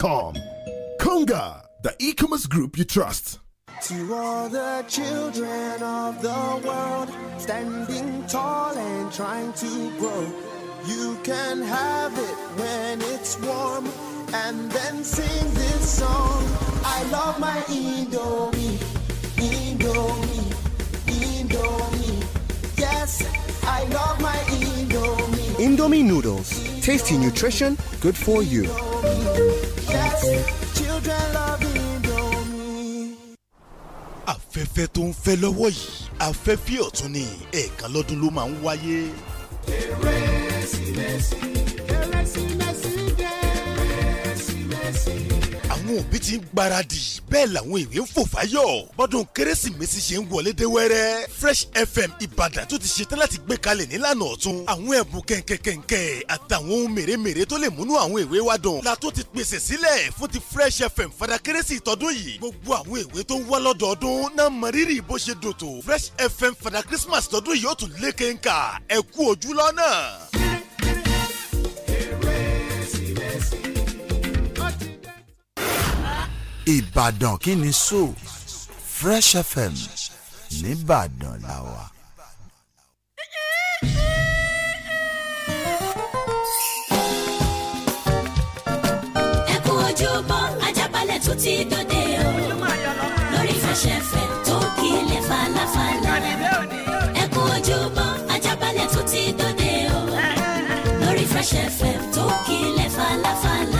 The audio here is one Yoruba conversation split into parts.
com. Conga, the e commerce group you trust. To all the children of the world, standing tall and trying to grow, you can have it when it's warm, and then sing this song. I love my Indomie, Indomie, Indomie. Yes, I love my Indomie. Indomie noodles, tasty nutrition, good for you. children loving afẹ́fẹ́ tó ń fẹ́ lọ́wọ́ yìí afẹ́fẹ́ ọ̀tun ni ẹ̀ẹ̀kan lọ́dún ló máa ń wáyé. kérésìmesì kérésìmesì. àwọn òbí ti ń gbáradì bẹ́ẹ̀ làwọn èwe ń fò fáyọ̀ bọ́dún kérésìmesì ṣe ń wọlé dé wẹ́rẹ́ fresh fm ìbàdàn tó ti ṣetán láti gbé kalẹ̀ nílànà ọ̀tun àwọn ẹ̀bùn kẹ̀kẹ̀kẹ̀kẹ̀ àtàwọn ohun mèremère tó lè múnú àwọn èwe wa dùn la tó ti pèsè sílẹ̀ fún ti fresh fm fada kérésì tọdún yìí gbogbo àwọn èwe tó ń wá lọ́dọọdún náà mọ rírì bó ṣe dòtò fresh fm fada christmas tọdún yìí ó tún lékenkà ẹ Ìbàdàn kí ni so Fresh FM nìbàdàn la wà. ẹ kú ojúmọ́ ajabale tó ti dòde o lórí Fresh FM tó kílẹ̀ falafala ẹ kú ojúmọ́ ajábalẹ̀ tó ti dòde o lórí Fresh FM tó kílẹ̀ falafala.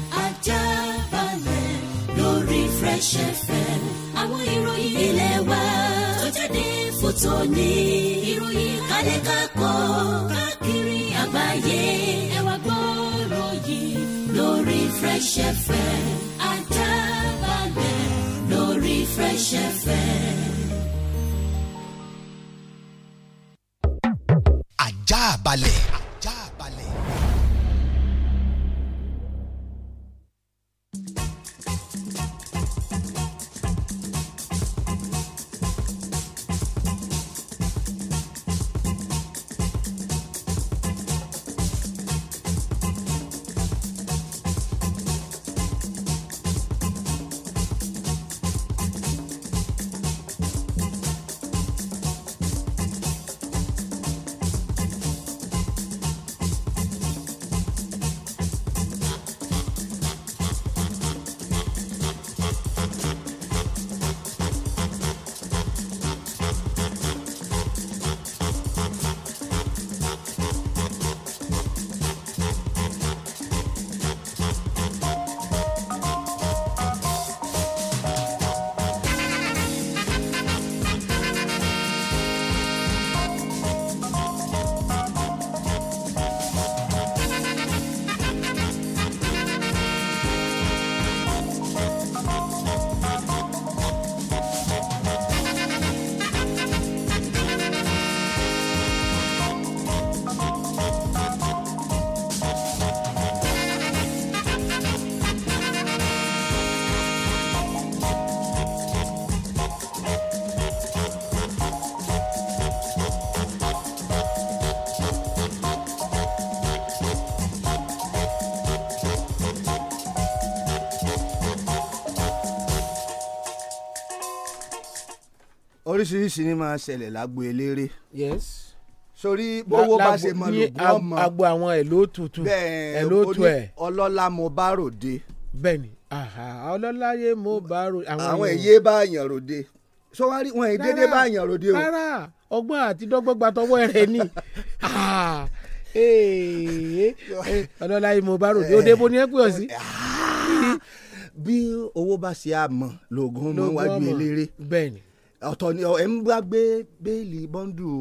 Fresh FM àwọn ìròyìn ilé wa tó jáde fún tòní ìròyìn kálẹ̀ kákọ́ káàkiri àgbáyé ẹ wá gbọ́rọ̀ yìí lórí Fresh FM Àjààbálẹ̀ lórí Fresh FM. Àjààbálẹ̀. oríṣiríṣi ni máa ṣẹlẹ̀ lágbo eléré. yes. sórí bówó bá ṣe mọ lògùn ọmọ. agbo àwọn èlò tuntun èlò tu ẹ̀. ọlọ́lá mo bá ròde. bẹ́ẹ̀ni ọlọ́lá yé mo bá ròde. àwọn èyí bá yàn ròde so wá rí wọn ì dédé bá yàn ròde o. rárá ọgbọ́n àti dọ́gbọ́n gba tọwọ́ rẹ ni ọlọ́lá yìí mo bá ròde ó dé bó ẹ pé ọ sí. bí owó bá ṣe àmọ́ lògùn mọ́ wájú eléré. bẹ́ẹ̀ni ọ̀tọ̀ ni ẹ̀ ń bá gbé bẹ́ẹ̀lì bọ́ńdù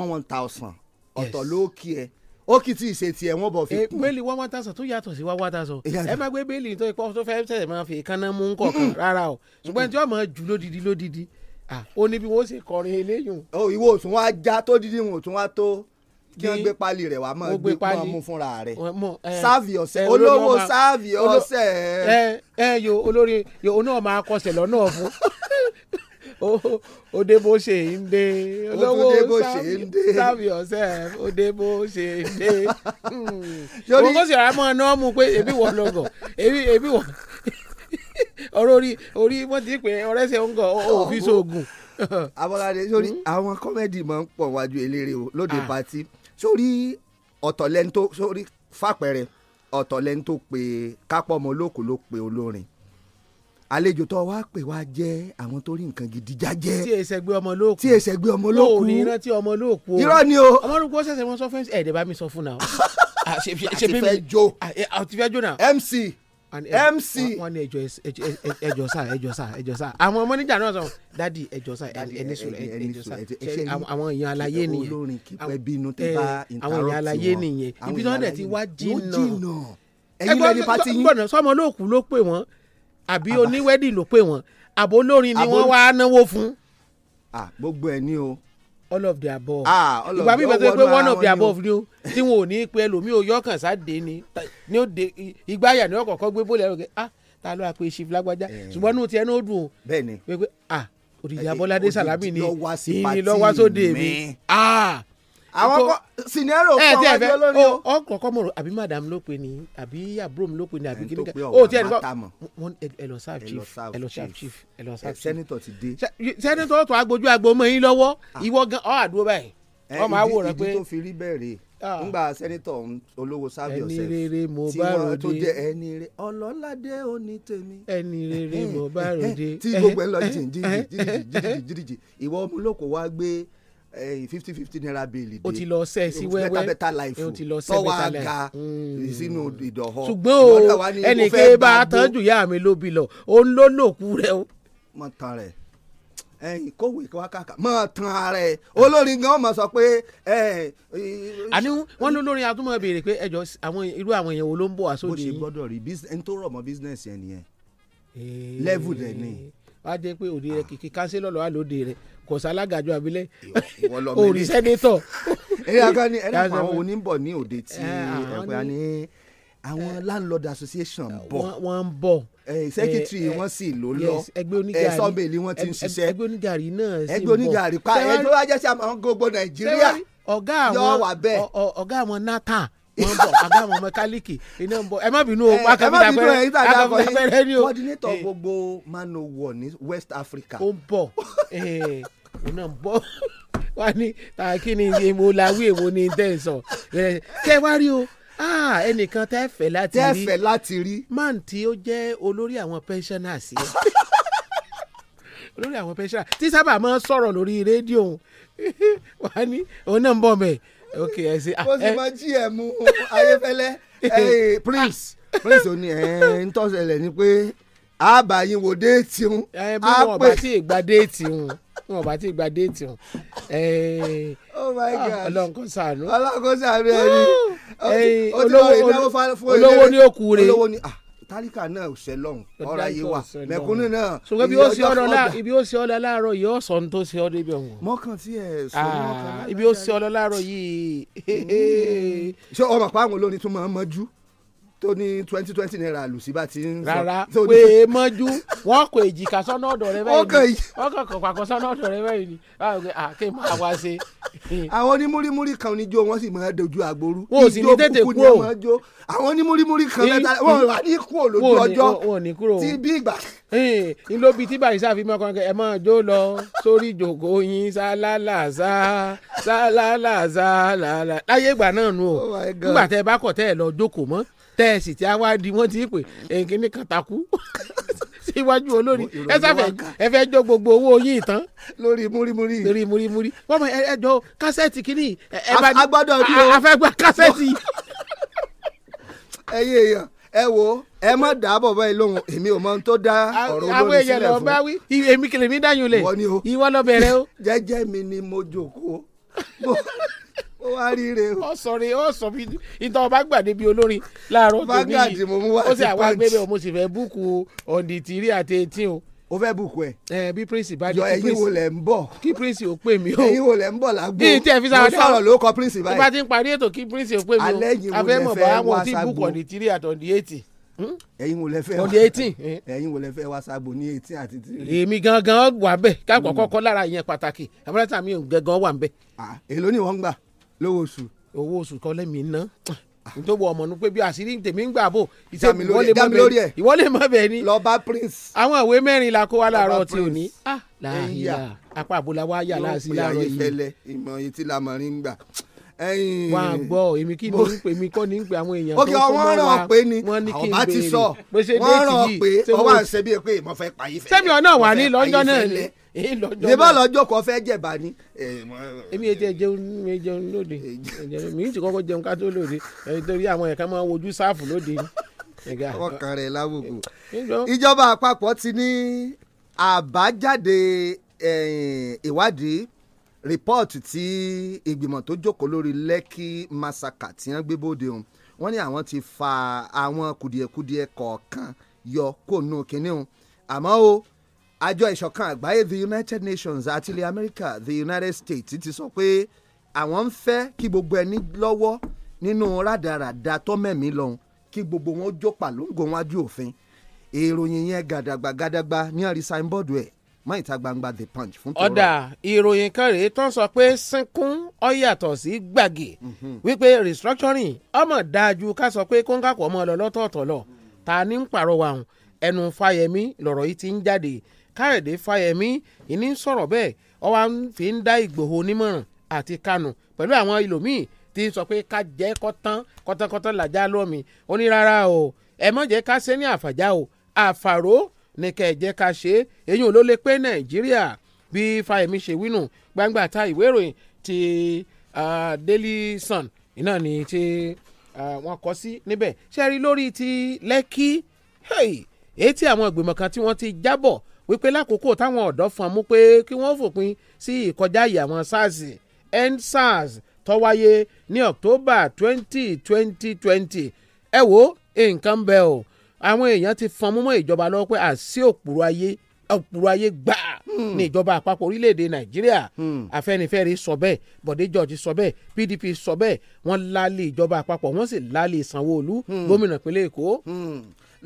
one one thousand ọ̀tọ̀ ló kí ẹ ó kì í ti ṣe tiẹ̀ wọ́n bọ̀ fi eh, kún. bẹ́ẹ̀lì one one thousand tó yàtọ̀ sí one one thousand ẹ má gbé bẹ́ẹ̀lì tó ipò tó fẹ́ẹ́ tẹ̀sẹ̀ máa fi kánná mú kọ̀ọ̀kan rárá o ṣùgbọ́n ẹni tí wọ́n máa jù lódidi lódidi ó ní bí wọ́n ṣe kọrin eléyìí. o ìwọ òtún wá já tó dídí wọn òtún wá tó kí wọ́n gbé pálí rẹ̀ wá mọ́ gbé pálí mú fúnra rẹ̀ sáàvì ọ̀sẹ̀ olówó sáàvì ọ̀sẹ̀. ẹ ẹ yo olórí yo onáà máa kọsẹ̀ lọ́nà ọ̀fun ó dé bó ṣe ń dé olówó serve yourself ó dé bó ṣe ń dé òun kò sì rà mọ́ ẹ náà mú pé èmi wọ̀ lọ́gọ̀ èmi wọ̀ ọ̀rọ̀ orí orí wọ́n ti pè ọ̀rẹ́sẹ̀ ń gọ̀ òfin sóògùn. abọ́ládé sórí hmm? àwọn kọ́mẹ́dì máa ń pọ̀ wájú eléré o lóde pati sórí ọ̀tọ̀lẹ́ni sórí fàpẹ̀rẹ̀ ọ̀tọ̀lẹ́ni tó kápọ̀ ọmọ olókùn ló pe olórin àlejò tó wá pè wá jẹ́ àwọn tó rí nǹkan gidi jájẹ́. tí èsè gbé ọmọ lóòkù tí èsè gbé ọmọ lóòkù. o ò ní rántí ọmọ lóòkù o. irọ́ ni o. ọmọ lóòkù ó ṣẹ̀ṣẹ̀ wọn sọ fún ẹ̀ẹ́dẹ̀ bá mi sọ fún náà. àti fẹ́ jó àti fẹ́ jó náà. mc mc. wọ́n ní ẹjọ́ ẹjọ́ sá ẹjọ́ sa ẹjọ́ sá àwọn mọ́níjà náà sọ dadi ẹjọ́ sá ẹni sùúrù ẹjọ́ sá àwọn èèyàn aláyé nìyẹn àwọn èèyàn aláyé nìyẹn ibi tí wọ́n dẹ̀ ti wá jìnnà ẹyin lẹni sọmọ olóòkú ló pè wọ́n àbí oníwẹ́dì ló pè wọ́n àbò olórin ni wọ́n wá náwó fún. gbogbo ẹ ní o. all of the above. Ah, all of ìgbà mi bẹ̀rẹ̀ pé one of the above ni o tí wọn ò ní pe ẹlòmíì o yọkàn sáde ni ni ó de ìgbà àyà ni wọn kọ̀ọ̀kan gbé bóòlù ẹ̀rọ kẹ́ ah ta ló àpè ṣì lágbájá ṣùgbọ́n nù tiẹ̀ ní ó dùn o. bẹ́ẹ̀ni pé pé ah òrìjà bọ́ládé sàlámì ni ìyìn lọ́wọ́ sóde mi ah àwọn kọ sinero kọ wá o. ọ kọkọ mọ àbí madam ló pe ni àbí àbúrò mi ló pe ni àbí kíni o tí ẹ kọ wọn ẹlọ sáf chief ẹlọ eh, ti dé. sẹnitọ tó agbójú agbo mọ yín lọ́wọ́ ah. ìwọ gan ọ àdúró báyìí eh, ọ máa wò rẹ pé. ìdí tó fi rí bẹ́ẹ̀ rèé ngba ah. sẹ́nitọ̀ olówó sábì ọ̀sẹ̀ ẹni rere eh, mo bá Eh, fifty fifty naira bíìlì dé o ti lọ sẹ sí wẹ́wẹ́ better better life o ti lọ sẹ better life tọwọ aga sínú ìdọ̀họ ṣùgbọ́n o ẹnìké bá a tán jù yá mi ló bi lọ o ń ló lòkù rẹ o. mọ tán rẹ ẹyìn kówé wákàkà mọ tán ara ẹ olórin gan mọ sọ pé. àní wọn ní olórin atúmọ̀ béèrè pé ẹjọ́ àwọn irú àwọn èèyàn wo ló ń bọ̀ wá sóde yìí. bó ṣe gbọ́dọ̀ rí ẹni tó rọ̀ mọ́ bísínẹ́sì eh, ni. wá dé pé òde rẹ kìkì kánsílọ̀ kò sálágàjọ abilé òrì sẹ́nitọ̀. ẹ̀rí aká ni ẹ̀rí àwọn oníbọ̀ ní òde tí ah, ẹ̀pẹ́ ni àwọn landlord association bọ̀ wọ́n ń bọ̀ secretary eh, eh, wọn sì ló lọ sọ́bẹ̀lì eh, wọn ti ń ṣiṣẹ́ ẹgbẹ́ onígàrí náà sì ń bọ̀ ẹgbẹ́ onígàrí pa ẹjọ́ wájẹ́ sí àwọn gbogbo nàìjíríà yọ wà bẹ́ẹ̀ ọ̀gá àwọn nata wọn bọ àgbà àwọn mẹkáníìkì iná ń bọ ẹ má bínú o akọkọta pẹrẹ akọkọta pẹrẹ ni o. coordinator gbogbo man o wọ ní West Africa. ó ń bọ̀ òun náà ń bọ́ wá ní kí ni èmo lawí èmo ni tẹ́ ń sọ tẹ wá rí o ẹnìkan tẹ́ fẹ́ láti rí tẹ́ fẹ́ láti rí man tí ó jẹ́ olórí àwọn pensioners yẹn olórí àwọn pensioners tí sábà máa ń sọ̀rọ̀ lórí rédíò wá ní òun náà ń bọ̀ mẹ́ ok ẹ ṣe. ó sì máa jí ẹ mú ayéfẹ́lẹ́ prince prince òní ẹ̀ ń tọ́sẹ̀lẹ̀ ni pé àbàyìn wò déètì ń. ẹ bí wọn bá tí ì gba déètì ń wọn bá ti gba déètì hàn oh ah, ọlọ́run kò ṣàánú ọlọ́run kò ṣàánú ẹni olówó ní òkú rẹ̀ tálíkà náà ṣe lọ́hùn ọ̀rọ̀ ayé wa mẹ̀kúnnù náà. ṣùgbọ́n ibi ó ṣe ọlọ ibi ó ṣe ọlọ láàárọ̀ yìí ọ̀sọ̀ ní tó ṣe ọdún ibi ọ̀hún. mọ́kàn tí ẹ sọ mọ́kàn. Ah, ibi ó ṣe ọlọ láàárọ̀ yìí. Mm. ṣé ọmọ pàwọn olórin tún máa ń mọ́jú tó ní twenty twenty naira lù bá ti ń sọ. rárá pé é e mọ́jú wọ́n kò èjìká sọ́nà ọ̀dọ̀ rẹ báyìí ni wọ́n kàn kàn pàkó sọ́nà ọ̀dọ̀ rẹ báyìí ni àkè máa wá ṣe. àwọn onímúrímúrí kan níjó wọn sì máa dojú àgbòrú ìjó kúkú ni wọn jó àwọn onímúrímúrí kan lẹ́ta wọn wà ní kúrò lójú ọjọ́ tí bí ìgbà. ìlóbi tí bàyìí sáfi mọ́ kan ẹ máa jó lọ sórí ìjòkó yín sálálàsá sálálàsá láyé ìgbà náà nù ó oh nígbà tẹ bá kọ̀ tẹ́ ẹ lọ jókòó mọ́ tẹ́ẹ̀sì tí a wá di wọ́n ti pè ẹ̀ǹkíní kan takú síwájú olórí ẹ sáfẹ́ ẹ fẹ́ jó gbogbo owó yín tán. lórí múrímúrí. lórí múrímúrí wọ́n mọ ẹ jọ kásẹ̀tì kìíní ẹ bá ní agbọ́dọ̀ bí o afẹ́gbà kásẹ̀tì. ẹyẹ èèyàn ẹ wo ẹ má dáàbọ̀ báyìí lóhùn èmi ò mọ ohun tó dá ọ̀rọ̀ olórí sílẹ̀ fún. àwọn èèyàn lọ bá wí èmi kìlèmí dáyùn lẹ̀ ìwọ lọ bẹ̀rẹ̀ o. jẹ́jẹ́ mi ni mo jókòó ó wá rí rè o. ó sọ rè ó sọ bí ìtàn ọba gbàdé bí olórin láàárọ̀ tó ní yìí ó sì àwọn agbébẹ̀ ọmọ sì fẹ́ búùkù ọ̀dì tìrí àti etí o. o fẹ́ búùkù ẹ̀. ẹ bí prince bá dé kí prince ẹ̀yin wo lẹ̀ ń bọ̀. kí prince ò pè mí o. ẹ̀yin wo lẹ̀ ń bọ̀ lágbo. bí tí ẹ fi sáwọn sọ̀rọ̀ ló kọ prince báyìí. bá ti ń parí ètò kí prince ò pè mí o. alẹ́ yìí hmm? eh? wo lẹ fẹ́ wá ẹ̀yin wò lẹ fẹ́ ọdẹ eighteen ẹ̀yin wò lẹ fẹ́ wá sábò ní eighteen àti three. èmi gangan wà bẹ́ẹ̀ káàkó kọ́kọ́ hmm. lára ìyẹn pàtàkì àbúrẹ́tà mi gangan wà bẹ́ẹ̀. Ah, èló ni wọ́n ń gbà lówó oṣù. owó oṣù kan lẹ́mìí ná nítorí ọmọ nu pé bí àṣírí tèmi ń gbà bò mọ bẹ́ẹ̀ ni lọba prince. àwọn ìwé mẹ́rin la kó wa láàárọ̀ tí ò ní. Ah, láàyè apá àbúlá wa yà láàṣì láàárọ̀ yìí. ìmọ̀ etí la mọ̀ ní gbà wà á gbọ́ èmi kí ni ń pè mí kọ́ ni ń pè àwọn èèyàn tó kọ́ mọ́ wa wọ́n ràn ọ́ pé ni ọba ti sọ wọ́n ràn pé ọwọ́ àṣẹ bíi pé ìmọ̀ fẹ́ pààyè fẹ́lẹ́ sẹ́mi ọ̀nà wà ní lọ́jọ́ náà ni èyí lọ́jọ́ ìbá lọ́jọ́ kan fẹ́ jẹ̀bà ni. èmi ètò ìjẹun mi jẹun lóde mi ń ti kọ́kọ́ jẹun ká tó lóde torí àwọn ẹ̀ka máa ń wojú sáàfù lóde ni. ọkàn rẹ̀ lábùkù ìjọba àpapọ̀ ti ní àbájáde ìwádìí rìpọ́ọ̀tù tí ìgbìmọ̀ tó jókòó lórí lẹ́kì masaka tí wọ́n gbé bóde òun wọ́n ní àwọn ti fa àwọn kùdìẹ̀kudìẹ kọ̀ọ̀kan yọ kó nù kínní òun àmọ́ o àjọ ìṣọ̀kan àgbáyé the united nations àti ilẹ̀ amẹ́ríkà the united states ti sọ pé àwọn ń fẹ́ kí gbogbo ẹni lọ́wọ́ nínú rádaràda tọ́mẹ̀mí lọ́hùn kí gbogbo wọn jó pàlóńgò wájú òfin ìròyìn yẹn gàdàgbà gàdàgbà ní àrísà bọ́ọ̀dù ẹ̀ mọ́ ìta gbangba the punch fún tòró. ọ̀dà ìròyìn kan rèé tán sọ pé sínkún ọ yàtọ̀ sí gbàgì mhm. wípé restructuring ọmọ dájú ká sọ pé kóńkàkọ́ ọmọ lọ lọ́tọ̀ọ̀tọ̀ lọ ta ní ń pàrọwà ẹnu fáyẹmí lọ̀rọ̀ yìí ti ń jáde káyọ̀dé fáyẹ̀mí ìní sọ̀rọ̀ bẹ́ẹ̀ ọwọ́ fi ń dá ìgbòho nímọ̀ràn àti kánù pẹ̀lú àwọn ìlòmíì tí sọ pé ká jẹ́ kọ́tán kọ́tánkọ́tán làjá lómi ó ní rárá o ẹ mọ̀ jẹ́ ká ṣe ní àfàjá o àfàró ní kẹ́ jẹ́ ká ṣe é eyín ló lè pé nàìjíríà bí fáyẹ̀mí ṣe wínú gbangba ta ìwé ìròyìn ti daily sun iná ni ti wọ́n kọ sí níbẹ̀ ṣe rí lórí ti lẹ́kí èyí tí àwọn ìgbìmọ̀ kan tí wọ́n ti jábọ̀ wípé lákòókò táwọn ọ̀dọ́ fọn mú pé kí wọ́n fòpin sí ìkọjá ìyà wọn SARS EndSARS tó wáyé ní October twenty twenty twenty ẹ wo nǹkan bẹ́ẹ̀ o àwọn èèyàn ti fọn mú mọ́ ìjọba lọ́wọ́ pé àṣì òpùrọ̀ ayé ọ̀pùrọ̀ ayé gbà hmm. ní ìjọba àpapọ̀ orílẹ̀-èdè nàìjíríà hmm. afẹ́nifẹ́re sọ bẹ́ẹ̀ bọ̀dé george sọ bẹ́ẹ̀ pdp sọ bẹ́ẹ̀ wọ́n lálé ìjọba àpapọ̀ wọ́n sì lálé sanwó-olú hmm. gómìnà ìpínlẹ̀ èkó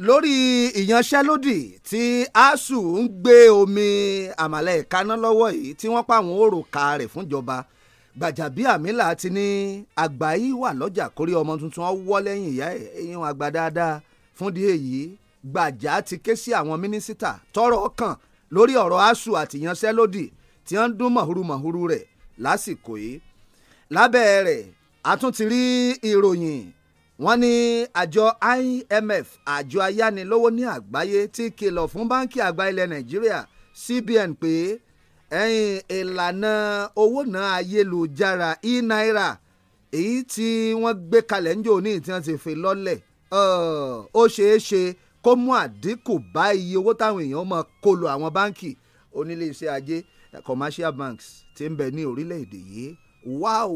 lórí ìyanṣẹ́lódì tí asuu ń gbé omi àmàlà ìkaná lọ́wọ́ yìí tí wọ́n pàwọn òrò rẹ̀ fúnjọba Gbàjàbíàmílà ti ní àgbà yìí wà lọ́jà kórí ọmọ tuntun ọ wọ́ lẹ́yìn ìyá ẹ̀ ẹ̀yìn àgbà dáadáa fún di èyí Gbàjà ti ké sí àwọn mínísítà tọ́rọ̀ kàn lórí ọ̀rọ̀ asuu àti ìyanṣẹ́lódì tí wọ́n ń dún mọ̀húrúmọ̀húrú rẹ̀ lásìkò yìí lábẹ́ rẹ̀ a tún ti rí ìròyìn wọ́n ní àjọ IMF àjọ ayánilówó ní àgbáyé ti kìlọ̀ fún báńkì àgbà ilẹ̀ Nàìjíríà CBN pé ẹ̀yìn ìlànà owó náà ayélujára e-naira èyí tí wọ́n gbé kalẹ̀ ńjò ní tí wọ́n ti fi lọ́lẹ̀ ó ṣeé ṣe kó mú àdínkù bá iye owó táwọn èèyàn máa kó lọ àwọn báńkì oníléeṣẹ́ ajé commercial banks tí ń bẹ ní orílẹ̀-èdè yìí wáò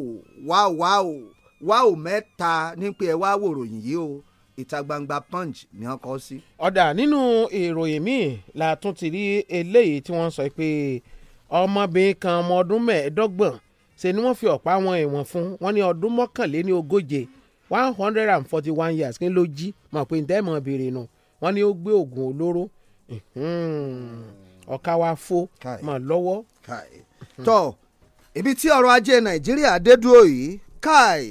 wáò wáò. Wow, wow wá ò mẹ́ta ní pé ẹ wá wòròyìn yìí o ìta gbangba punch ni wọ́n kọ́ sí. ọ̀dà nínú ìròyìn míì la tún ti rí eléyìí tí wọ́n sọ pé ọmọbìnrin kan ọmọ ọdún mẹ́ẹ̀ẹ́dọ́gbọ̀n ṣe ni wọ́n fi ọ̀pá wọn ẹ̀wọ̀n fún wọn ní ọdún mọ́kànléní ogóje one hundred and forty one years kí ló jí mọ̀ pé ǹdẹ́ mọ̀ bèrè nù wọ́n ní ó gbé oògùn olóró ọ̀ka wa fó mọ̀ lọ́wọ́. tọ́ ibi tí ọrọ̀ ajé nàìjíríà dé dúró yìí káì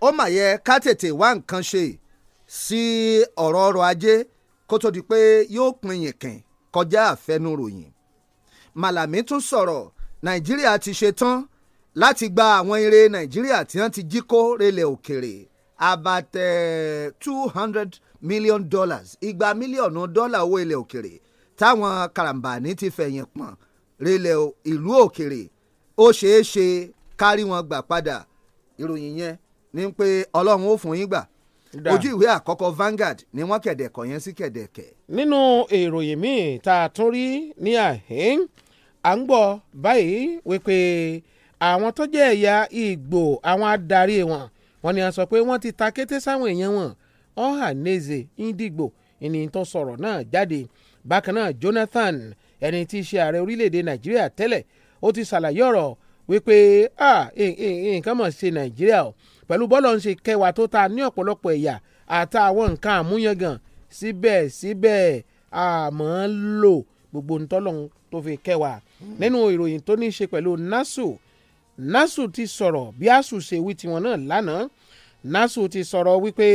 ó mà yẹ ká tètè wá nǹkan ṣe sí ọ̀rọ̀ ọrọ̀ ajé kó tó di pé yóò pin yìnkìn kọjá àfẹnuròyìn Malami tún sọ̀rọ̀ Nàìjíríà ti ṣe tán láti gba àwọn ire Nàìjíríà tí wọ́n ti jí kó relẹ̀ òkèrè about two hundred million dollars igba mílíọ̀nù dọ́là owó ilẹ̀ òkèrè táwọn karambani ti fẹ̀yìn pọ̀n relẹ̀ ìlú òkèrè ó ṣeé ṣe kárí wọn gbà padà ìròyìn yẹn ní pé ọlọ́run ó fún yín gbà ojú ìwé àkọ́kọ́ Vanguard ni wọ́n kẹ̀dẹ̀kọ̀ yẹn sí kẹ̀dẹ̀kẹ̀. nínú ìròyìn míì tá a tún rí ní àhín à ń gbọ́ báyìí wípé àwọn tó jẹ́ ẹ̀yà Ìgbò àwọn adarí wọn wọn ni a sọ pé wọ́n ti ta kété sáwọn èèyàn wọn Ohanaeze Ndigbo ẹni tó sọ̀rọ̀ náà jáde bákan náà Jonathan ẹni tí í ṣe ààrẹ orílẹ̀-èdè Nàìjíríà tẹ́lẹ̀ ó ti ṣàlàyé ọ̀rọ̀ wípé nǹkan mọ̀ ṣe Nàìjíríà o pẹ̀lú bọ́lọ̀ ń ṣe kẹwàá tó ta ní ọ̀pọ̀lọpọ̀ ẹ̀yà àtàwọn nǹkan àmúyangàn síbẹ̀síbẹ̀ àmọ́ lò gbogbo ntọ́lọ́n tó fi kẹwàá nínú ìròyìn tó ní ṣe pẹ̀lú nasu nasu ti sọ̀rọ̀ bí asu ṣe wí tiwọn náà lánàá nasu ti sọ̀rọ̀ wípé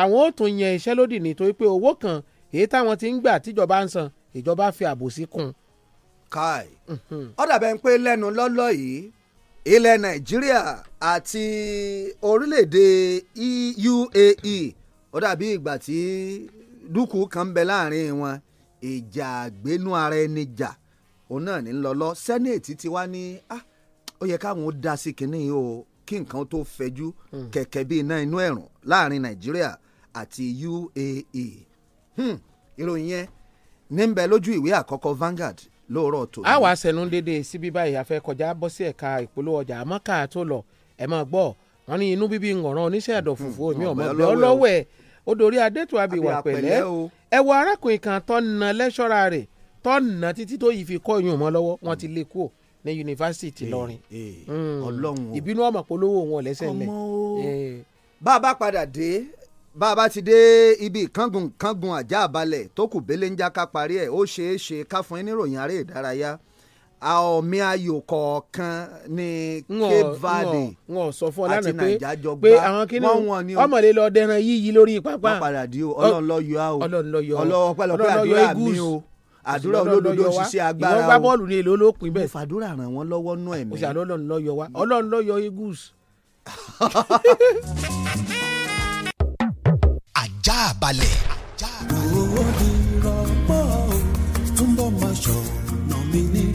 àwọn ò tún yan iṣẹ́ lódì nítorí pé owó kan èyí táwọn ti ń gbà tíjọba ń san ìjọba fi àbòsí kún. káì mhm. ó dàbẹ̀ ń pé lẹ́nu lọ́lọ́ yìí ilẹ̀ nàìjíríà àti orílẹ̀-èdè UAE e. ó dàbí ìgbà tí dúkù kan ń bẹ láàrin wọn ìjà àgbénú ara ẹni jà òun náà ní lọ́lọ́ sẹ́nẹ̀tì ti wá ní ah, ó yẹ káwọn ó dá sí kínní o kí nǹkan tó fẹjú hmm. kẹ̀kẹ́ bíi iná inú ẹ̀rùn láàrin nàìjíríà àti UAE hmm. ìròyìn yẹn ní ń bẹ lójú ìwé àkọ́kọ́ Vanguard lóòrọ̀ tó. a wàá sẹnu dédé síbí báyìí àfẹ kọjá bọ́ sí ẹ̀ka ìpolówó ọjà àmọ́ ká tó lọ ẹ máa gbọ́ wọn ní inú bíbí ngọ̀ràn oníṣẹ́ ẹ̀dọ̀ hmm, fùfú omi ọmọ ọbẹ ọlọ́wẹ̀ ó dorí adétò àbíwá pẹ̀lẹ́ ẹ wo arákùnrin kan tó na lẹ́ṣọ́ra rẹ̀ tó na títí tó yìí fi kọ́ ìyún mọ́ lọ́wọ́ wọn ti lé kúò ní yunifásitì eh, lọrin eh, hmm, ìbínú ọmọ polówó wọn lẹ́sẹ̀ lẹ. Eh. bá a bá padà dé bá a bá ti dé ibi kángun kángun àjà tó kù bẹ́lẹ̀ ń já ká parí ẹ̀ ó ṣeé ṣe ká fún ẹ níròyìn aré ìdárayá àọ̀mí ayò kọ̀ọ̀kan ní Cape Verde àti Naija jọ gbá wọ́n wọ́n ni o lọ dẹran yíyí lórí pápá ọlọ́run lọ yọ á o ọlọ́run pẹ́lọpẹ́ àdúrà mi o àdúrà olódodo ṣiṣẹ́ agbára o ìwọ́n gbá bọ́ọ̀lù ní èlò olópin bẹ́ẹ̀ fàdúrà ràn wọ́n lọ́wọ́ nú ẹ̀mí. ọlọ́run lọ yọ wá ọlọ́run lọ yọ eagles. ajá balẹ̀. owó ni rọpò túnbọ̀ máa ṣọ̀nà mi ní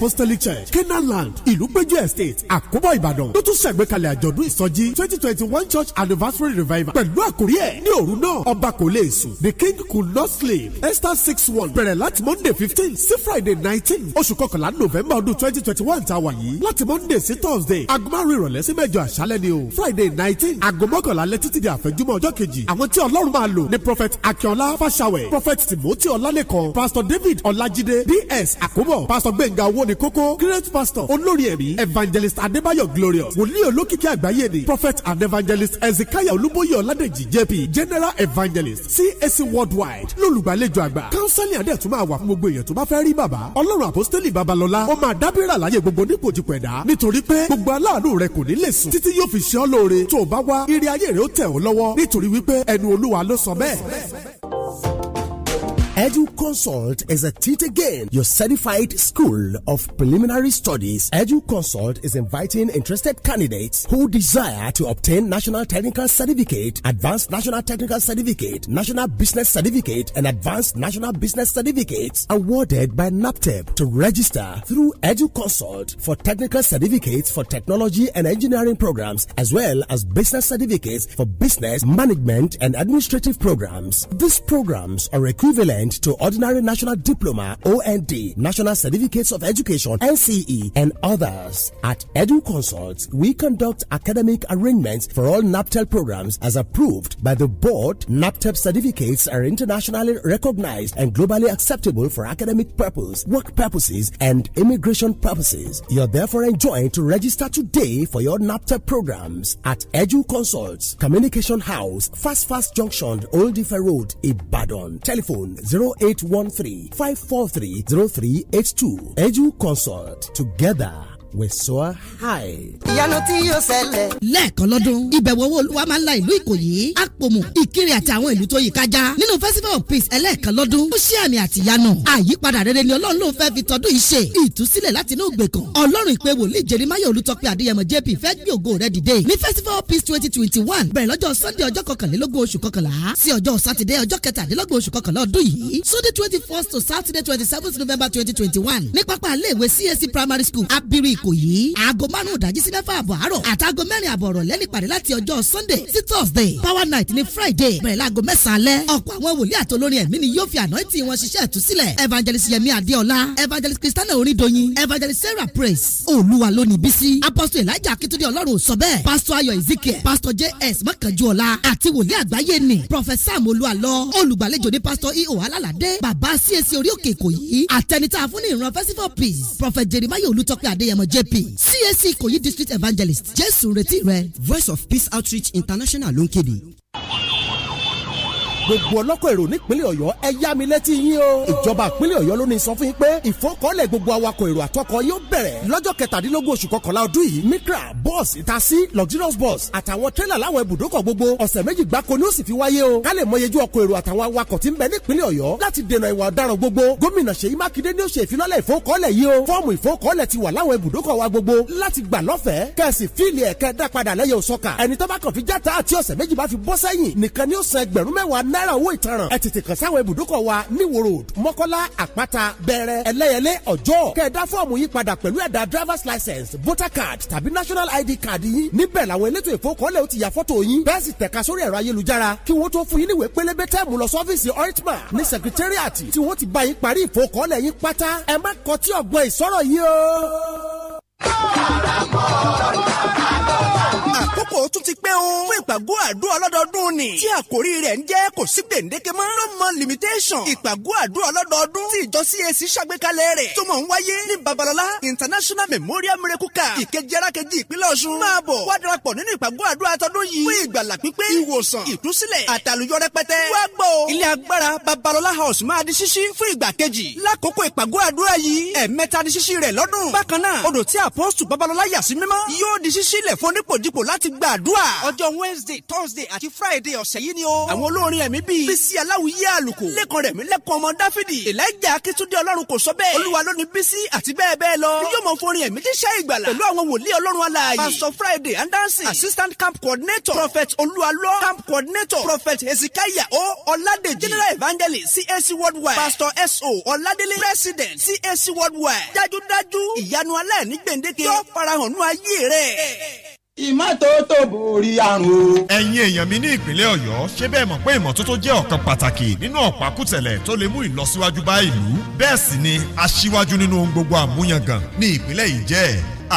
apostolic church canaanland ìlúpéjú estate àkóbọ̀ ìbàdàn ló tún ṣàgbékalẹ̀ àjọ̀dún ìsọjí twenty twenty one church anniversary revival pẹ̀lú àkórí ẹ̀ ní òru náà ọba kò lè sùn the king could not sleep esther six one bẹ̀rẹ̀ láti monday fifteen sí friday nineteen oṣù kọkànlá november ọdún twenty twenty one tá yìí láti monday sí thursday aago márùn ìrọ̀lẹ́ sí mẹ́jọ àṣálẹ́ ni o friday nineteen aago mọ́kànlá lẹ́ títí di àfẹ́júmọ́ ọjọ́ kejì àwọn tí ọlọ́run máa lò ni prophet akínọlá fàṣàwẹ̀ prophet timothy ọlálẹ́kan pastor david ọlájídé ds àkóbọ̀ pastor gbẹ̀ngà owó ní kókó great pastor olórí ẹ̀mí evangelist adébáyọ̀ glorious wòlíì olókìkí àgbáyé ni prophet and evangelist ezekiah olúbóyè ọ̀ládẹ́jì jp general evangelist cac worldwide lólùgbàlejò àgbà kánsẹ́lì àdẹ́tùmá wà fún gbogbo èèyàn tó bá fẹ́ rí bàbá ọlọ́run àpọ́stélì babalọ́lá ó máa dábìrà láyé gbogbo nípòjìpọ̀ ẹ̀dá nítorí pé gbogbo aláàánú rẹ kò ní lè sùn títí yóò fi ṣe ọ́ lóore tó o bá wá ire Edu Consult is a teach again your certified school of preliminary studies. Edu Consult is inviting interested candidates who desire to obtain national technical certificate, advanced national technical certificate, national business certificate, and advanced national business certificates awarded by NAPTEP to register through Edu Consult for technical certificates for technology and engineering programs as well as business certificates for business management and administrative programs. These programs are equivalent to ordinary national diploma, OND, national certificates of education, NCE, and others. At Edu Consults, we conduct academic arrangements for all NAPTEL programs as approved by the board. NAPTEL certificates are internationally recognized and globally acceptable for academic purposes, work purposes, and immigration purposes. You're therefore enjoined to register today for your NAPTEL programs at Edu Consults, Communication House, Fast Fast Junction, Old Ife Road, Ibadan. Telephone Zero zero eight one three three five four three eight two Edu Consult. Together wẹ̀sọ́à high. ìyanu tí yóò ṣẹlẹ̀. lẹ́ẹ̀kan lọ́dún ìbẹ̀wò owó olúwa máa ń la ìlú ìkòyí àpòmù ìkirè àti àwọn ìlú tó yí kájá nínú festival of peace ẹlẹ́ẹ̀kan lọ́dún ó ṣí àmì àti ìyanu àyípadà rere ni ọlọ́run ló fẹ́ fi tọdún yìí ṣe ìtúsílẹ̀ láti inú ìgbèkùn ọlọ́run ìpè wòlíì jerimáyà olùtọ́pẹ́ adéyẹmọ jp fẹ́ gbé festival of peace twenty twenty one sunday ọjọ́ kọkànlélógún oṣù kọkànlá sí ọjọ́ sátidé ọjọ́ kẹtàdínlógún oṣù kọkànlá ọdún yìí sunday twenty first to saturday twenty seventh november twenty twenty one ní csc e primary school abiri ìkòyí aago márùn-ún ìdájí sí mẹ́fà àbọ̀ àárọ̀ àtàgọ́ mẹ́rin àbọ̀ ọ̀rọ̀ lẹ́ni pàdé láti ọjọ́ sunday sí thursday power night ni friday bẹ̀rẹ̀ láago mẹ́sàn-án alẹ́ ọ̀pọ̀ àwọn wòlíì àtolórin ẹ̀mí ni yóò fi ànáìtì wọn ṣiṣẹ́ ìtúsílẹ̀ evangelist yemi Adeola, evangelist christiana orindoyin evangelist sarah praise olúwa lónìí bísí apostle elijah akitunde ọlọ́run sọ pastor ayọ̀ ezekiel pastor J mọ́kànjúọlá àti wòlíì àgbáyé professor amolúwa lọ olùgbàlejò ní pastor iho e alálàdé bàbá cac e orí òkè èkó yìí àtẹnitá fún prophet jeremiah olùtọ́pẹ́ adéyẹmọ jp csc ìkòyí district evangelist jésù retí rẹ voice of peace outreach international ló ń kéde gbogbo ọlọ́kọ̀ èrò nípínlẹ̀ ọ̀yọ́ ẹ yá mi létí yín o. ìjọba ìpínlẹ̀ ọ̀yọ́ ló ní sọ fún yín pé ìfọkànlẹ̀ gbogbo awakọ̀ èrò àtọkọ̀ yóò bẹ̀rẹ̀ lọ́jọ́ kẹtàdínlógún oṣù kọkànlá ọdún yìí micra bus itasi luxurious bus àtàwọn tírélà láwọn ibùdókọ̀ gbogbo ọ̀sẹ̀ méjì gbáko ni ó sì fi wáyé o ká lè mọ iyejú ọkọ̀ èrò àtàwọn awakọ̀ tí ń bẹ nípínlẹ̀ ọ̀yọ́ láti dènà náírà owó ìtanràn ẹ tètè kàn sáwọn ibùdókọ̀ wa ní wo mọ́kọ́lá àpáta bẹ̀rẹ̀ ẹlẹ́yẹlé ọjọ́ kẹ̀ẹ́dá fọ́ọ̀mù yìí padà pẹ̀lú ẹ̀dà driver's license voter card tàbí national id card yín níbẹ̀ làwọn elétò ìfowópamọ́lẹ̀ ó ti yà fọ́tò yín bẹ́ẹ̀ sì tẹ̀ka sórí ẹ̀rọ ayélujára kí wọ́n tó fún yín níwèé pélébé tẹ́ẹ̀mù lọ sọ́fíìsì oritma ní secretariat tí wọ́n àkókò tún ti pẹ́ o fún ìpàgọ́ àdúrà ọlọ́dọọdún ni tí àkórí rẹ̀ ń jẹ́ kò sí gbèǹdéke mọ́ no more limitation ìpàgọ́ àdúrà ọlọ́dọọdún tí ìjọ CAC ṣàgbékalẹ̀ rẹ̀ tó mọ̀ ń wáyé ní Babalọlá International Memorial Miracle Car ìkejì arákejì ìpínlẹ̀ Ọ̀ṣun máa bọ̀ wá darapọ̀ nínú ìpàgọ́ àdúrà tọdún yìí fún ìgbàlà pípé ìwòsàn ìtúsílẹ̀ àtàlùyọ rẹpẹtẹ wá gbọ́ House máa di ṣíṣí fún ìgbà kejì lákòókò ìpàgọ́ àdúrà yìí ẹ̀ẹ̀mẹ́ta di ṣíṣí rẹ̀ lọ́dún bákan náà odò tí àpọ́sù Babalọlá yà sí mímọ́ yóò di ṣíṣí láti gbàdúrà ọjọ́ wednesday thursday àti friday ọ̀sẹ̀ yìí ni o. àwọn olórin ẹ̀mí bíi bísí aláwìyé àlùkò lẹ́kàn rẹ̀ mí lẹ́kàn ọmọ dáfídì elijah akitunde ọlọ́run kò sọ bẹ́ẹ̀ olúwa ló ní bísí àti bẹ́ẹ̀ bẹ́ẹ̀ lọ. yóò mọ forin ẹ̀mí jíṣẹ́ ìgbàlà pẹ̀lú àwọn wòlíì ọlọ́run alààyè pastor friday andansi assistant camp coordinator prophet olúwalọ camp coordinator prophet Ezekiah. o ọládèjì general evangelist cac worldwide pastor so ọládélé president cac worldwide dájúdájú ìyanu aláìní gbèǹdéke yóò farahàn nú ayé rẹ̀ ìmọ́tótó borí àrùn o. ẹ̀yin èèyàn mi ní ìpínlẹ̀ ọ̀yọ́ ṣé bẹ́ẹ̀ mọ̀ pé ìmọ́tótó jẹ́ ọ̀kan pàtàkì nínú ọ̀pákùtẹ̀lẹ̀ tó lè mú ìlọsíwájú bá ìlú bẹ́ẹ̀ sì ni aṣíwájú nínú ohun gbogbo àmúyangàn ní ìpínlẹ̀ yìí jẹ́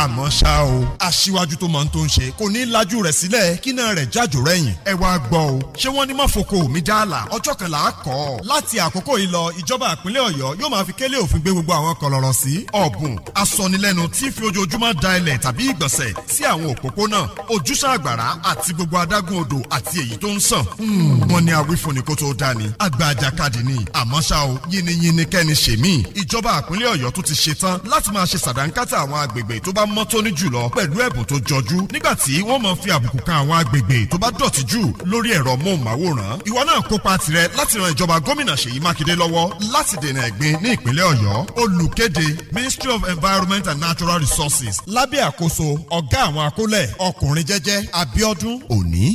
àmọ́ ṣá o aṣíwájú tó máa ń tó ń ṣe kò ní í lajú rẹ̀ sílẹ̀ kí náà rẹ̀ jájò rẹ̀yìn ẹ wá gbọ́ o ṣé wọ́n ní mọ̀fọ́kọ mi dáàlà ọjọ́ kan là á kọ́ ọ láti àkókò yìí lọ ìjọba ìpínlẹ̀ ọ̀yọ́ yóò máa fi kélé òfin gbé gbogbo àwọn kọlọ̀rọ̀ sí ọ̀bùn asọnilẹ́nu tí fi ojoojúmọ́ da ilẹ̀ tàbí ìgbọ̀nsẹ̀ sí àwọn òpópónà ojúṣà àgbàrá àti gbogbo adágún odò àti èyí tó ń sàn. Hmm, wọ́n ní awífúnni kó tó dání àgbà àjàkadì ni àmọ́ ṣá o yínníyínní kẹ́ni ṣèmí ìjọba ìpínlẹ̀ ọ̀yọ́ tó ti ṣetán láti máa ṣe sàdánkátà àwọn agbègbè tó bá bá mọ́ tóní jùlọ pẹ̀lú ẹ̀bùn tó jọjú nígbà tí wọ́n máa fi àbùkù kan àwọn agbègbè tó bá dọ̀tí jù lórí ẹ̀rọ móhùnmáwòrán ìwọ náà kópa tirẹ̀ láti ran ìjọba gómìnà Ṣèyí Mákindé lọ́wọ́ láti dènà ẹ̀gbin ní ìpínlẹ̀ Ọ̀yọ́ olùkéde Ministry of Environment and Natural Resources lábẹ́ àkóso ọ̀gá àwọn akólẹ̀ ọkùnrin jẹ́jẹ́ Abíọ́dún Òní.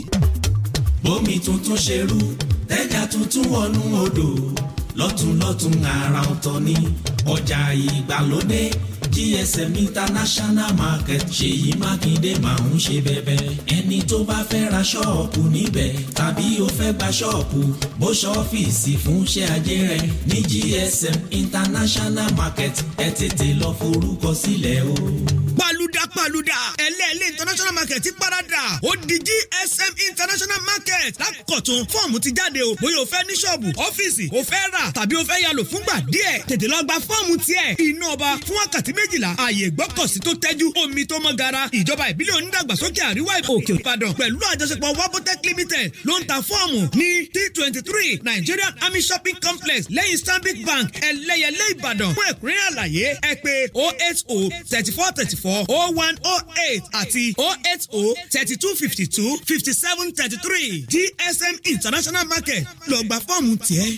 bómi tuntun ṣerú tẹ́jà tuntun wọnú odò lọ́tún lọ́tún àrà ọ̀tọ̀ ni ọjà ìgbàlódé gsm international market ṣèyí mákindé máa ń ṣe bẹ̀bẹ̀ ẹni tó bá fẹ́ ra ṣọ́ọ̀pù níbẹ̀ tàbí ó fẹ́ gba ṣọ́ọ̀pù bó ṣọ́ọ̀fìsì fún ṣẹ́ ajé rẹ̀ ní gsm international market ẹ tètè lọ forúkọ sílẹ̀ o. paluda paluda ẹlẹ́ẹ̀lẹ́ international market ti parada ó di gsm international market lákọ̀tún fọ́ọ̀mù ti jáde o bóyá o fẹ́ ní ṣọ́ọ̀bù ọ́fíìsì o fẹ́ rà tàbí o fẹ́ yálò fúngbà díẹ̀ tètè lọ gba fọ́ọ̀mù tiẹ̀ iná ọba fún wákàtí méjìlá ààyè ìgbọ́kọ̀sí tó tẹ́jú omi tó mọ́ gara ìjọba ìbílẹ̀ onídàgbàsókè àríwá òkè ìbàdàn pẹ̀lú àjọṣepọ̀ wabotec limited ló ń ta fọ́ọ̀mù ní t twenty three nigerian army shopping complex lẹ́yìn stanbic bank ẹlẹ́yẹlé ìbàdàn fún ẹ̀kúnrẹ́rẹ́ àlàyé ẹ pè oh eight oh thirty four thirty four oh one oh eight àti oh eight oh thirty two fifty two fifty seven thirty three dsm international market lọ gba fọ́ọ̀mù tiẹ̀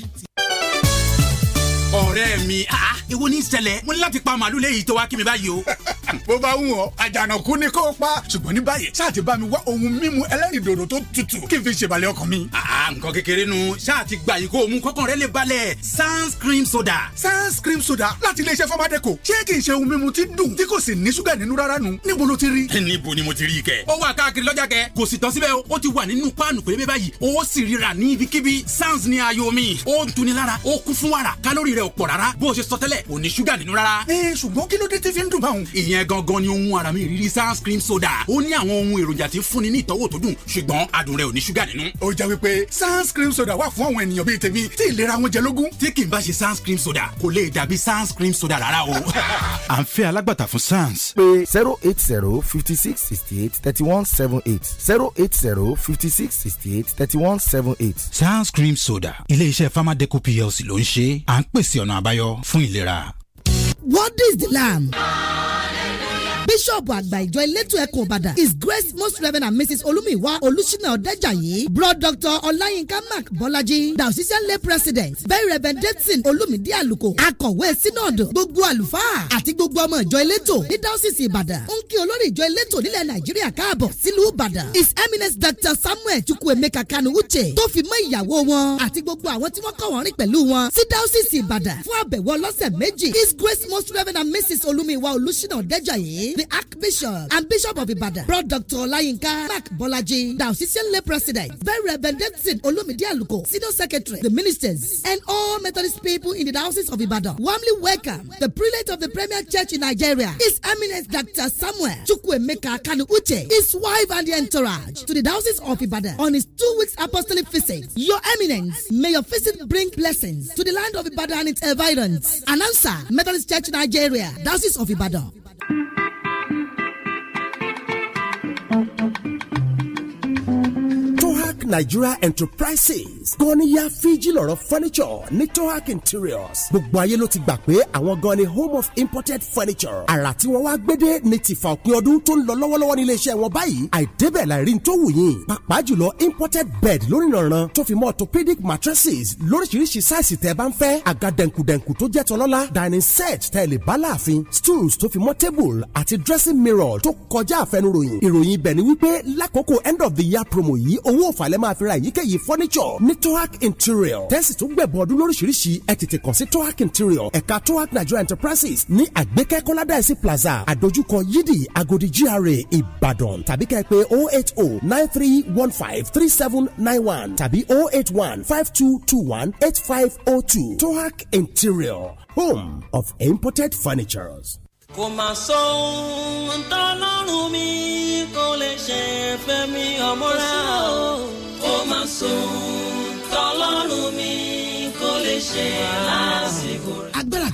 ọ̀rẹ́ mi ah, ah, ìwọ ní ṣẹlẹ̀ mo ní láti pa màálù léyìí tó wá kí mi báyìí o. bó bá wù ọ́ àjànàkú ni kó pa ṣùgbọ́n ní báyìí ṣáà ti bá mi wá ohun mímu ẹlẹ́rìndòdò tó tutù kí n fi ṣèbalẹ̀ ọkàn mi. Ah, nǹkan kékeré nu ṣáà ti gbà yìí kó o mú kọ́kàn rẹ lè balẹ̀ sans cream soda. sans cream soda láti iléeṣẹ́ fọmádẹ́kọ̀ ṣé kì í ṣe ohun mímu ti dùn tí kò sì ní ṣúgà nínú rárá nu níbo ló ti rí. níbo ni mo ti rí i kẹ. ó wà káàkiri rẹ̀ ò pọ̀ rárá bó o ṣe sọ tẹ́lẹ̀ kò ní ṣúgà nínú rárá. ẹ ṣùgbọ́n kí ló dé tí fi ń dùn báwọn. ìyẹn gangan ni ohun ara mi ìrírí sans soda ó ní àwọn ohun èròjà tí ń fúnni ní ìtọ́wò tó dùn ṣùgbọ́n adùn rẹ̀ ò ní ṣúgà nínú. ó jẹ́ wípé sans soda wà fún àwọn ènìyàn bíi tèmi tí ìlera wọn jẹ lógún. tí kì í bá ṣe sans soda kò lè dàbí sans soda rárá o. à ń fẹ́ alágbàtà fún sans. pé zero eight zero fifty six sixty eight thirty one seven eight zero eight zero fifty six sixty eight thirty one seven eight. sans cream soda ilé iṣẹ́ farmadeco plc ló ń ṣe à ń pèsè sí ọ̀nà àbáyọ fún ìlera. What is the lamb? bíṣọ̀bù àgbà ìjọ elétò ẹkùn ìbàdàn his grace most reverend and mrs olúmiwá olùṣínà ọ̀dẹ́jàyí bro dr ọláyínká mark bọ́lájí diocesan lay president very reverend dayton olúmídé àlùkò akọ̀wé sínọ́ọ̀dù gbogbo àlùfáà àti gbogbo ọmọ ìjọ elétò ní diocese ìbàdàn ń kí olórí ìjọ elétò nílẹ̀ nàìjíríà káàbọ̀ sílùú ìbàdàn his eminence dr samuel chukwuemeka kanu uche tó fi mọ́ ìyàwó wọn àti gbogbo àwọn tí wọ́n kọ́ wọn rìn pẹ̀lú wọn sí diocese ìbàdàn fún àbẹ̀wò ọlọ́sẹ̀ méjì his grace most reverend and mrs olúmiwá olùṣínà ọ̀dẹ́jàyí the Archbishop and Bishop of Ibadan, Prof. Dr. Olayinka Mark Bolaji, Diocesan Lay President, Very Reverend Davidson Olumide Aluko, Senior Secretary, the ministers, and all Methodist people in the Diocese of Ibadan. Warmly welcome the Prelate of the Premier Church in Nigeria, His Eminence Dr. Samuel Chukwemeka Kanu Uche, his wife and the entourage, to the Diocese of Ibadan on his two weeks apostolic visit. Your Eminence, may your visit bring blessings to the land of Ibadan and its environs. Announcer, Methodist Church Nigeria, Diocese of Ibadan. Thank you. Nigeria Enterprises gọ́níyà Fiji lọ́rọ̀ furniture ní tohac interiors gbogbo ayé ló ti gbà pé àwọn gan ni home of imported furniture àrà tí wọ́n wá gbédé ní tìfà òpin ọdún tó ń lọ lọ́wọ́lọ́wọ́ ní iléeṣẹ́ wọn báyìí àìdébẹ̀ láìrí tó wù yín pàápàá jùlọ imported bed lónìrànràn tó fi mọ́ orthopedic mattresses lóríṣiríṣi sáìsì tẹ́ bá ń fẹ́ àga dẹ̀nkùdẹ̀nkù tó jẹ́ tọ́lọ́lá dining set tẹ́ lè bá láàfin stools tó fi mọ́ table àti dressing mirror tó kọjá àfẹnuròyìn ìròyìn ibẹ̀ ni wípé lákòókò end of the year promo yìí owó òfàlẹ́ máa fi ra èyíkéyìí furniture ní tohac interior tẹ́sí tó gbẹ̀bọ̀ ọdún lóríṣiríṣi ẹ̀ tètè kàn sí tohac interior ẹ̀ka tohac nigeria enterprises ní àgbékẹ́ kọ́ládàísí plaza àdójúkọ yídì agodi gra ìbàdàn tàbí kẹ́ ẹ pé oh eight oh nine three one five three seven nine one tàbí oh eight one five two two one eight five oh two tohac interior home of imported furnitures. kò mà sọ ohun tọ́lọ́run mi kò lè ṣe fẹ́mi ọmọ rẹ̀ o sóhun tọ́lọ́run mi kò lè ṣe lásìkò rẹ̀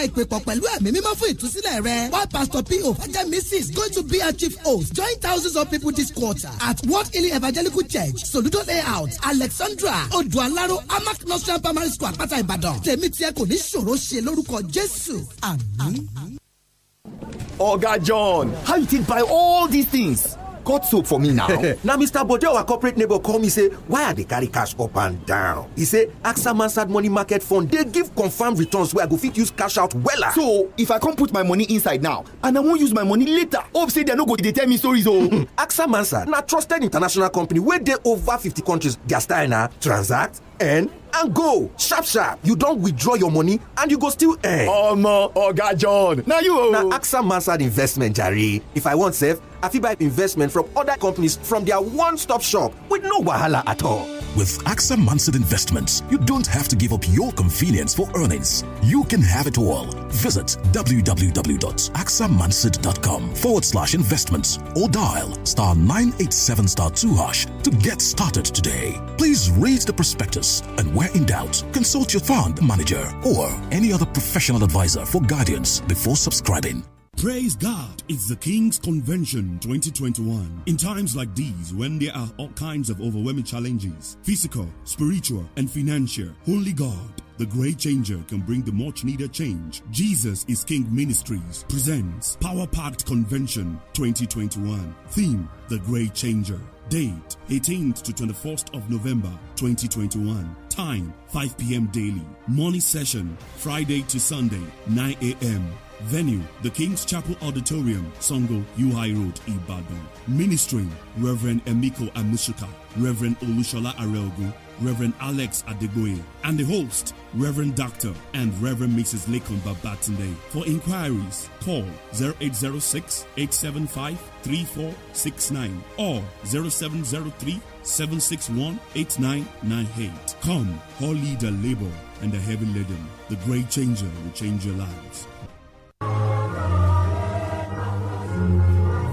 gba ìpèpọ̀ pẹ̀lú ẹ̀mí mímọ́ fún ìtúsílẹ̀ rẹ. one pastor p.o. fẹ́jẹ́ mrs going to be our chief host join thousands of people this quarter at world healing evangelical church soludo layout alexandra odualaro amak nursery primary school àpáta ìbàdàn tèmi tiẹ̀ kò ní ṣòro ṣe lórúkọ jésù àmín. oga john how you take buy all these things cut soap for me now Now, mr bode our corporate neighbor call me say why are they carry cash up and down He say axa mansard money market fund They give confirmed returns where i go fit use cash out wella. so if i can't put my money inside now and i won't use my money later hope say dem no go dey tell me stories Oh, axa mansard now trusted international company where they over fifty countries their style transact and. and go sharp sharp you don't withdraw your money and you go still earn. Oh God, john Now you Now axa mansard investment jare if i want save i fit buy investment from other companies from their one-stop shop with no wahala at all. With AXA Mansard Investments, you don't have to give up your convenience for earnings. You can have it all. Visit www.axamansard.com forward slash investments or dial star 987 star 2 hash to get started today. Please read the prospectus and where in doubt, consult your fund manager or any other professional advisor for guidance before subscribing. Praise God, it's the King's Convention 2021. In times like these, when there are all kinds of overwhelming challenges physical, spiritual, and financial, Holy God. The great changer can bring the much needed change. Jesus is King Ministries presents Power Packed Convention 2021. Theme The Great Changer. Date 18th to 21st of November 2021. Time 5 p.m. daily. Morning session Friday to Sunday 9 a.m. Venue The King's Chapel Auditorium, Songo, Uhai Road, Ibadan. Ministering Reverend Emiko Amushika, Reverend Olushola Areogu, Reverend Alex Adegboye, and the host, Reverend Dr. and Reverend Mrs. Lakon Babatunde. For inquiries, call 0806 875 3469 or 0703 761 8998. Come, all lead a labor and a heavy laden. The great changer will change your lives.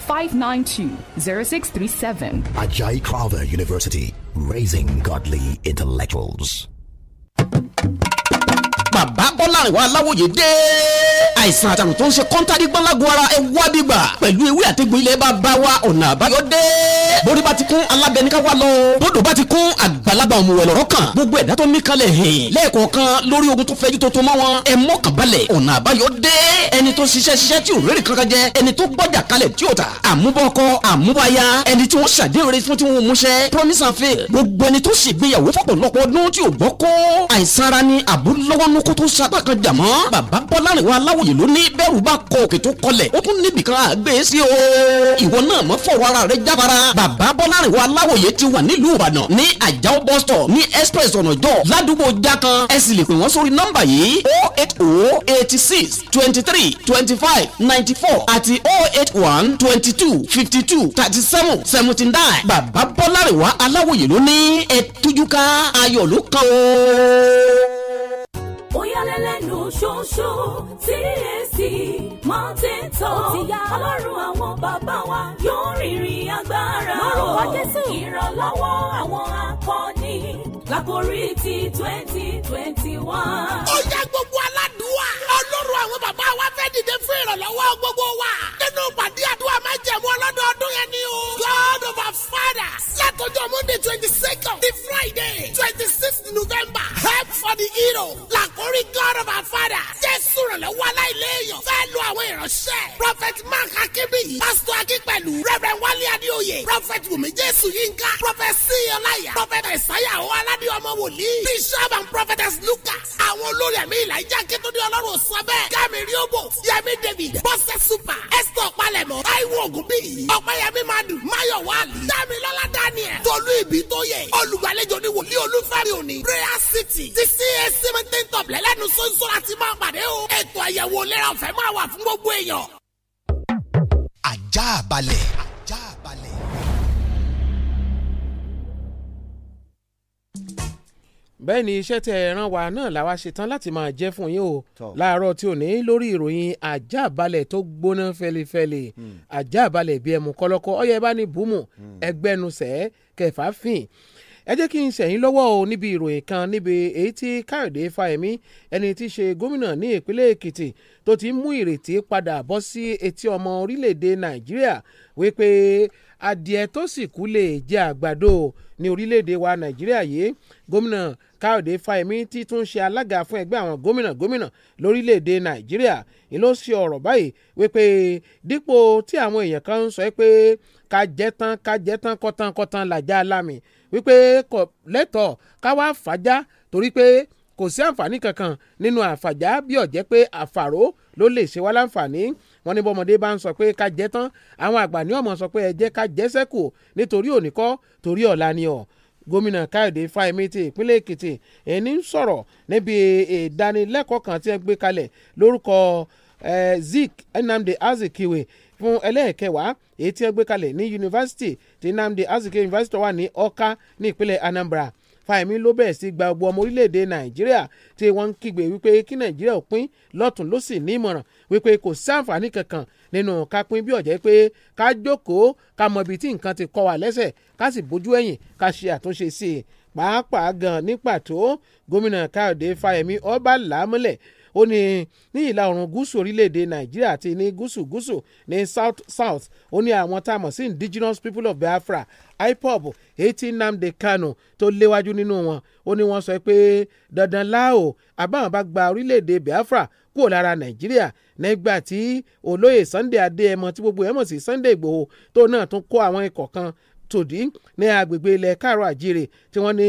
592 0637. Ajay Carver University, raising godly intellectuals. bàbá bọ́láriwá aláwòye dé. àìsàn àtàrùn tó ń ṣe kọ́ńtàdì gbọ́nlágun ara ẹ wá bíbà pẹ̀lú ewé àtẹ̀gùn ilẹ̀ bàbá wa ọ̀nà àbáyọ dé. borí bá ti kún alábẹ́ni ká wá lọ. bódò bá ti kún àgbàlagbà ọ̀mùwẹ̀ lọ́rọ́ kan. gbogbo ẹ̀dá tó mí kalẹ̀ hìn. lẹ́ẹ̀kọ̀ọ̀kan lórí ogun tó fẹ́jú tó tó mọ́ wọn. ẹ mọ́kàn balẹ̀ ọ̀nà àbáyọ dé. ẹni tó ṣiṣẹ́ ṣiṣẹ́ tí ò rẹ́rìn kankan promise and faith. gbogbo ẹni tó ṣègbéyàwó fọ́pọ̀lọpọ̀ ọdún tí ò gbọ́ kó. ni àbúrò lọ́wọ́ kókó tó ṣapá kan jà mọ́. bàbá bọ́lárìnwá aláwòye ló ní bẹ́rù bá kọ òkè tó kọlẹ̀ ó tún níbì kan àgbẹ̀ sí o. ìwọ náà mọ fọwọ́ ara rẹ jábára. bàbá bọ́lárìnwá aláwòye ti wà nílùú ìbàdàn ní àjàó bus ní express ọ̀nà jọ ládùúgbò jákan ẹ sì lè pè wọ́n sórí nọ́mbà yìí o oh eight o oh eighty six twenty three twenty five ninety four àti o oh eight one twenty two fifty two thirty seven seventy nine. bàbá bọ́lárìnwá aláwòye ló ní ẹ tújú ká ayọ̀ ló kàn oyalẹ́lẹ́nu ṣoṣo TSC mountain top ọlọ́run àwọn bàbá wa yóò rìnrìn agbára o ìrànlọ́wọ́ àwọn akọni lákòrí ti twenty twenty one. ó yẹ gbogbo alá àwọn bàbá wa fẹ́ dìde fún ìrànlọ́wọ́ gbogbo wa. nínú pàdé àdúrà máa jẹ̀mú ọlọ́dọọdún yẹn ni o. God of our father. látọjọ́ monday twenty second di friday twenty sixth november help for the hero. làkórí God of our father. jésù ìrànlọ́wọ́ aláìléèyàn. fẹ́ lu àwọn ìránṣẹ́. prophet mark akínbíyì. pastor akínpẹ̀lú. reverend wálé adéoyè. prophet wùmí jésù yínká. prophet sí ọláyà. prophet ẹ̀sáyà ọ̀ aládé ọmọ wòlíì. bishop and prophetess lucas. àwọn olórí ẹ̀mí ìlà ìjà kí tó dé ọlọ́run sọ bẹ́ẹ̀. Kẹ́mi Riobo, Yemi David, Bọ́sẹ̀ Super, Esther Palẹ̀mọ́, Taiwo Ògúnbíyì, Ọ̀pẹ́yẹmí Madu, Máyọ̀ Wálì, Dámilọ́lá Daniel, Tolú Ìbítóyè, olùgbàlejò ni wuli olúfẹ́rin òní, Prayer City, ti CAC Cementing Top lẹ́lẹ́nu sọ́nsọ́ láti máa pàdé o. Ètò àyẹ̀wò ìlera ọ̀fẹ́ máa wà fún gbogbo bẹ́ẹ̀ ni iṣẹ́ tẹ ẹran wa náà làwa ṣetán láti máa jẹ́ fún yín o láàárọ̀ tí ò ní lórí ìròyìn ajá balẹ̀ tó gbóná fẹlifẹli hmm. ajá balẹ̀ bíi ẹmu kọ́lọ́kọ́ ọyẹ bá ní bùmù hmm. ẹgbẹ́nusẹ̀ kẹfà fìn ẹ jẹ́ kí n ṣẹ̀yìn lọ́wọ́ o níbi ìròyìn kan níbi èyí tí Káyọ̀dé Fáyẹ̀mí ẹni tí í ṣe gómìnà ní ìpínlẹ̀ Èkìtì tó ti mú ìrètí padà bọ́ sí etí ọmọ orílẹ̀-èdè Nàìjíríà wípé adìẹ tó sì kú lè jẹ àgbàdo ní orílẹ̀-èdè wa Nàìjíríà yìí gómìnà káyọ̀dé fáyemí tí tún ṣe alága fún ẹgbẹ́ àwọn gómìnà gómìnà lórílẹ̀‐èdè nàìjíríà ni ló ṣe ọ̀rọ̀ báyìí wípé dípò tí àwọn èèyàn kan ń sọ pé ká jẹ́ tán ká jẹ́ tán kọ́tán kọ́tán làjá alámì wípé kò lẹ́tọ̀ọ́ ká wá fàájá torí pé kò sí àǹfààní kankan nínú àfàjá bí ó jẹ́ pé àfàró ló lè ṣe wá láǹfààní wọn ní bọ́mọdé bá ń sọ pé ká àwọn àgbà ní ọmọ sọ pé ẹ jẹ́ ká nítorí òní torí ọ̀la ni ọ̀ gómìnà káyọ̀dé fáyemí ti ìpínlẹ̀ èkìtì ẹni ń sọ̀rọ̀ níbi ìdánilẹ́kọ̀ọ́ kan tí wọ́n gbé kalẹ̀ lórúkọ zik nnamdi azikiwe fún ẹlẹ́ẹ̀kẹwàá èyí tí wọ́n gbé kalẹ̀ ní yunifásitì tí nnamdi azikiwe yunifásitì wà ní ọ̀ka ní ìpínlẹ̀ anambra Fàyẹ̀mí ló bẹ̀rẹ̀ sí gba gbogbo ọmọ orílẹ̀-èdè Nàìjíríà tí wọ́n ń kígbe wípé kí Nàìjíríà ò pín lọ́tún ló sì ní ìmọ̀ràn wípé kò sáǹfààní kankan nínú ká pín bí ọ̀jẹ́ pé ká jókòó ká mọ ibi tí nǹkan ti kọ́ wa lẹ́sẹ̀ ká sì bójú ẹ̀yìn ká ṣe àtúnṣe sí i pàápàá gan ní pàtó gómìnà Káyọ̀dé Fáyẹ̀mí ọba làámúlẹ̀ ó ní ní ìlà oòrùn gúúsù orílẹ̀-èdè nàìjíríà àti ní gúúsù gúúsù ní south south ó ní àwọn tá a mọ̀ sí indigenous people of biafra ipob etí nnamdi kanu tó léwájú nínú wọn ó ní wọ́n sọ pé dandan láò àbáwọn bá gba orílẹ̀-èdè biafra kúrò lára nàìjíríà nígbà tí olóyè sunday adéẹmọ tí gbogbo ẹ̀ mọ̀ sí sunday ìgbòho tó náà tún kó àwọn ikọ̀ kan tòdí ní agbègbè ilẹ̀ káàrọ̀ àjíire tí wọ́n ní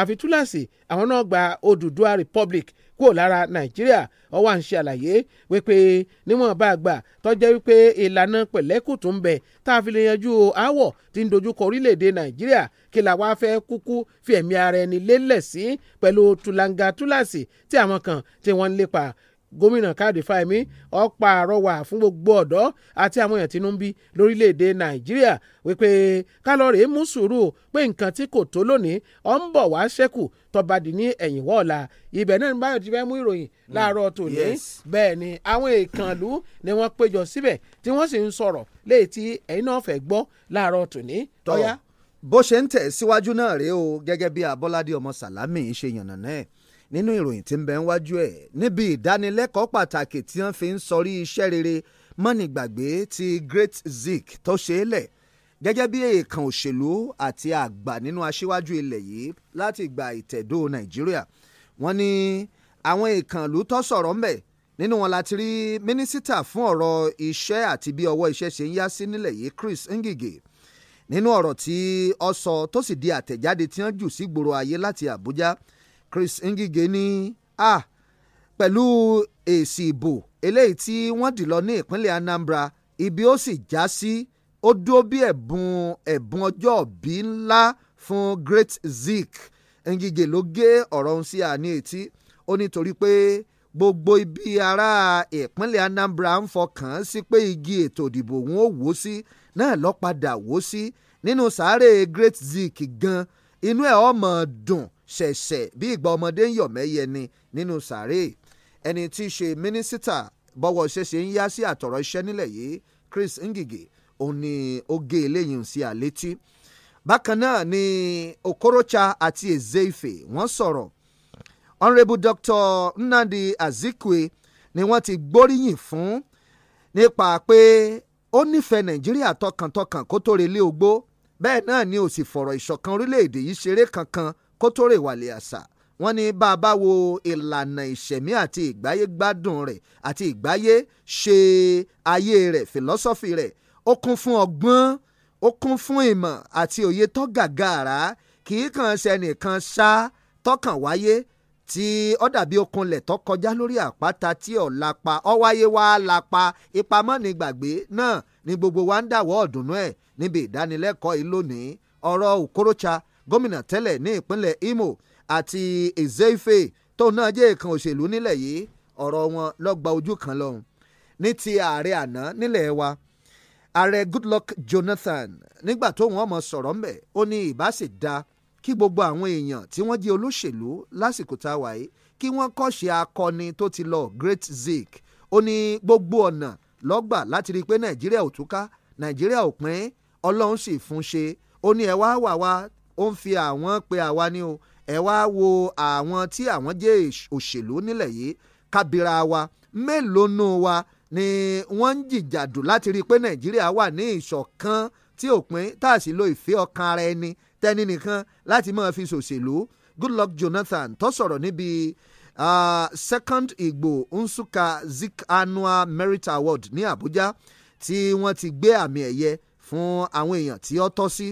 àfitúlàsì àwọn náà gba Odùduwà republic kúrò lára nàìjíríà ó wá ń ṣe àlàyé wípé níwọ̀n bá gbà tọ́jẹ́ wípé ìlànà pẹ̀lẹ́kùtù ń bẹ tá a fi lè yanjú aáwọ̀ tí ń dojúkọ orílẹ̀-èdè nàìjíríà kí la wá fẹ́ kúkú fi ẹ̀mí ara ẹni lélẹ̀ sí pẹ̀lú tùlàǹgà túláàsì tí àwọn kan tí wọ́n ń lépa gómìnà káàdì fáìmí ọ̀pá àrọwà fún gbogbo ọ̀dọ́ àti àwọn èèyàn tínú ń bí lórílẹ̀‐èdè nàìjíríà wípé kálọ̀rì mú sùúrù pé nǹkan tí kò tó lónìí ọ̀ ń bọ̀ wá ṣẹ́kù tọba dì ní ẹ̀yìn wọ́ọ̀la ibẹ̀ náà ní báyọ̀ ti fẹ́ mú ìròyìn hmm. láàárọ̀ tòní bẹ́ẹ̀ ni àwọn ìkànnlú ni wọ́n péjọ síbẹ̀ tí wọ́n sì ń sọ̀rọ̀ léètí ẹ̀yin náà fẹ́ gbọ́ nínú ìròyìn tí ń bẹ níwájú ẹ̀ níbi ìdánilẹ́kọ̀ọ́ pàtàkì tí wọ́n fi ń sọrí iṣẹ́ rere mọ́nìgbàgbé ti Great Zik tó ṣe é lẹ̀ gẹ́gẹ́ bí èèkàn òṣèlú àti àgbà nínú aṣíwájú ilẹ̀ yìí láti gba ìtẹ̀dó Nàìjíríà wọ́n ní àwọn èèkànlú tó sọ̀rọ̀ ń bẹ nínú wọn láti rí mínísítà fún ọ̀rọ̀ iṣẹ́ àti bí ọwọ́ iṣẹ́ ṣe ń yá sí nílẹ̀ yìí Chris Ngige nínú ọ̀rọ̀ tí ó sọ tó sì di àtẹ̀jáde tí wọ́n jù sí gbòòrò ayé láti Àbújá Chris Ngige ní a pẹ̀lú èsì ìbò eléyìí tí wọ́n dì lọ ní ìpínlẹ̀ Anambra ibi ó sì já sí ó dúró bí ẹ̀bùn ẹ̀bùn ọjọ́ òbí ńlá fún Great Zik Ngige ló gé ọ̀rọ̀ ọ̀hún sí àní etí ó nítorí pé gbogbo ibi ará ìpínlẹ̀ Anambra ń fọkàn sí pé igi ètò ìdìbò wọn ò wó sí náà lọ́ padà wó sí nínú sàárè Great Zik gan inú ẹ̀ ọmọ dùn ṣẹ̀ṣẹ̀ bí ìgbà ọmọdé ń yọ̀ mẹ́yẹ ni nínú sàárè ẹni tí í ṣe mínísítà bọ́wọ́ ṣẹ̀ṣẹ̀ ń yá sí àtọ̀rọ̀ iṣẹ́ nílẹ̀ yìí Chris Ngige òun ni ó gé eléyìí sí àlétí bákan náà ni Okorocha àti Ezeife wọ́n sọ̀rọ̀ Honourable Dr. Nnamdi Azikwe ni wọ́n ti gbóríyìn fún nípa pé ó nífẹ̀ẹ́ Nàìjíríà tọkàntọkàn kó tó relé ogbó bẹ́ẹ̀ náà ni ò sì fọ̀rọ̀ ìṣọ̀kan orílẹ̀-èdè yìí ṣeré kankan kó tó rè wàlẹ̀ àṣà wọ́n ní bá a bá wo ìlànà ìṣẹ̀mí àti ìgbáyé gbádùn rẹ̀ àti ìgbáyé ṣe ayé rẹ̀ fìlọ́sọ́fì rẹ̀ ó kún fún ọgbọ́n ó kún fún ìmọ̀ àti òye tó gàgàrà kì í kàn ṣẹnìkan ṣá tọkàn wáyé tí ó dàbí okunlẹ̀ tó kọjá lórí àpáta tí ò lapa ó wáyé wá lapa ìpamọ́ ní gbàgbé náà ni gbogbo wa ń dàwọ́ ọ̀dùnnú ẹ̀ níbi ìdánilẹ́kọ̀ọ́ yìí lónìí ọ̀rọ̀ Okorocha gómìnà tẹ́lẹ̀ ní ìpínlẹ̀ Imo àti Ezeife tóun náà jẹ́ èèkàn òṣèlú nílẹ̀ yìí ọ̀rọ̀ wọn lọ́gba ojú kan lọ́hùn ní ti ààrẹ àná nílẹ̀ wa ààrẹ Goodluck Jonathan nígbà tó wọn mọ sọ̀rọ̀ ńbẹ̀ ó ní ìbá sì da kí gbogbo àwọn èèyàn tí wọ́n jẹ́ olóṣèlú lásìkò tá a wà kí wọ́n kọ́ṣe akọni tó ti lọ Great Zik ó ní gbogbo ọ̀nà lọ́gbà láti rí i pé Nàìjíríà ò túká Nàìjíríà ò pín Ọlọ́run sì fún ṣe ó ní ẹ wá wà wá ó ń fi àwọn pe àwa ni o ẹ wá wo àwọn tí àwọn jẹ́ òṣèlú nílẹ̀ yìí kábíra wa mélòó nù wa ni wọ́n ń jìjàdù láti rí i pé nàìjíríà wà ní ìṣọ̀kan tí òpin tá a sì lo ìfẹ́ ọkàn ara ẹni tẹni nìkan láti máa fi ṣòṣèlú Goodluck Jonathan tó sọ̀rọ̀ níbi uh, Second Igbo Nsukka Zik Annual Merit Award ní abuja, tí wọ́n ti gbé àmì ẹ̀yẹ fún àwọn èèyàn tí ó tọ́ sí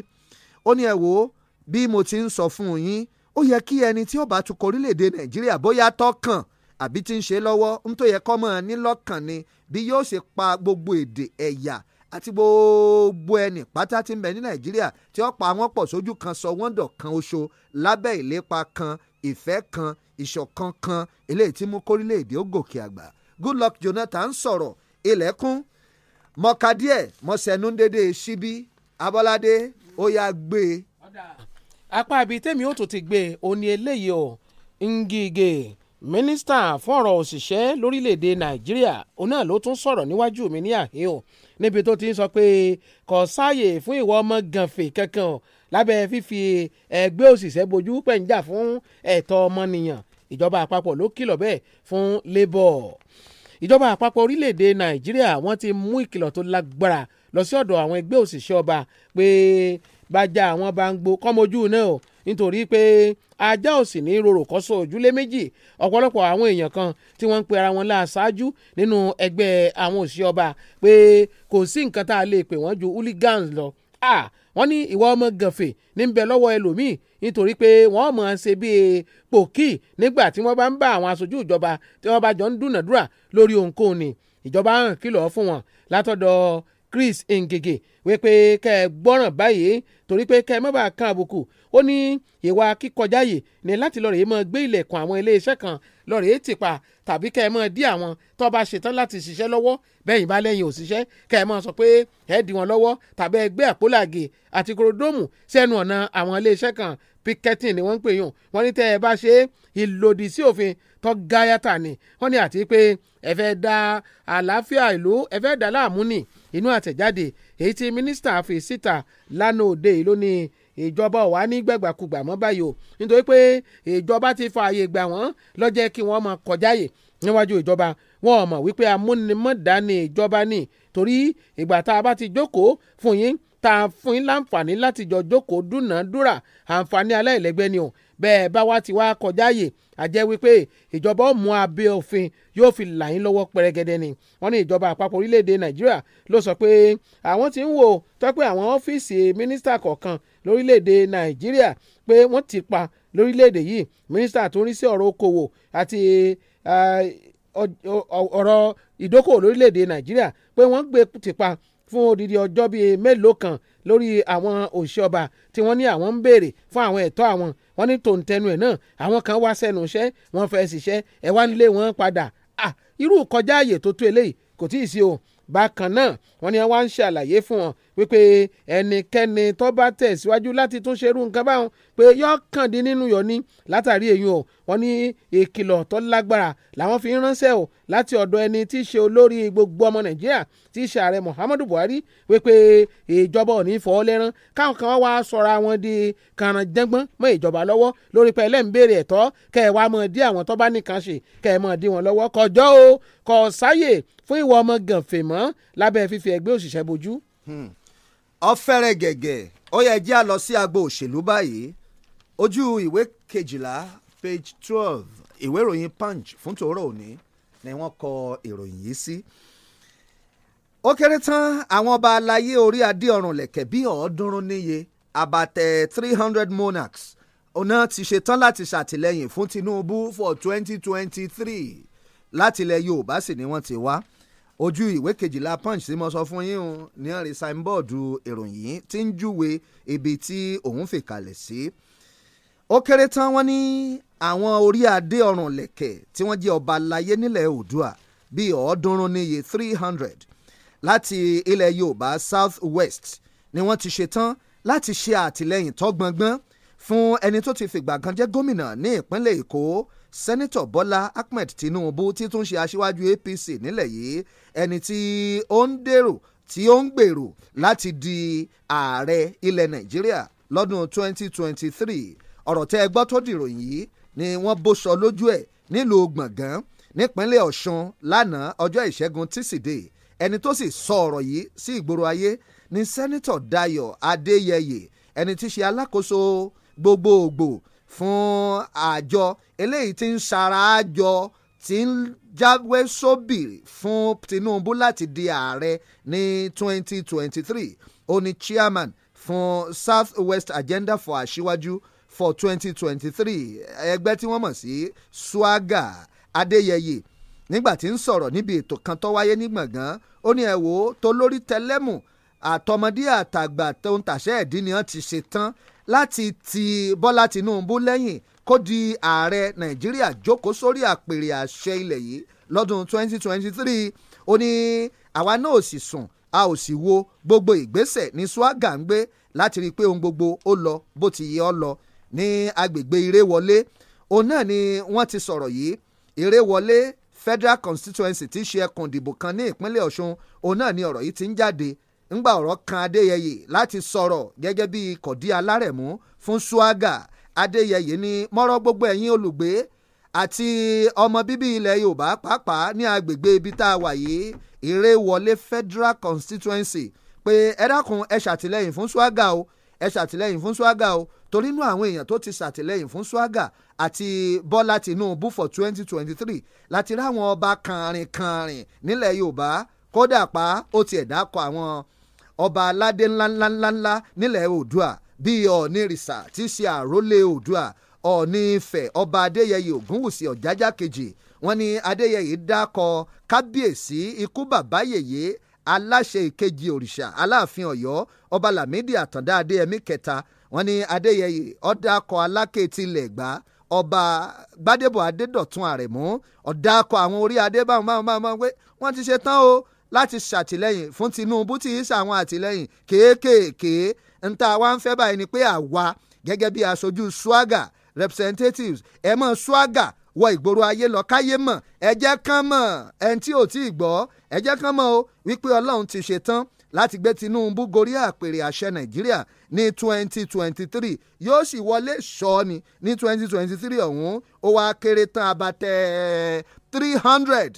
ó ní ẹ wò ó bí mo ti ń sọ fún yín ó yẹ kí ẹni tí ó bá tukọ̀ orílẹ̀-èdè nàìjíríà bóyá tọkàn àbí ti ń ṣe lọ́wọ́ ń tó yẹ kọ́ mọ́ ọ nílọ́kàn ni bí yóò ṣe pa gbogbo èdè ẹ̀yà àti gbogbo ẹnì pátá tí ń bẹ ní nàìjíríà tí ó pa wọ́n pọ̀ sójú kan sọ wọ́n dọ̀kan oṣo lábẹ́ ìlépa kan ìfẹ́ kan ìṣọ̀kan kan eléyìí tí mú kórílẹ̀-èdè ó gòkè àgbà Goodluck Jonathan sọ̀rọ̀ ilẹ̀kùn mọ̀kadíẹ̀ mọ̀sẹ̀nú dédé síbí Abọ́ládé ó yá gbé e apá ibi tèmi ó tún ti gbé òní eléyìí o Ngige mínísítà fún ọ̀rọ̀ òṣìṣẹ́ lórílẹ̀‐èdè Nàìjíríà òun náà ló tún sọ̀rọ̀ níwájú mi ní àhín o níbi tó ti ń sọ pé kò sáàyè fún ìwọ ọmọ gànfè kankan o lábẹ́ fífi ẹgbẹ́ òṣìṣẹ́ bojú pẹ̀ǹjà fún ẹ̀tọ́ ọmọnìyàn ìjọba àpapọ̀ ló kìlọ̀ bẹ́ẹ̀ fún Labour ìjọba àpapọ̀ orílẹ̀‐èdè Nàìjíríà wọ́n ti mú ìkìlọ̀ tó lágbára lọ sí ọ̀dọ̀ àwọn ẹgbẹ́ òṣìṣẹ́ ọba pé bá já àwọn bango kọ́mọjú náà nítorí pé ajá ò ní rorò kọ́sọ̀ ojúlé méjì ọ̀pọ̀lọpọ̀ àwọn èèyàn kan tí wọ́n ń pe ara wọn láàṣáájú nínú ẹgbẹ́ àwọn òṣìṣẹ́ ọba pé kò sí nǹkan tá a lè pè wọ́n ju hooligans lọ wọ́n ní ìwà ọmọ gànfè níbẹ̀ lọ́wọ́ ẹlòmíì nítorí pé wọ́n mọ̀ ọ́n ṣe bíi pòkì nígbà tí wọ́n bá ń bá àwọn aṣojú ìjọba tí wọ́n bá jọ ń dúnàdúrà lórí ohunkóhun ni ìjọba hàn kìlọ̀ fún wọn látọ̀dọ̀ Chris Ngige wípé kẹ́ ẹ gbọ́ràn báyìí torí pé kẹ́ ẹ má bàa kan àbùkù ó ní ìwà kíkọjáyè ní láti lọ́ọ́ rèé mọ́ gbé ilẹ̀kùn àwọn iléeṣẹ́ kan lọ́ọ́ rèé tìpa tàbí kẹ́ ẹ mọ́ dí àwọn tó bá ṣetán láti ṣiṣẹ́ lọ́wọ́ bẹ́yìn bá lẹ́yìn òṣìṣẹ́ kẹ́ ẹ mọ́ sọ pé ẹ dí wọn lọ́wọ́ tàbí ẹ gbé àpólàgè àti korodóòmù sẹ́nu ọ̀nà àwọn iléeṣẹ́ kan picketing ni wọ́n ń pè yùn wọ́n ní tẹ́ ẹ bá ṣe ìlòdì sí òfin tó gáyàtà ni wọ́n ní àti pé ẹ fẹ́ da àlàáfíà ìlú ẹ fẹ́ da láàmú ni inú àtẹ̀jáde èyí tí mínísítà fi síta lánàá òde yìí ló ní ìjọba ọ̀wá ní gbẹ̀gbàkugbà mọ́ báyìí o nítorí pé ìjọba ti fa àyè gbà wọ́n lọ́jẹ́ kí wọ́n máa kọjáyè níwájú ìjọba wọn mọ̀ wípé amúnimọ̀dá ni ìjọba ni torí ìgbà tá a bá ti jókòó fún yín ta a fún yín láǹfààní láti jọ jókòó dúnàádúrà àǹfààní aláìlẹ́gbẹ́ ni o bẹ́ẹ̀ bá wá ti wá kọjá yìí àjẹ́ wípé ìjọba ó mú abẹ́ òfin yóò fi là yín lọ́wọ́ pẹrẹgẹdẹ ni wọ́n ní ìjọba àpapọ̀ orílẹ̀-èdè nàìjíríà ló sọ pé àwọn ti ń wò tọ́pẹ́ àwọn ọ́fíìsì mínísítà kọ̀ọ̀kan lórílẹ̀-èdè nàìjíríà pé wọ́n ti pa lórílẹ̀-èdè yìí mínísítà tó ń rí sí ọ̀rọ̀ okòwò àti ọ̀rọ̀ ìdókòwò lórílẹ̀‐èdè nàìjíríà pé wọ́n gbé tìpa fún odidi ọjọ́ bíi mélòó kan lórí àwọn òṣìṣẹ́ ọba tí wọ́n ní àwọn ń béèrè fún àwọn ẹ̀tọ́ àwọn wọ́n ní tòǹtẹnu ẹ̀ náà àwọn kan wá sẹ́nu iṣẹ́ wọ́n fẹ́ ṣiṣẹ́ ẹ̀ wá ń wọn padà à irú kọjá àyè tó tó eléyìí kò tí ì sí o bákan náà wọ́n ní wọ́n ń ṣàlàyé fún wọn wípé ẹnikẹ́ni tó bá tẹ̀síwájú láti tún ṣerú nǹkan báwọn pé yọ kàn dín nínú yọ ní látàrí èyí o wọ́n ní ìkìlọ̀ tó lágbára làwọn fi ń ránṣẹ́ o láti ọ̀dọ̀ ẹni tí í ṣe olórí gbogbo ọmọ nàìjíríà tí í ṣe ààrẹ muhammadu buhari wípé ìjọba ò ní fọ́ lẹ́rán káwọn kan wá sọra wọn di kàràǹjẹ́gbọ́n mọ́ ìjọba lọ́wọ́ lórí pẹ̀lẹ́ ń béèrè ẹ̀tọ́ kẹ́ ẹ̀ wá mọ̀ dí àwọn tó bá nìkan ṣe kẹ́ ẹ̀ mọ̀ dí wọn lọ́wọ́ kọjọ́ o kò sáyè fún ìwọ ọmọ gànfẹ̀ lábẹ́ fífi ẹgbẹ́ òṣìṣẹ́ bojú. Hmm ọ̀fẹ́rẹ́ gẹ̀gẹ̀ ó yẹ jẹ́ àlọ́ sí agbo òṣèlú báyìí ojú ìwé kejìlá page twelve ìwé ìròyìn punch fún tòórọ́ òní ni wọ́n kọ ìròyìn yìí sí. ó kéré tán àwọn ọba aláyé orí adé ọ̀run lẹ̀kẹ̀ bí ọ̀ọ́dúnrún níye àbàtẹ̀ three hundred monarchs ọ̀nà ti ṣetán láti ṣàtìlẹ́yìn fún Tinubu for twenty twenty three látilẹ̀ Yorùbá sì ni wọ́n ti wá ojú ìwé kejìlá punch tí mo sọ fún yín o ní ọ̀rẹ́ sáínbọ́ọ̀dù ìròyìn yìí tí ń júwe ibi tí òun fìkàlẹ̀ sí. ó kéré tán wọ́n ní àwọn orí adé ọrùn lẹ̀kẹ̀ tí wọ́n jẹ́ ọba láyé nílẹ̀ oòdùà bíi ọ̀ọ́dúnrún níye three hundred láti ilẹ̀ yorùbá south west ni wọ́n ti ṣetán láti ṣe àtìlẹ́yìn tọ́gbọ̀ngbọ́n fún ẹni tó ti fìgbà kan jẹ́ gómìnà ní ìpínlẹ̀ èkó sẹ́nitọ̀ bọ́lá ahmed tinubu tí tún ṣe aṣíwájú apc nílẹ̀ yìí ẹni tí ó ń dèrò tí ó ń gbèrò láti di ààrẹ ilẹ̀ nàìjíríà lọ́dún 2023 ọ̀rọ̀ tẹ́ ẹ gbọ́ tó dìròyìn yìí ni wọ́n bó sọ lójú ẹ̀ nílùú gbọ̀ngàn nípínlẹ̀ ọ̀ṣun lánàá ọjọ́ ìṣẹ́gun tíṣídẹ̀ẹ́ ẹni tó sì sọ ọ̀rọ̀ yìí sí ìgboro ayé ni sẹ́nitọ̀ dayọ̀ adéyẹyẹ ẹni tí ṣe alákòóso gbogbogbò fún àjọ eléyìí tí ń ṣarajọ tí ń jáwé sóbìrì fún Tinubu láti di ààrẹ ní 2023 oni chairman fún South West Agenda for Aṣíwájú for 2023 ẹgbẹ́ tí wọ́n mọ̀ sí swaga adeyeye nígbà tí ń sọ̀rọ̀ níbi ètò kan tó wáyé ní gbọ̀ngàn ó ní ẹ wò ó tó lórí tẹlẹ́mù àtọmọdé àtàgbà tó ń tàṣẹ́ ẹ̀dín ti ṣe tán láti ti Bọ́lá Tinubu lẹ́yìn kó di ààrẹ Nàìjíríà jókòó sórí àpèrè àṣẹ ilẹ̀ yìí lọ́dún 2023 ó ní àwa náà ò sì sùn a ò sì wo gbogbo ìgbésẹ̀ ní swaga ń gbé láti rí i pé ohun gbogbo ó lọ bó ti yẹ ọ lọ ní agbègbè Ìrèwọlé òun náà ni wọ́n ti sọ̀rọ̀ yìí Ìrèwọlé Federal Constituency ti ṣe ẹkùn ìdìbò kan ní ìpínlẹ̀ Ọ̀ṣun òun náà ni ọ̀rọ̀ yìí ti ń jáde ńgbà ọ̀rọ̀ kan adéyẹyè láti sọ̀rọ̀ gẹ́gẹ́ bí kọ̀dí alárẹ̀mú fún swaga adéyẹyè ní mọ́rọ́ gbogbo ẹ̀yin olùgbé àti ọmọ bíbí ilẹ̀ yorùbá pàápàá ní agbègbè ibi tá a wà yìí ìrè wọlé federal constituency pé ẹ dákun ẹ ṣàtìlẹ́yìn fún swaga o ẹ ṣàtìlẹ́yìn fún swaga o torí inú àwọn èèyàn tó ti ṣàtìlẹ́yìn fún swaga àti bọ́lá tinubu for twenty twenty three láti ráwọn ọba kanrin kanrin nílẹ̀ yorùbá kódà pa ó tiẹ̀ dákọ̀ àwọn ọba aládé ńláńláńláńlá nílẹ̀ oòdùà bíi ọ̀ọ́ni rìsà tí í ṣe àrólé oòdùà ọ̀ọ́ni ifẹ̀ ọba adéyẹyè ògúnwùsì ọ̀jájá kejì wọ́n ní adéyẹyè dákọ kábíyèsí ikú bàbá yèyé aláṣẹ ìkejì òrìṣà aláàfin ọ̀yọ́ ọba lámìdí àtàndá adéyẹmí kẹta wọ́n ní adéyẹyè ọ̀dàkọ aláké tilẹ̀ gbá ọba gbádébọ̀ adédọ̀tun àrẹ̀mú ọ̀dàkọ àwọn orí adé báwọn báwọn báwọn pé wọ́n ti ṣe tán o láti ṣàtìlẹ́yìn fún Tinubu tí í ṣàwọn àtìlẹ́yìn kéékèèké ń ta wá ń fẹ́ báyìí ni pé àwa gẹ́gẹ́ bí aṣojú swaga representatives ẹ mọ̀ swaga wọ ìgboro ayé lọ káyé mọ̀ ẹ jẹ́ kán mọ̀ tí ò tí ì gbọ́ ẹ jẹ́ kán o wípé Ọlọ́run ti ṣe tán láti gbé Tinubu gorí àpèrè àṣẹ Nàìjíríà ní twenty twenty three yóò sì wọlé sọ ni ní twenty twenty three ọ̀hún ó wá kéré tán abatẹ́ three hundred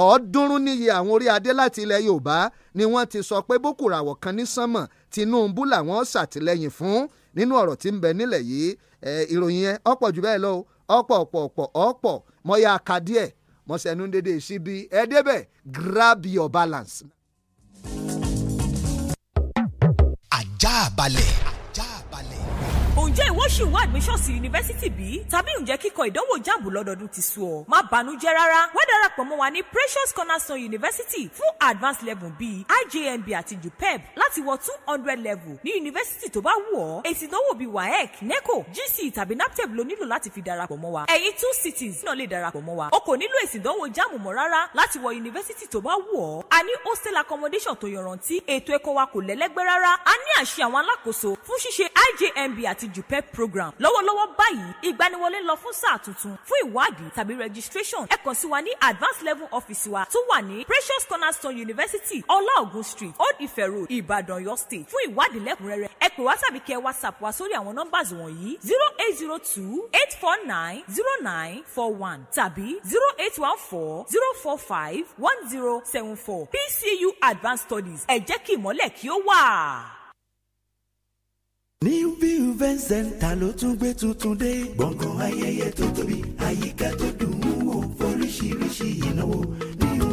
ọ̀ọ́dúnrún níye àwọn orí adé láti ilẹ̀ Yorùbá ni wọ́n ti sọ pé boko ràwọ̀ kan ní sánmọ̀ Tinubu làwọn ṣàtìlẹ́yìn fún nínú ọ̀rọ̀ tí ń bẹ nílẹ̀ yìí ìròyìn yẹn ọ̀pọ̀ jù bẹ́ẹ̀ lọ ọ̀pọ̀ ọ̀pọ̀ ọ̀pọ̀ ọ̀pọ̀ mọ̀ ya ka díẹ̀ mọ̀ sẹ́nu dédé sí bí ẹ débẹ̀ grab your balance. àjà balẹ̀ ǹjẹ́ ìwọ ṣì wá admission sí yunifásítì bí? tàbí ǹjẹ́ kíkọ ìdánwò jáàbù lọ́dọọdún ti sú ọ? má bànújẹ́ rárá wá darapọ̀ mọ́ wa ní Precious Cornerstone University fún advanced level bíi IJMB àti JUPEB láti wọ two hundred level ní yunifásítì tó bá wù ọ́ èsì ìdánwò bíi WAEC NECO GC tàbí NAPTEP e ló nílò láti fi darapọ̀ mọ́ wa ẹ̀yin two cities náà lè darapọ̀ mọ́ wa o kò nílò èsì ìdánwò jáàmù mọ́ rárá láti wọ yunifásítì tó bá wù ọ́ a ní hostel accommodation tó yọrantí ètò ẹ̀kọ́ wa kò lẹ́lẹ́gbẹ́ rárá a ní àṣẹ àwọn alákòóso fún ṣíṣe IJMB àti jupep program lọ́wọ́lọ́wọ́ báyìí ìgbaniwọlé lọ fún sáà tuntun fún ìwádìí tàbí registration ẹ kàn sí wa ní advanced level office wa tó wà ní precious cornerstone university ọláògùn street old ife road ìbàdàn Ọ̀yọ́ state fún ìwádìí lẹ́kùnrẹ́rẹ́ ẹ pè wá tàbí kẹ whatsapp wa sórí àwọn nọ́mbàs wọ̀nyí zero eight zero two eight four nine zero nine four one tàbí zero eight one four zero four five one zero seven four pcu advanced studies ẹ jẹ́ kí ìmọ̀lẹ̀ kí ó wà. New View Event Center ló tún gbé tuntun dé. gbọ̀ngàn ayẹyẹ tó tóbi àyíká tó dùn ún wò foríṣiríṣi ìnáwó New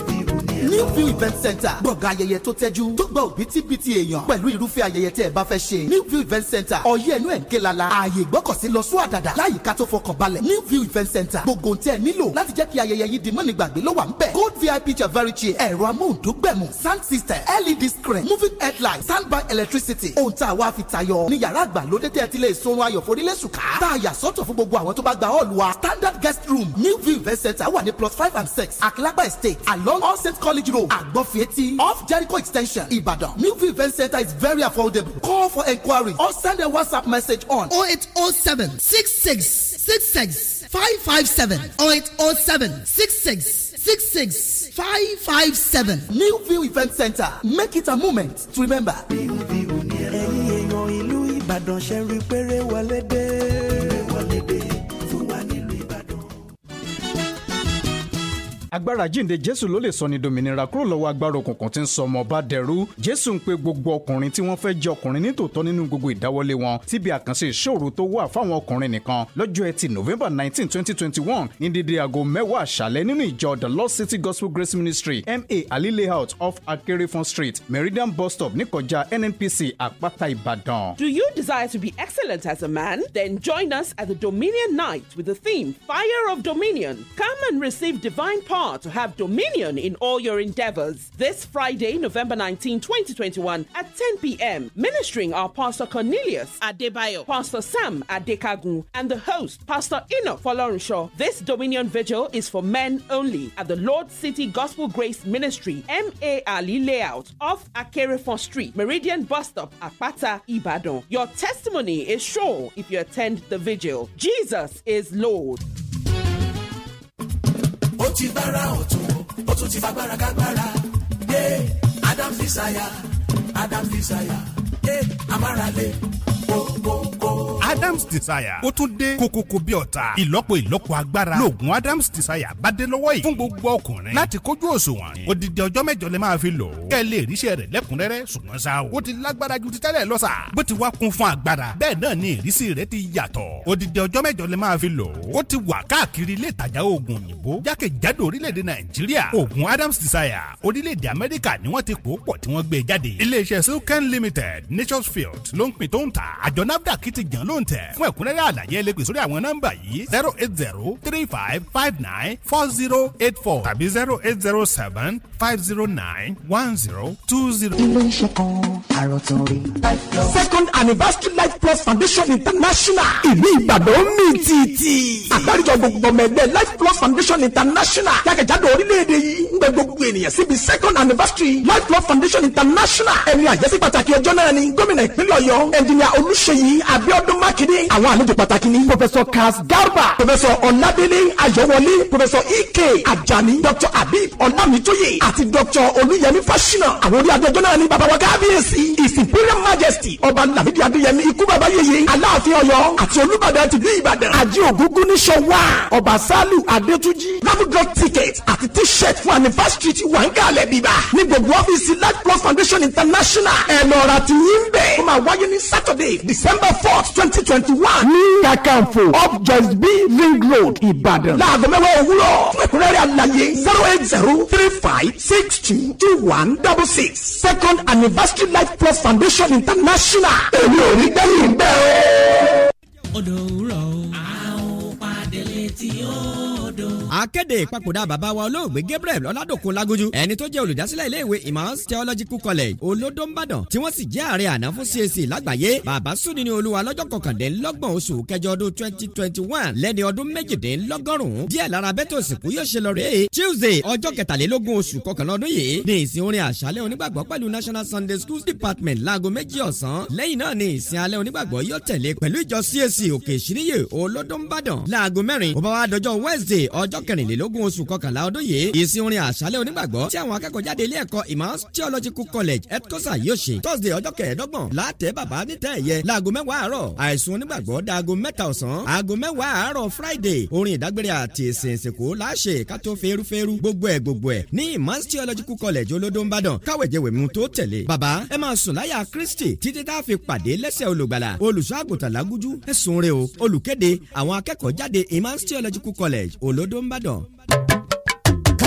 new view event center gbọ̀ngàn ayẹyẹ tó tẹ́jú tó gba òbítíbitì èèyàn pẹ̀lú irúfẹ́ ayẹyẹ tẹ́ ẹ bá fẹ́ ṣe new view event center ọ̀yẹ́ ẹnu ẹ̀ ń ké lala ààyè ìgbọ́kọ̀sí lọ sún àdàdà láyìíká tó fọkàn balẹ̀ new view event center gbogbo tẹ́ ẹ nílò láti jẹ́ kí ayẹyẹ yìí di mọ́ni gbàgbé ló wà ń bẹ̀ gold vip javari chair ẹ̀rọ amóhùndógbẹ̀mù sound system led screen moving headlight standby electricity ohun tá a wá fi tayọ ní yàrá àgbàlódé tẹ́ ẹ ti lè sunrun ayọ̀ forílẹ̀ sùkà tá a yà sọ́tọ̀ fún gbogbo àwọn tó bá gba hall wa standard guest room new view event center wà ní plus five and six àkìlágbà estate along all saint college road agbofieti off jericho extension ibadan New View event center is very affordable call for enquiry or send a whatsapp message on 0807 66 66 557 0807 66 six six five five seven. new view event center make it a moment to remember. agbára jíǹde jésù ló lè sọ ni dòmìnira kúrò lọ́wọ́ agbára òkùnkùn tí ń sọ ọmọ ọba dẹrú jésù ń pe gbogbo ọkùnrin tí wọ́n fẹ́ jẹ́ ọkùnrin nítòótọ́ nínú gbogbo ìdáwọ́lé wọn síbi àkànṣe ìṣòro tó wà fáwọn ọkùnrin nìkan lọ́jọ́ ẹtì november nineteen twenty twenty one ní dédé aago mẹ́wàá àṣálẹ́ nínú ìjọ the lord city gospel grace ministry ma ali layout off akerefon street meridian bus stop níkọjá nnpc àpáta ìbàdàn. do you desire to be excellent as a man? then join us at the dominion night with the theme fire of dominion come and receive divine power to have dominion in all your endeavors. This Friday, November 19, 2021, at 10 p.m., ministering are Pastor Cornelius Adebayo, Pastor Sam Adekagun, and the host, Pastor Enoch Folorenshaw. This Dominion Vigil is for men only at the Lord City Gospel Grace Ministry, MA Ali Layout, off Akerefon Street, Meridian Bus Stop, Apata, Ibadan. Your testimony is sure if you attend the vigil. Jesus is Lord. ti gbára ọ̀tún ó tún ti fagbára kágbára yé Adam's Desire Adam's Desire yé amárale gbogbo. Adams Desire ó tún dé kókókó bí ọ̀tá ìlọ́po ìlọ́po agbára lóògùn Adams Desire bá dé lọ́wọ́ yìí fún gbogbo ọkùnrin láti kójú òṣùwọ̀n odidi ọjọ́ mẹ́jọ lè máa fi lò ó kẹ́ lè ríṣẹ́ rẹ̀ lẹ́kùnrẹ́rẹ́ ṣùgbọ́n ṣá o ó ti lágbára ju ti tẹ́lẹ̀ lọ sà bó ti wá kún fún agbára bẹ́ẹ̀ náà ni ìrísí rẹ̀ ti yàtọ̀ odidi ọjọ́ mẹ́jọ lè máa fi lò ó ti wà káàkiri ilé ìtajà oògùn òyìnbó jákèjádò orílẹ̀-èdè Nàìjíríà oògùn Adams Desire orílẹ̀-èdè Amẹ́ríkà ni wọ́n ti pò ó pọ̀ tí wọ́n gbé e jáde iléeṣẹ́ silken limited nature's field ló ń pin tó ń ta àjọ lóǹtẹ̀ fún ẹ̀kúnrẹ́rẹ́ àlàyé ẹ lè pè sórí àwọn nọ́mbà yìí zero eight zero three five five nine four zero eight four tàbí zero eight zero seven five zero nine one zero two zero. kí ló kan àròtún rí. second anniversary life plus foundation international ìlú ìbàdàn mi tìtì. àgbáríjọ gbogbo ọmọ life plus foundation international jákèjádò orílẹ̀-èdè yìí ń gbẹ gbogbo ènìyàn síbi second anniversary life plus foundation international ẹni àjẹsí pàtàkì ọjọ́ náà ni gómìnà ìpínlẹ̀ ọ̀yọ́ ẹnjìnìà olùṣeyí abiodun mákindé àwọn àlejò pàtàkì ni professor Kass garba professor ọ̀nàdélé ayọ̀wọlé professor ike ajani doctor abib ọ̀nàmítóyè àti doctor olúyẹmí fáṣínà àwọn orí adéjọ́ náà ni bàbá wa kábíyèsí his imperial majesty ọba nàmídìí adéyẹmí ikú bàbá yèyé aláàfin ọ̀yọ́ àti olúbàdàn ti bí ìbàdàn àjẹ ògúngún ní ṣọwá ọba sálù adétúnjì labudrug ticket àti t-shirt fún anniversary ti wà ń kalẹ̀ bíbá ní gbogbo ọ́fíìsì large plus foundation international ẹ̀ lọ́ra ti yín bẹ́ẹ̀ ó máa wáyé ní saturday december fourth twenty twenty twenty one ní kakanfo up just be ring road ìbàdàn. láago mẹ́wàá òwúrọ̀ fún ẹ̀kúnrẹ́rẹ́ àlàyé zero eight zero three five six two two one double six second anniversary life plus foundation international. èmi ò rí dẹ́yìn bẹ́ẹ̀ o. òwúrọ̀ o akéde ìpapòdà bàbá wa olóògbé Gabriel Ọládòkun Lágúnjú ẹni tó jẹ́ olùdásílẹ̀ ilé Emmaus Theological College olódó ńbàdàn tí wọ́n sì jẹ́ ààrẹ àná fún CAC lágbàáyé bàbá sùnì ní olúwa lọ́jọ́ kọkàndínlọ́gbọ̀n oṣù kẹjọ ọdún twenty twenty one lẹ́ni ọdún méjìdínlọ́gọ́rùn-ún díẹ̀ lára bẹ́tẹ̀ òsìnkú yóò ṣe lọ rèé Tuesday ọjọ́ kẹtàlélógún oṣù kọkànlá ọdún yìí ní ìsìn orin National Sunday Schools Department láago méjì ọ̀sán lẹ́yìn náà ní ìsìn alẹ́ onígbàgbọ́ yóò tẹ̀lé pẹ̀lú ìjọ CAC òkè ìṣíníyè olódó ńbàdàn láago mẹ́rin ó Wednesday ọjọ́ kẹrìnlélógún oṣù kọkànlá ọdún yìí ìsìn orin àṣálẹ́ onígbàgbọ́ tí àwọn akẹ́kọ̀ọ́ jáde ilé ẹ̀kọ́ imams theological college etcosa yóò ṣe thursday ọjọ́ kẹẹ̀ẹ́dọ́gbọ̀n látẹ̀ bàbá nítẹ̀ ẹ̀yẹ láago mẹ́wàá àárọ̀ àìsùn onígbàgbọ́ daago mẹ́ta ọ̀sán aago mẹ́wàá àárọ̀ friday orin ìdágbére àti ìsìn ìsìnkú láṣẹ kátó ferúferú gbogbo ẹ̀ gbogbo ẹ̀ ní college olódó ńbàdàn káwẹ̀jẹwẹ̀mú tó tẹ̀lé bàbá ẹ máa sùn láyà kristi títí tá a fi pàdé lẹ́sẹ̀ olùgbàlà olùṣọ́ àgùntàn lágújú ẹ college olódó Muzik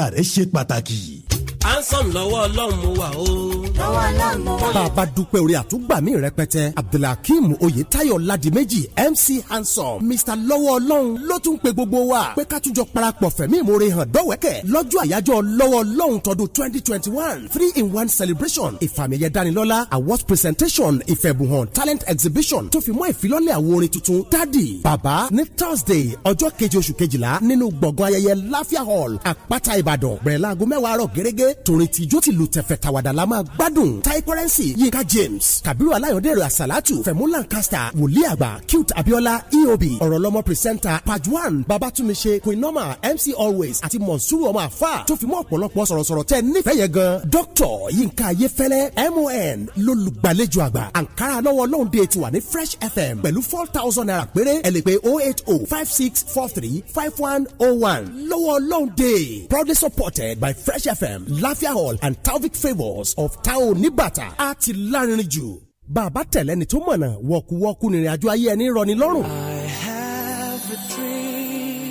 ìlera rẹ ṣe pàtàkì handsome lọ́wọ́ ọlọ́run mo o. lọ́wọ́ ọlọ́run mo wà. bàbá dúpẹ́ orí àtúgbàmí rẹpẹtẹ abdulhakeem oyetayo ladimeji mc handsome mr lọ́wọ́ ọlọ́run ló tún pe gbogbo wa pé ká tún jọ parapọ̀ fẹ̀mí ìmoore hàn dọ́wẹ́kẹ̀ lọ́jọ́ àyájọ́ lọ́wọ́ ọlọ́run tọdún twenty twenty one three in one celebration ìfàmìyẹ dánilọ́lá awards presentation ìfẹ̀bùhàn talent exhibition tó fi mọ́ ìfilọ́lẹ̀ àwọn orin tuntun dádì bàbá ní thursday ọjọ́ keje oṣù kejìlá nínú gbọ̀ngàn ayẹyẹ láfíà hall àpáta ìbàdàn bẹ̀rẹ̀ láago mẹ́wàá àárọ̀ gẹ́gẹ́ pé tòrin tìjó tìlù tẹ̀fẹ̀ tàwàdà la máa gbádùn tai currency yinka james kabiru alayọ̀dẹ̀rẹ̀ asalatu fẹ̀mú lancaster wòlíì àgbà cute abiola eob ọ̀rọ̀lọ́mọ pírísẹ́ńtà pajwan babatunmise queen norma mc always àti monsuru ọmọ àfà tó fi mọ́ ọ̀pọ̀lọpọ̀ sọ̀rọ̀sọ̀rọ̀ tẹ nífẹ̀ẹ́ yẹn gan dr yinka ayefẹ́lẹ́ mon lólùgbàlejò àgbà ankara lọ́wọ́ lóhùn dé ti wà ní fresh fm pẹ̀lú four thousand naira péré ẹ lè pè oh eight oh five six four three five one oh one lọ́wọ́ lóhùn dé proudly supported by fresh fm Lafia Hall and Talvik Favours of Tao Nibata á ti lárinrin jù. Bàbá tẹ̀lẹ́ni tó mọ̀nà wọ̀kúwọ́kú nìrìn àjò ayé ẹni rọ̀ ní lọ́rùn. I have a dream.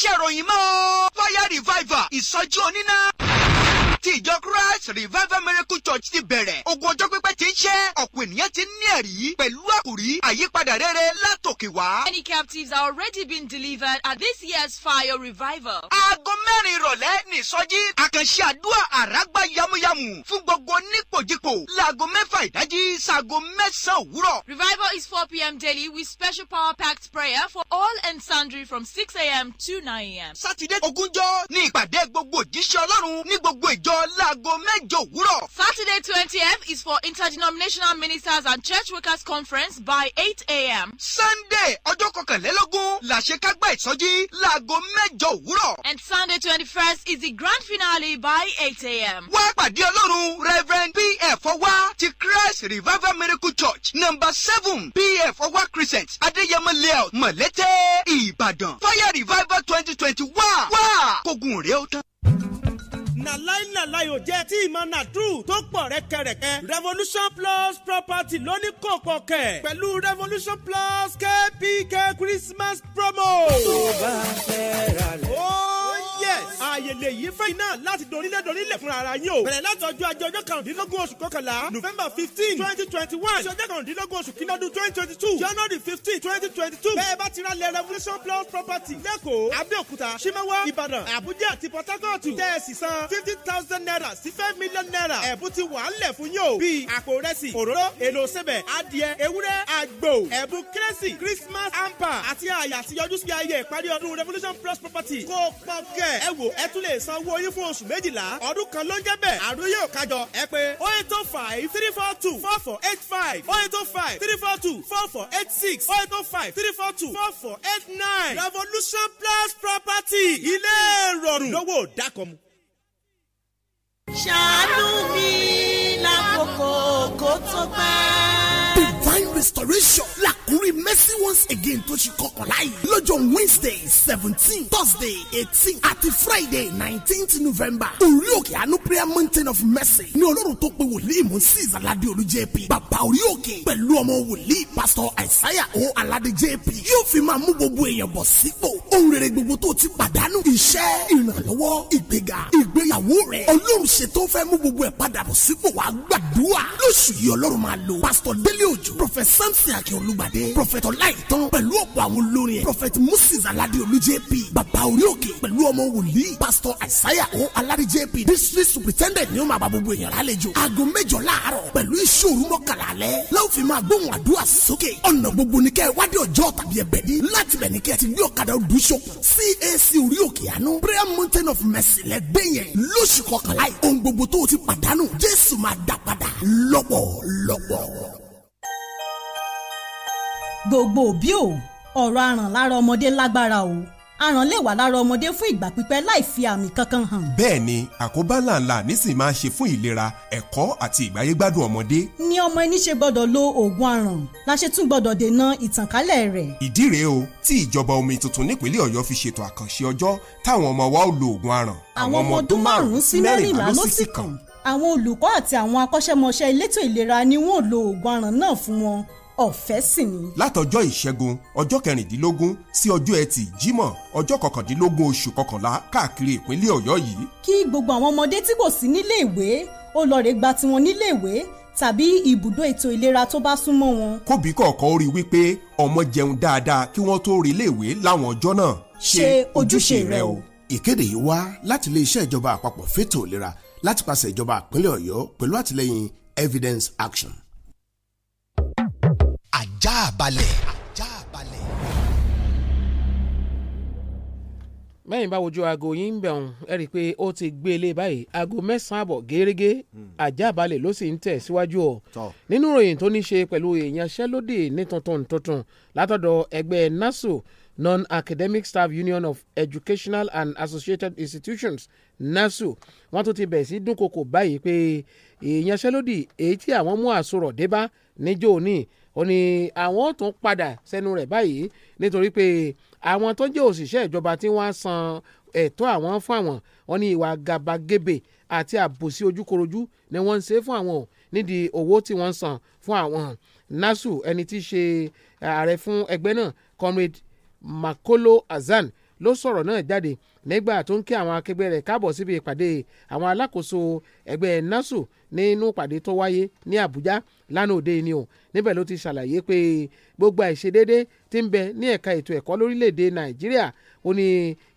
ṣèròyìn mọ́ o. fire revival ìsọjú oníná ti ìjọ christ revival miracle church ti bẹ̀rẹ̀ ogun ọjọ́ pípẹ́ ti ń ṣẹ́ ọ̀pọ̀ ènìyàn ti ní ẹ̀rí pẹ̀lú àkòrí àyípadà rere látòkè wá. many captives are already being delivered at this year's fire revival. aago mẹ́rin ìrọ̀lẹ́ ní ìsọjí àkànṣe àdúrà àràgbà yamuyamu fún gbogbo nípòjìpò láago mẹ́fà ìdájí sáago mẹ́sàn-án òwúrọ̀. revival is four pm daily with special power packed prayer for all and sundry from six am to nine am. sátidé ogúnjọ́ ní ìpàdé gbogbo òjíṣẹ́ ọlọ́run ní gbogbo ìjọ lọ láago mẹ́jọ òwúrọ̀. Saturday twentieth is for interdenominational ministers and church workers conference by eight a.m. Sunday ọjọ́ kọkànlélógún làṣekágbá ìsọjí láago mẹ́jọ òwúrọ̀. And Sunday twenty-first is the grand finale by eight a.m. Wá pàdé Ọlọ́run Reverend P.F. Ọwá ti Christ Revival Miracle Church number seven P.F. Ọwá Crescent Adéyẹmọ Layout Mọ̀lẹ́tẹ̀ Ìbàdàn Fire Revival twenty twenty one wá kógun rèé ó tán na láìláláì ò jẹ́ tí ìmọ̀ nàdúrù tó pọ̀ rẹ́kẹrẹ́kẹ́ revolution plus property ló ní kòkò kẹ̀ pẹ̀lú revolution plus kpk christmas promo. tó bá fẹ́ ra lẹ̀ yes. ààyè lè yí fẹ́yìn náà láti dorílẹ̀ dorílẹ̀ fúnra ara yín o. bẹ̀rẹ̀ láti ọjọ́ ajé ọjọ́ kàrúndínlógún oṣù kọkànlá november fifteen twenty twenty one ṣọjọ́ kàrúndínlógún oṣù kínádún twenty twenty two january fifteen twenty twenty two bẹ́ẹ̀ bá ti ra lẹ̀ revolution plus property lẹ́kọ̀ọ́ abẹ́òkúta ṣímẹ́wá ìbàdàn àbújá àti port harcourt tẹ́ ẹ sì san fifty thousand naira sí five million naira ẹ̀bùn ti wà á lẹ̀ fún yín o bíi àpò rẹsì òróró èlò sẹ́bẹ̀ adìẹ ewúrẹ́ àgbò ẹ̀bùn kérésì christmas hamper àti àyà àtiyọjú sí ayé ìparí ọdún revolution plus property kó pọ̀ gẹ̀ ẹ wò ẹ tún lè san owó yín fún oṣù méjìlá ọdún kan ló ń jẹ́ bẹ́ẹ̀ àdúyé ò kájọ ẹ pé oh eight oh five three four two four four eight five oh eight oh five three four two four four eight six oh eight oh five three four two four four eight nine revolution plus property ilé ìrọ̀rùn lówó dákọ̀mu. ṣàánú mi lákòókò kó tó pẹ́. divine restoration rí mercy once again tó ṣe kọkànlá yìí lọ́jọ́ wednesday seventeen thursday eighteen àti friday nineteenth november orí òkè àánú prayer mountain of mercy ní ọlọ́run tó pe wòlíì mú sí ìsàládé olú jp bàbá orí òkè pẹ̀lú ọmọ wòlíì pastor àìsáyà o aládé jp yóò fi máa mú gbogbo èèyàn bọ̀ sípò ohun rere gbogbo tó ti pàdánù iṣẹ́ ìrànlọ́wọ́ ìgbéga ìgbéyàwó rẹ̀ ọlọ́run ṣètò fẹ́ mú gbogbo ẹ̀ padà bọ̀ sípò wàá gbàdúrà lóṣù yìí ọlọ́run máa lò pastor délé òjò prophet samson akíọ̀lùgbàdé prophet ọláìtàn pẹ̀lú ọ̀pọ̀ àwọn olórin ẹ̀ prophet moses aládé olú jp bàbá orí òkè pẹ̀lú ọmọ wòlíì pastor àìsáyà o aládé jp district superintendent ni ó máa bá gbogbo èèyàn lálejò aago mẹ́jọ láàárọ̀ pẹ̀lú ìṣòro mọ́kànlá alẹ́ láwọn fi máa gbóhùn àdúrà sí sókè ọ̀nà gbogbo ní kẹ́ ẹ wádìí ọjọ́ tàbí ẹbẹ̀ ní láti bẹ̀ ní kẹ́ ẹ ti gbé ọ̀kadà olùdóṣòkun cac orí òkè àánú mountain of mercy lẹ́gbẹ́ yẹn lóṣù kọkànlá yìí ohun gbogbo tó o ti pàdánù gbogbo òbí o ọ̀rọ̀ aràn lára ọmọdé lágbára o aràn lè wà lára ọmọdé fún ìgbà pípẹ́ láì fi àmì kankan hàn. bẹ́ẹ̀ ni àkóbá làǹlà nísìnyí máa ṣe fún ìlera ẹ̀kọ́ àti ìgbáyégbádùn ọmọdé. ni ọmọ ẹni ṣe gbọ́dọ̀ lo oògùn aràn la ṣe tún gbọ́dọ̀ dènà ìtànkálẹ̀ rẹ̀. ìdí rèé o tí ìjọba omi tuntun nípínlẹ̀ Ọ̀yọ́ fi ṣètò àkànṣe ọjọ́ táwọn ọmọ wa ó lo oògùn aràn. àwọn ọmọ ọdún márùn-ún sí mẹ́rìnlá ló sì kàn àwọn olùkọ́ àti àwọn akọ́ṣẹ́mọṣẹ́ ni wọ́n lo oògùn aràn ọ̀fẹ́ sì ni. látọjọ́ ìṣẹ́gun ọjọ́ kẹrìndínlógún sí ọjọ́ ẹtì jímọ̀ ọjọ́ kọkàndínlógún oṣù kọkànlá káàkiri ìpínlẹ̀ ọ̀yọ́ yìí. kí gbogbo àwọn ọmọdé tí kò sí nílé ìwé ó lọ rè gba tiwọn nílé ìwé tàbí ibùdó ètò ìlera tó bá súnmọ́ wọn. kóbì kọ̀ọ̀kan ó rí i wípé ọmọ jẹun dáadáa kí wọ́n tó rí ilé ìwé láwọn ọjọ́ náà. ṣe ojúṣe rẹ o. ìkéde yìí wá láti iléeṣẹ́ ìjọba àpapọ̀ fétò ìlera láti pàṣẹ ìjọba ìpínlẹ̀ ọ̀yọ́ pẹ̀lú àtìlẹ́yìn evidence action. Ajabale. balẹ̀. mẹ́yìn bá wojú aago yín ń bẹ̀ ọ̀hún ẹ rí i pé ó ti gbé e lé báyìí aago mẹ́sàn-án àbọ̀ gẹ́gẹ́ hmm. ajá ló sì ń tẹ̀ síwájú ọ̀ nínú ìròyìn tó ní ṣe pẹ̀lú ìyanṣẹ́lódì ní tuntun tuntun látọ̀dọ̀ ẹgbẹ́ naso non-academic staff union of educational and associated institutions nasu wọ́n tún ti bẹ̀ sí dúnkokò báyìí pé ìyanṣẹ́lódì èyí tí àwọn mú àsorọ̀ débá níjó ní ó ní àwọn ò tún padà sẹ́nu rẹ̀ báyìí nítorí pé àwọn tó jẹ́ òṣìṣẹ́ ìjọba tí wọ́n á san ẹ̀tọ́ àwọn fún àwọn wọn ní ìwà gàbàgebè àti àbòsí ojúkorojú ni wọ́n ń ṣe fún àwọn nídìí owó tí wọ́n ń san fún àwọn nasu ẹni tí í ṣe ààrẹ fún ẹgbẹ́ náà comrade makolo hasan ló sọ̀rọ̀ náà jáde nígbà tó ń kí àwọn akẹgbẹ́ rẹ̀ káàbọ̀ síbi ìpàdé àwọn alákòóso ẹgbẹ́ nasu nínú ìpàdé tó wáyé ní Àbújá lánàá òde ni o níbẹ̀ ló ti ṣàlàyé pé gbogbo àìṣedédé ti ń bẹ ní ẹ̀ka ètò ẹ̀kọ́ lórílẹ̀‐èdè Nàìjíríà ó ní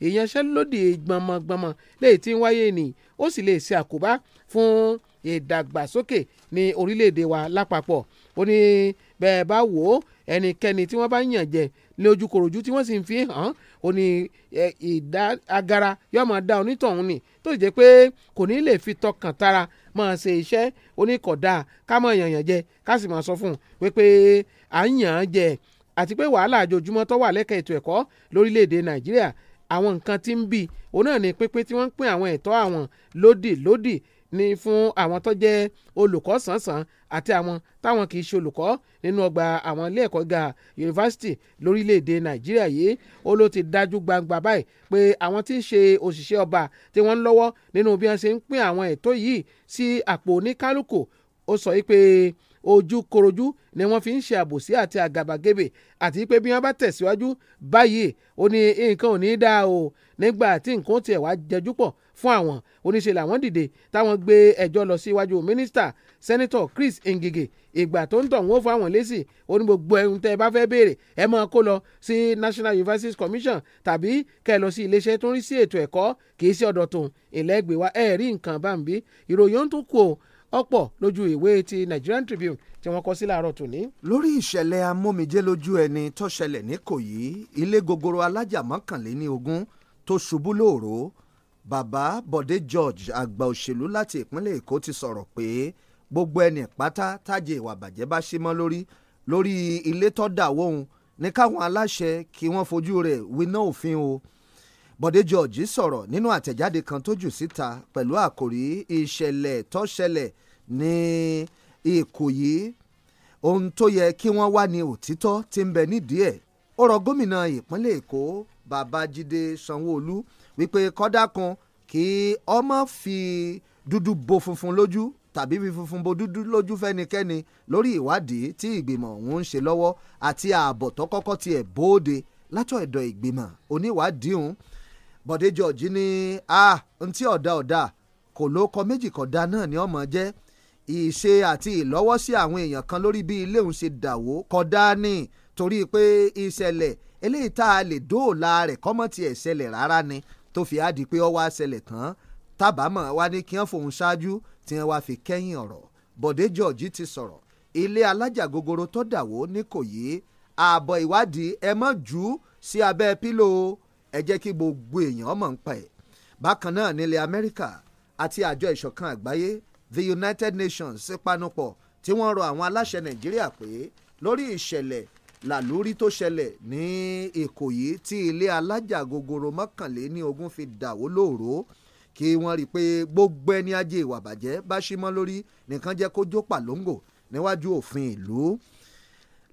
ìyanṣẹ́lódì gbọmọgbọmọ léyìí tí ń wáyé ni ó sì lè ṣe àkóbá fún ìdàgbàsókè ní orílẹ̀‐èdè wa lápapọ̀ ó ní bẹ́ẹ̀ bá wò ó ẹnikẹ́ni tí wọ́n bá yàn jẹ lójú korojú tí wọ́n sì ń fi hàn ó ní ìdá agara yóò máa dá onítọ̀hún ni tó sì jẹ́ pé kò ní lè fi tọkàn tara máa ṣe iṣẹ́ oníkọ̀dá ká máa yàn yàn jẹ ká sì máa sọ fún un wípé à ń yàn án jẹ àti pé wàhálà àjòjúmọ́ tó wà lẹ́ka ètò ẹ̀kọ́ lórílẹ̀‐èdè nàìjíríà àwọn nǹkan tí ń bì òun náà ni pínpín tí wọ́n ń pín àwọn ẹ̀tọ́ àwọn lódì lódì Ni fún àwọn tó jẹ́ olùkọ́ sánsan àti àwọn táwọn kì í ṣe olùkọ́ nínú ọgbà àwọn ilé ẹ̀kọ́ ga yunifásitì lórílẹ̀‐èdè nàìjíríà yìí ó ló ti dájú gbangba báyìí pé àwọn tí ń ṣe òṣìṣẹ́ ọba tí wọ́n ń lọ́wọ́ nínú bí wọ́n ṣe ń pín àwọn ètò yìí sí àpò oníkálukú ó sọ wípé ojú korojú ni wọ́n fi ń ṣe àbòsí àti àgàbàgebè àti pé bí wọ́n bá tẹ̀síwájú báyìí ó ní nǹkan ò ní dáa o nígbà tí nǹkan tiẹ̀ wá jẹjú pọ̀ fún àwọn oníṣe làwọn dìde táwọn gbé ẹjọ́ lọ síwájú mínísítà sẹ́nitọ̀ Chris Ngige ìgbà tó ń tọ̀ wọ́n fún àwọn lésì ó ní gbogbo ẹ̀hún tẹ́ ẹ bá fẹ́ béèrè ẹ máa kó lọ sí National Universities Commission tàbí kẹ́ ẹ lọ sí iléeṣẹ́ tó ń rí sí ètò ẹ̀kọ́ kì í sí ọ̀dọ̀ tòun ìlẹ́gbẹ̀ẹ́ wa ẹ̀ rí nǹkan bá ń bí ìròyìn ó ń tún kù ọ̀pọ̀ lójú ìwé ti Nigerian Tribune tí wọ́n kọ sí láàárọ̀ tòní. lórí ìṣẹ̀lẹ̀ amómijé lójú ẹni tó ṣẹlẹ̀ ní Ìkòyí ilé gogoro alájà mọ́kànléní ogún tó ṣubú lóòró bàbá Bọ̀dé George àgbà òṣèlú láti ìpínlẹ̀ Èkó ti sọ̀rọ̀ pé gbogbo ẹni pátá tájẹ ìwà bàjẹ́ bá ṣe mọ́ lórí lórí ilé tó dà wóhun ní káwọn aláṣẹ kí wọ́n fojú rẹ̀ winá òfin o Bọ̀dé George sọ̀rọ̀ nínú àtẹ̀jáde kan tó jù síta pẹ̀lú àkòrí ìṣẹ̀lẹ̀ tó ṣẹlẹ̀ ní Ìkòyí ohun tó yẹ kí wọ́n wá ní òtítọ́ ti ń bẹ nídìí ẹ̀ ó rọ gómìnà ìpínlẹ̀ Èkó Babájídé sanwó wípé kọ́dá kan kí ọmọ fi dúdú bo funfun lójú tàbí fi funfun bo dúdú lójú fẹ́nikẹ́ni lórí ìwádìí tí ìgbìmọ̀ ọ̀hún ń ṣe lọ́wọ́ àti ààbọ̀ tó kọ́kọ́ tiẹ̀ bóde látọ̀ ẹ̀dọ̀ ìgbìmọ̀ oníwádìí ọ̀hún Bọ̀dé George ní a ah, ntí ọ̀dà ọ̀dà kò ló kọ méjì kọ̀dá náà ni ọmọ jẹ́ ìṣe àti ìlọ́wọ́sí àwọn èèyàn kan lórí bí ilé òun ṣe dàwó kọ̀dá ni torí pé ìṣẹ̀lẹ̀ eléyìí tá a lè dóòlà rẹ̀ kọ́mọ́ ti ẹ̀ rárá ni tó fi àdí pé ó wá ṣẹlẹ̀ tán tábàámọ̀ wá ní kí wọ́n fòun ṣáájú tí wọ́n wá fi kẹ́yìn ọ̀rọ̀ Bọ̀dé George ti sọ̀rọ̀ ilé alájà gogoro tó dàwó níkòyí ààbọ̀ ìwádìí ẹ mọ̀ jù ú sí abẹ́ pílò ẹ jẹ́ kí gbogbo èèyàn mọ̀ ń pa ẹ̀. bákan náà nílẹ̀ Amẹ́ríkà àti àjọ ìṣọ̀kan àgbáyé the United Nations ṣe panupọ̀ tí wọ́n rọ àwọn aláṣẹ Nàìjíríà pé lórí ìṣẹ̀lẹ̀ làlórí tó ṣẹlẹ̀ ní Ìkòyí tí ilé alájà gogoro mọ́kànléní ogún fi dàwó lóòró kí wọ́n rí i pé gbogbo ẹni ajé ìwà bàjẹ́ bá ṣí mọ́ lórí nìkan jẹ́ kó jó pàlóńgò níwájú òfin ìlú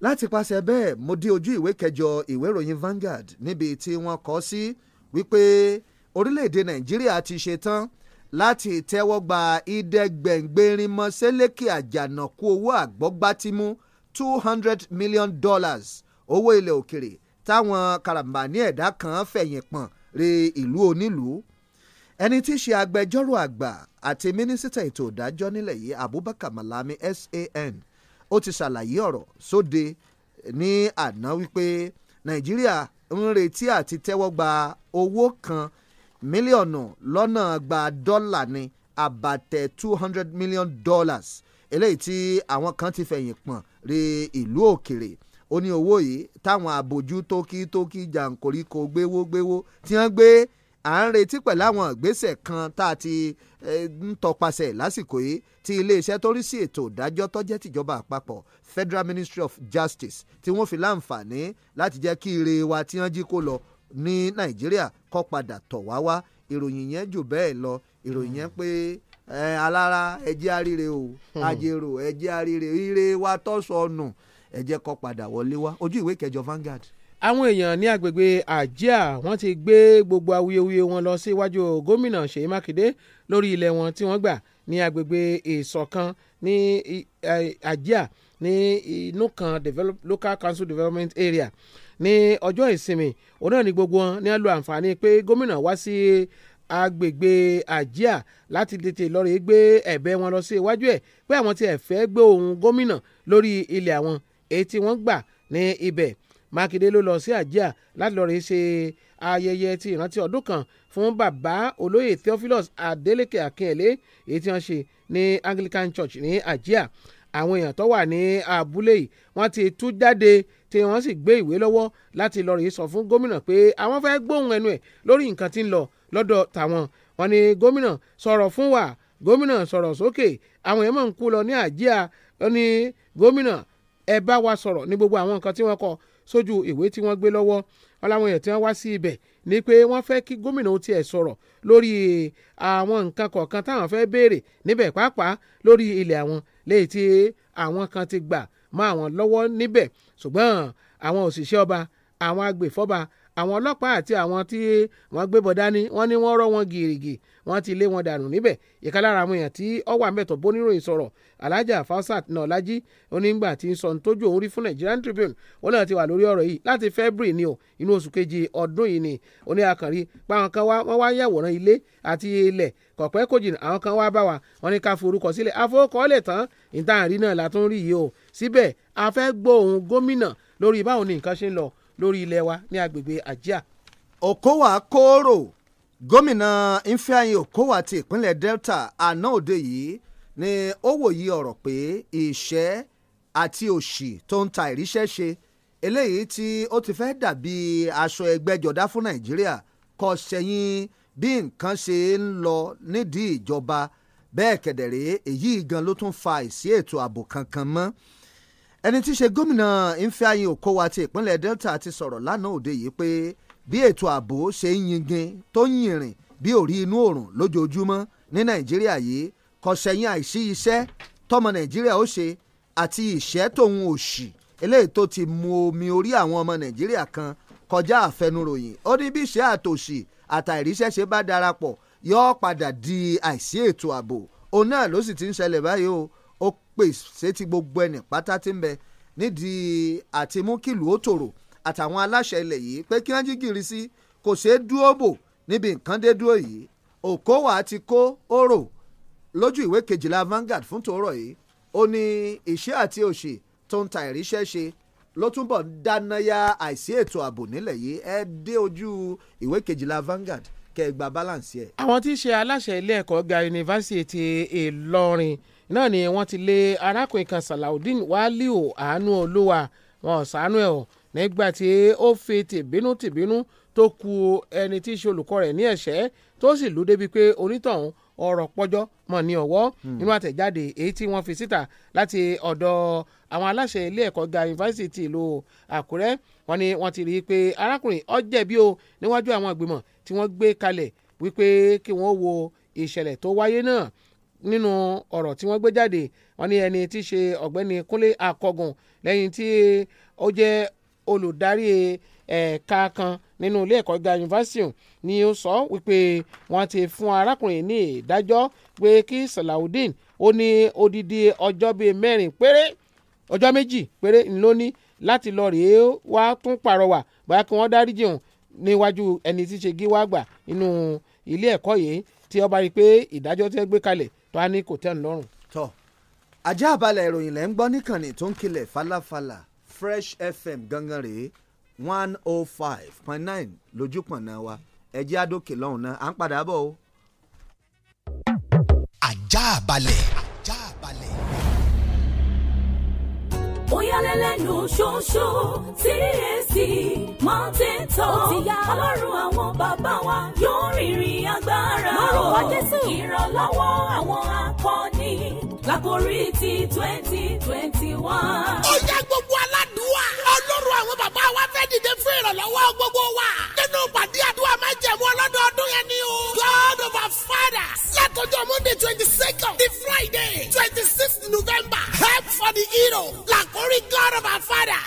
láti paṣẹ bẹ́ẹ̀ mo dí ojú ìwé kẹjọ ìwé ìròyìn Vanguard níbi tí wọ́n kọ sí wípé orílẹ̀-èdè Nàìjíríà ti ṣe tán láti tẹ́wọ́ gba ìdẹ́gbẹ̀ngbẹ̀rin mọ́ sẹ́lẹ̀kì àjànàkú owó àgbọ́gbátímú two hundred million dollars owó ilẹ̀ òkèrè táwọn karambani ẹ̀dá kan fẹ̀yìn pọ̀n re ìlú onílùú ẹni tí í ṣe agbẹjọ́rò àgbà àti mínísítà ètò ìdájọ́ nílẹ̀ yìí Abubakar Malami SAN ó ti ṣàlàyé ọ̀rọ̀ sóde ní àná wípé Nàìjíríà ń retí àti tẹ́wọ́ gba owó kan mílíọ̀nù lọ́nà gba dọ́là ni àbàtẹ̀ two hundred million dollars eléyìí tí àwọn kan ti fẹ̀yìn pọ̀n re ìlú òkèrè ó ní owó yìí táwọn àbójú tókítókí jàǹkóríkó gbéwógbéwó tí wọ́n gbé à ń retí pẹ̀lú àwọn ìgbésẹ̀ kan tá a ti ń tọpasẹ̀ lásìkò yìí tí iléeṣẹ́ tó rí sí ètò ìdájọ́ tó jẹ́ tìjọba àpapọ̀ Federal Ministry of Justice tí wọ́n fi láǹfààní láti jẹ́ kí ire wa tí wọ́n jí kó lọ ní Nàìjíríà kó padà tọ̀ wá wá ìròyìn yẹn jù bẹ́ẹ̀ lọ ìròyìn yẹn pé. Mm alára ẹjẹ́ àríre o hmm. àjèrò ẹjẹ́ àríre ire wa tọ́sọ ọ̀nà ẹjẹ́ kọ́ padà wọlé wá ojú ìwé kẹjọ Vanguard. àwọn èèyàn ní agbègbè àjíà wọ́n ti gbé gbogbo awuyewuye wọn lọ síwájú gómìnà Ṣèyí Mákindé lórí ilẹ̀ wọn tí wọ́n gbà ní agbègbè ìsọ̀kan ní àjíà ní inú kan local council development area ní ọjọ́ ìsinmi òun náà ni gbogbo wọn ní a lo àǹfààní pé gómìnà wá sí agbègbè àjíà láti tètè lọ́ọ́rẹ́ gbé ẹ̀bẹ̀ wọn lọ sí iwájú ẹ̀ pé àwọn tí ẹ̀ fẹ́ gbé ohùn gómìnà lórí ilẹ̀ àwọn èyí tí wọ́n gbà ní ibẹ̀ mákindé ló lọ sí àjíà láti lọ́ọ́rẹ́ ṣe ayẹyẹ ti ìrántí ọdún kan fún bàbá olóyè theophilus adeleke akinyele èyí tí wọ́n ṣe ní anglican church ní àjíà àwọn èèyàn tó wà ní abúlé yìí wọ́n ti tú jáde tí wọ́n sì gbé ìwé lọ́wọ́ láti lọ́ọ́rẹ́ sọ fún gómìnà pé lọ́dọ̀ tàwọn wọn ni gómìnà sọ̀rọ̀ fún wa gómìnà sọ̀rọ̀ sókè àwọn èèyàn mọ̀ ń kú lọ ní àjíà wọn ni gómìnà ẹ bá wa sọ̀rọ̀ ní gbogbo àwọn nǹkan tí wọ́n kọ sójú ìwé tí wọ́n gbé lọ́wọ́ wọn làwọn èèyàn tí wọ́n wá sí ibẹ̀ ni pé wọ́n fẹ́ kí gómìnà ó tiẹ̀ sọ̀rọ̀ lórí àwọn nǹkan kọ̀ọ̀kan táwọn fẹ́ béèrè níbẹ̀ pàápàá lórí ilẹ̀ àwọn léyìí tí àwọn kan ti gbà mọ́ àwọn lọ́wọ́ níbẹ̀ ṣùgbọ́n àwọn òṣìṣẹ́ ọba àwọn agbèfọ́ba àwọn ọlọ́pàá àti àwọn tí wọ́n gbébọn dání wọ́n ní wọ́n rọ́ wọn gìrìgì wọ́n ti lé wọn dànù níbẹ̀ ìka lára àwọn èèyàn tí ọwọ́ àmẹ́tọ̀ bóníròyìn sọ̀rọ̀ Alhaja Fausat Ọlájí onígbà tí ń sọ nítòjú òun fún Nigerian Tribune wọn náà ti wà lórí ọ̀rọ̀ yìí láti February ni o inú oṣù kejì ọdún yìí ni oní akànrí pa àwọn kan wá wọ́n wá yàwòrán ilé àti ilẹ̀ kọ̀pẹ́ kòjìn àwọn kan wá bá wa wọ́n ní ká forúkọ sílẹ̀ àfọwọ́kọ́lẹ̀ tán ìtàn àrí náà látún rí yìí o síbẹ̀ a fẹ́ gómìnà lórí báwo ni nǹkan ṣe ń lọ lórí ilẹ̀ wa ní agbègbè àjíà. Okowa kóró gómìnà Ifeanyi Okowa ti ìpínlẹ̀ Delta àná òde yìí ni ó wòye ọ̀rọ̀ pé ìṣẹ́ àti òṣì tó ń ta ìríṣẹ́ ṣe eléyìí tí ó ti fẹ́ dàbí aṣọ ẹgbẹ́jọdá fún Nàìjíríà kò ṣẹ̀yìn bí nǹkan ṣe ń lọ nídìí ìjọba bẹ́ẹ̀ kẹ̀dẹ̀rẹ́ èyí gan ló tún fa ìsí ètò ààbò kankan mọ́ ẹni tí í ṣe gómìnà Ifeanyi Okowa ti ìpínlẹ̀ Delta ti sọ̀rọ̀ lánàá òde yìí pé bí ètò ààbò ṣe ń yingin tó ń yìnrìn bí òrí inú oòrùn lójoojúmọ́ ní Nàìjíríà yìí kò ṣẹ̀yìn àìsí iṣẹ́ tọmọ Nàìjíríà ó ṣe àti ìṣẹ́ tòun òṣì eléyìí tó ti mu omi orí àwọn ọmọ Nàìjíríà kan kọjá àfẹnuròyìn ó ní bí iṣẹ́ àtòṣì àtàìríṣẹ́ṣe bá darapọ̀ yóò padà di àìsí ètò ààbò òun náà ló sì ti ń ṣẹlẹ̀ báyìí o ó pèsè ti gbogbo ẹnì pátá tí ń bẹ nídìí àti mú kìlú ó tòrò àtàwọn aláṣẹ ilẹ̀ yìí pé kí wọ́n jí gìrì sí kò ṣeé dúró bò níbi nǹkan dé dúró yìí Okowa ti kó ọ̀rọ̀ lójú ìwé kejìlá Vanguard fún tòórọ̀ yìí ó ní ìṣẹ́ àti òṣì tó ń ta ìríṣẹ́ ṣe ló túbọ̀ dáná ya àìsí ètò ààbò nílẹ̀ yìí ẹ dé ojú ìwé kejìlá Vanguard kẹ gba balance yẹ. àwọn tí í ṣe aláṣẹ ilé ẹ̀kọ́ ga yunifásítì Ìlọrin e náà ni wọ́n ti lé arákùnrin kan Salaudeen Waliu àánú olúwa wọn ò sànú ẹ̀ o nígbà tí ó fi tìbínú tìbínú tó ku ẹni tí í ṣe olùkọ́ rẹ̀ ní ẹ̀ṣẹ́ tó sì lù débi pé onítọ̀hún ọ̀rọ̀ pọ́jọ́ mọ̀ ní ọ̀wọ́ hmm. nínú àtẹ̀jáde èyí tí wọ́n fi síta láti ọ̀dọ̀ àwọn aláṣẹ ilé ẹ̀kọ́ ga yunifásitì ìlú Àkúrẹ́ wọ́n ní wọ́n ti rí i pé arákùnrin ó o níwájú àwọn ìgbìmọ̀ tí wọ́n gbé kalẹ̀ wípé kí wọ́n wo ìṣẹ̀lẹ̀ tó wáyé náà nínú ọ̀rọ̀ tí wọ́n gbé jáde wọ́n ní ẹni tí í ṣe ọ̀gbẹ́ni kúnlé akọgùn lẹ́yìn tí ó jẹ́ olùdarí ẹ̀ka kan nínú ilé ẹ̀kọ́ gíga yunifásitì ni ó sọ wípé wọ́n ti fún arákùnrin ní ìdájọ́ pé kí Salaudeen ó ní odidi ọjọ́ bíi mẹ́rin péré ọjọ́ méjì péré ló ní láti lọ rèé wá tún pàrọwà bóyá kí wọ́n dáríjì òun níwájú ẹni tí ṣe gíwá àgbà nínú ilé ẹ̀kọ́ yìí tí ó rí i pé ìdájọ́ tí gbé kalẹ̀ tó a ní kò tẹ́ ń lọ́rùn. tọ́ ajá àbálẹ̀ ìròyìn lẹ́ ń gbọ́ níkànnì tó ń kilẹ̀ falafala fresh fm gangan rèé one oh five point nine lójúpọ̀n náà wa ẹ̀jẹ̀ àdókè lọ́hùn náà à ń padà bọ̀ o. ajá àbálẹ̀. ìyàlẹ́lẹ́nu ṣoṣo TSC e, mountain top ọlọ́run àwọn bàbá wa yóò rìnrìn agbára o ìrànlọ́wọ́ àwọn akọni lákòrí ti twenty twenty one. ó yẹ gbogbo aládùúwà ọlọ́run àwọn bàbá wa fẹ́ dìde fún ìrànlọ́wọ́ gbogbo wa nínú pàdé àdó. ọlọ́dọọdún yẹn ni o. God of our father. Látọjọ́ Monday twenty second the Friday twenty sixth November. Help for the hero. Làkórí God of our father.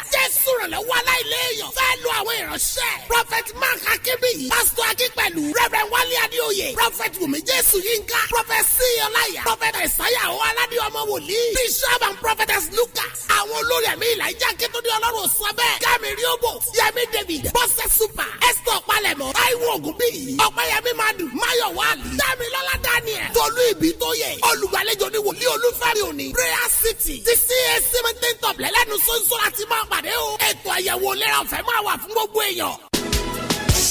sùrànlọ́wọ́ aláìléèyàn fẹ́ lo àwọn ìránṣẹ́. prophet mark akínbíyì pásítọ̀ akínpẹ̀lú rẹ́rẹ́ wálé adéoyè prophet wùmí jésù yínká prophet síyọláyà prophet ẹ̀sáyà ọ̀ aládé ọmọ wòlíì bishop and prophetess lucas àwọn olórí ẹ̀mí ìlàjà kétúndé ọlọ́run sọ bẹ́ẹ̀ kẹ́mi ríobò yẹmi david bọ́sẹ̀ super esther palẹ̀mọ́ táíwò ògúnbíyì ọ̀pẹ́yẹmí madu mayo wali dámilọ́lá daniel tolú ìbí tó yẹ olùgbàlejò ni wòlíì olúfẹ́rin òní prayer city ti cac mẹ́tẹ́ntọ̀bìlẹ́lẹ́nu sọ́nsọ́ láti máa pàdé o ètò àyẹ̀wò ìlera ọ̀fẹ́ máa wà fún gbogbo èèyàn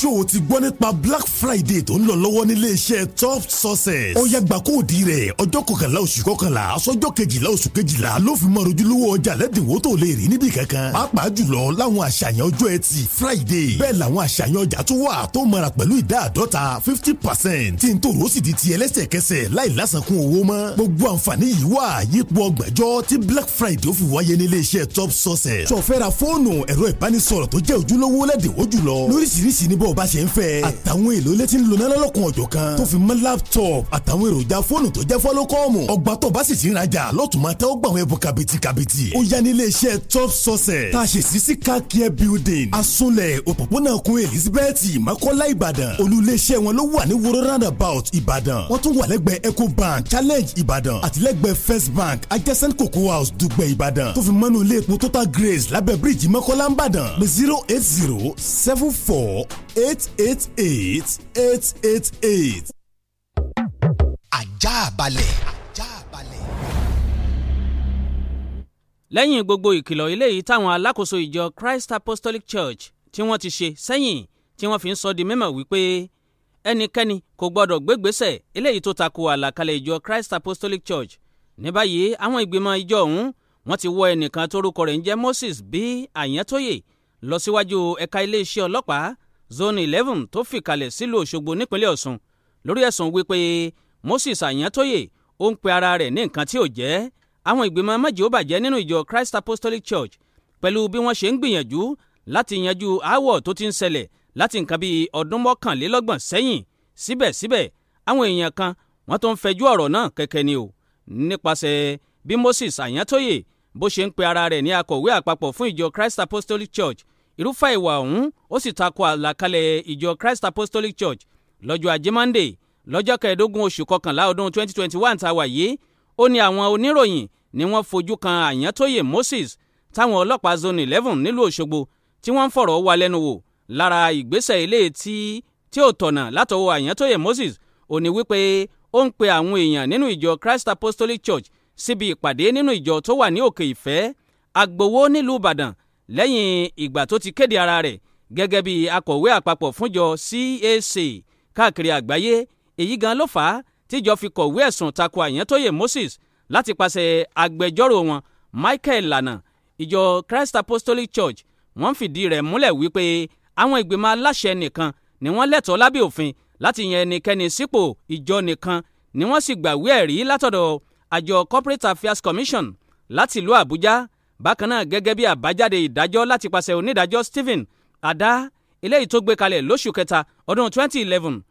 ṣòwò ti gbọ́ nípa black friday tó ń lọ lọ́wọ́ nílé iṣẹ́ top success. ó yàgbà kó di rẹ̀ ọjọ́ kọkànlá oṣù kọkànlá aṣọ́jọ́ kejìlá oṣù kejìlá ló fi mọ ojúlówó ọjà lẹ́dínwó tó lè rí níbì kankan. pàápàá jùlọ láwọn àṣàyàn ọjọ́ ẹtì friday bẹ́ẹ̀ làwọn àṣàyàn ọjà tó wà tó mara pẹ̀lú ìdá àdọ́ta fifty percent tí n tó rò sì di ti ẹlẹ́sẹ̀kẹsẹ̀ láì lásàkún owó mọ́. gbogbo àǹfààní yìí wà yípo ọgbàjọ́ tí black friday ó fi wáyé nílé iṣẹ́ top success. sọfẹ́ra fóònù ẹ̀rọ ìbánisọ̀rọ̀ tó jẹ́ ojúlówó lẹ́dínwó jùlọ lóríṣiríṣi níbọ̀ bọ́rọ̀ bá ṣe ń fẹ́. àtàwọn èlò létí ń lona lọ́lọ́kun ọ̀jọ̀ kan tó fi mọ́ laptop àtàwọn èròjà fóònù tó jẹ́ fọ́lọ́kọ́ọ̀mù. ọgbà tó bá sì ti rajà lọ́tùmọ̀ tẹ́ ó gbà wọn ẹ̀bùn kàbìtì kàbìtì. ó yá ní iléeṣẹ́ top sources tá a ṣe sí sí car care building. asunlẹ̀ òpópónà kun elizabeth makola ìbàdàn olùléeṣẹ́ wọn ló wà ní woro roundabout ìbàdàn wọ́n tún wà lẹ́gbẹ̀ẹ́ ecobank challenge ìbàdàn àtìlẹ́gbẹ̀ẹ́ first bank adjacent cocoa house dùgbẹ̀ ìbàdàn tó fi mọ́nú grace lábẹ́ bíríìjì mọ́kọ́lá ń bàdàn zero eight zero seven four eight eight eight eight eight eight. ajá balẹ̀. ajá balẹ̀. lẹ́yìn gbogbo ìkìlọ̀ eléyìí táwọn alákòóso ìjọ Christ Apostolic Church tí wọ́n ti ṣe sẹ́yìn tí wọ́n fi ń sọ di mímọ̀ wípé ẹnikẹ́ni kò gbọ́dọ̀ gbégbésẹ̀ eléyìí tó tako àlàkalẹ̀ ìjọ Christ Apostolic Church ní báyìí àwọn ìgbìmọ̀ ìjọ ọ̀hún wọ́n ti wọ́ ẹnìkan tórúkọ rẹ̀ ń jẹ́ Moses B. Àyẹ́ntóyè lọ síwájú ẹ̀ka iléeṣẹ́ ọlọ́pàá zone eleven tó fìkàlẹ̀ sílùú Òṣogbo nípínlẹ̀ Ọ̀ṣun lórí ẹ̀sùn wípé Moses Ayantoye, ó ń pe ara rẹ̀ ní nǹkan tí ò jẹ́ àwọn ìgbìmọ̀ mẹ́jì ó bàjẹ́ nínú ìjọ Christ Apostolic Church pẹ̀lú bí wọ́n ṣe ń gbìyànjú láti yanjú aáwọ̀ tó ti ń ṣẹlẹ̀ láti nǹkan bíi ọdún mọ́kànlélọ́gbọ̀n sẹ́yìn síbẹ̀síbẹ̀ àwọn èèyàn kan wọ́n tó ń fẹjú ọ̀rọ̀ náà kẹ̀kẹ́ ni o nípasẹ̀ bí Moses Ayantoye, bó ṣe ń pe ara rẹ̀ ní akọ̀wé àpapọ̀ fún ìjọ Christ Apostolic Church irúfẹ́ ìwà ọ̀hún ó sì takò àlàkalẹ̀ ìjọ Christ Apostolic Church lọ́jọ́ ajé Monday lọ́jọ́ kẹẹ̀ẹ́dógún oṣù kọkànlá ọdún 2021 tá a wà yìí ó ní àwọn oníròyìn ni wọ́n fojú kan Àyàntóyè Moses táwọn ọlọ́pàá zone eleven nílùú Òṣogbo tí wọ́n ń fọ̀rọ̀ wá lẹ́nu wò lára ìgbésẹ̀ ilé tí tí ò tọ̀nà látọwọ́ Àyàntóyè Moses ó ní wípé ó ń pe àwọn èèyàn nínú ìjọ Christ Apostolic Church síbi ìpàdé nínú ìjọ tó wà ní Òkè Ìfẹ́ Àgbòwó nílùú Ìbàdàn lẹ́yìn ìgbà tó ti kéde ara rẹ̀ gẹ́gẹ́ bí akọ̀wé àpapọ̀ fúnjọ CAC káàkiri àgbáyé èyí gan ló fà á tíjọ fi kọ̀wé ẹ̀sùn tako Àyàntóyè Moses láti pàṣẹ agbẹjọ́rò wọn Michael Lana ìjọ Christ Apostolic Church wọ́n fìdí rẹ̀ múlẹ̀ wípé àwọn ìgbìmọ̀ aláṣẹ nìkan ni wọ́n lẹ́tọ̀ọ́ lábẹ́ òfin láti yan ẹnikẹ́ni sípò ìjọ nìkan ni wọ́n sì gbàwé ẹ̀rí látọ̀dọ̀ àjọ Corporate Affairs Commission láti ìlú Àbújá bákan náà gẹ́gẹ́ bí àbájáde ìdájọ́ láti pàṣẹ onídàájọ́ Stephen Ada eléyìí tó gbé kalẹ̀ lóṣù kẹta ọdún 2011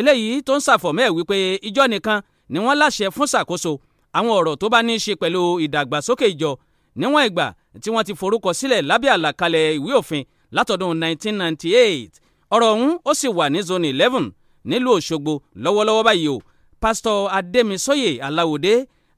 eléyìí tó ń ṣàfọ̀mẹ́ wípé ìjọ nìkan ni wọ́n láṣẹ fún ṣàkóso àwọn ọ̀rọ̀ tó bá ní í ṣe pẹ̀lú ìdàgbàsókè ìjọ níwọ̀n ìgbà tí wọ́n ti forúkọ sílẹ̀ lábẹ́ àlàkalẹ̀ ìwé òfin látọdún 1998 ọ̀rọ̀ ọ̀hún ó sì wà ní zone 11 nílùú Òṣogbo lọ́wọ́lọ́wọ́ báyìí o pásítọ̀ Adémisóyè Aláwòdé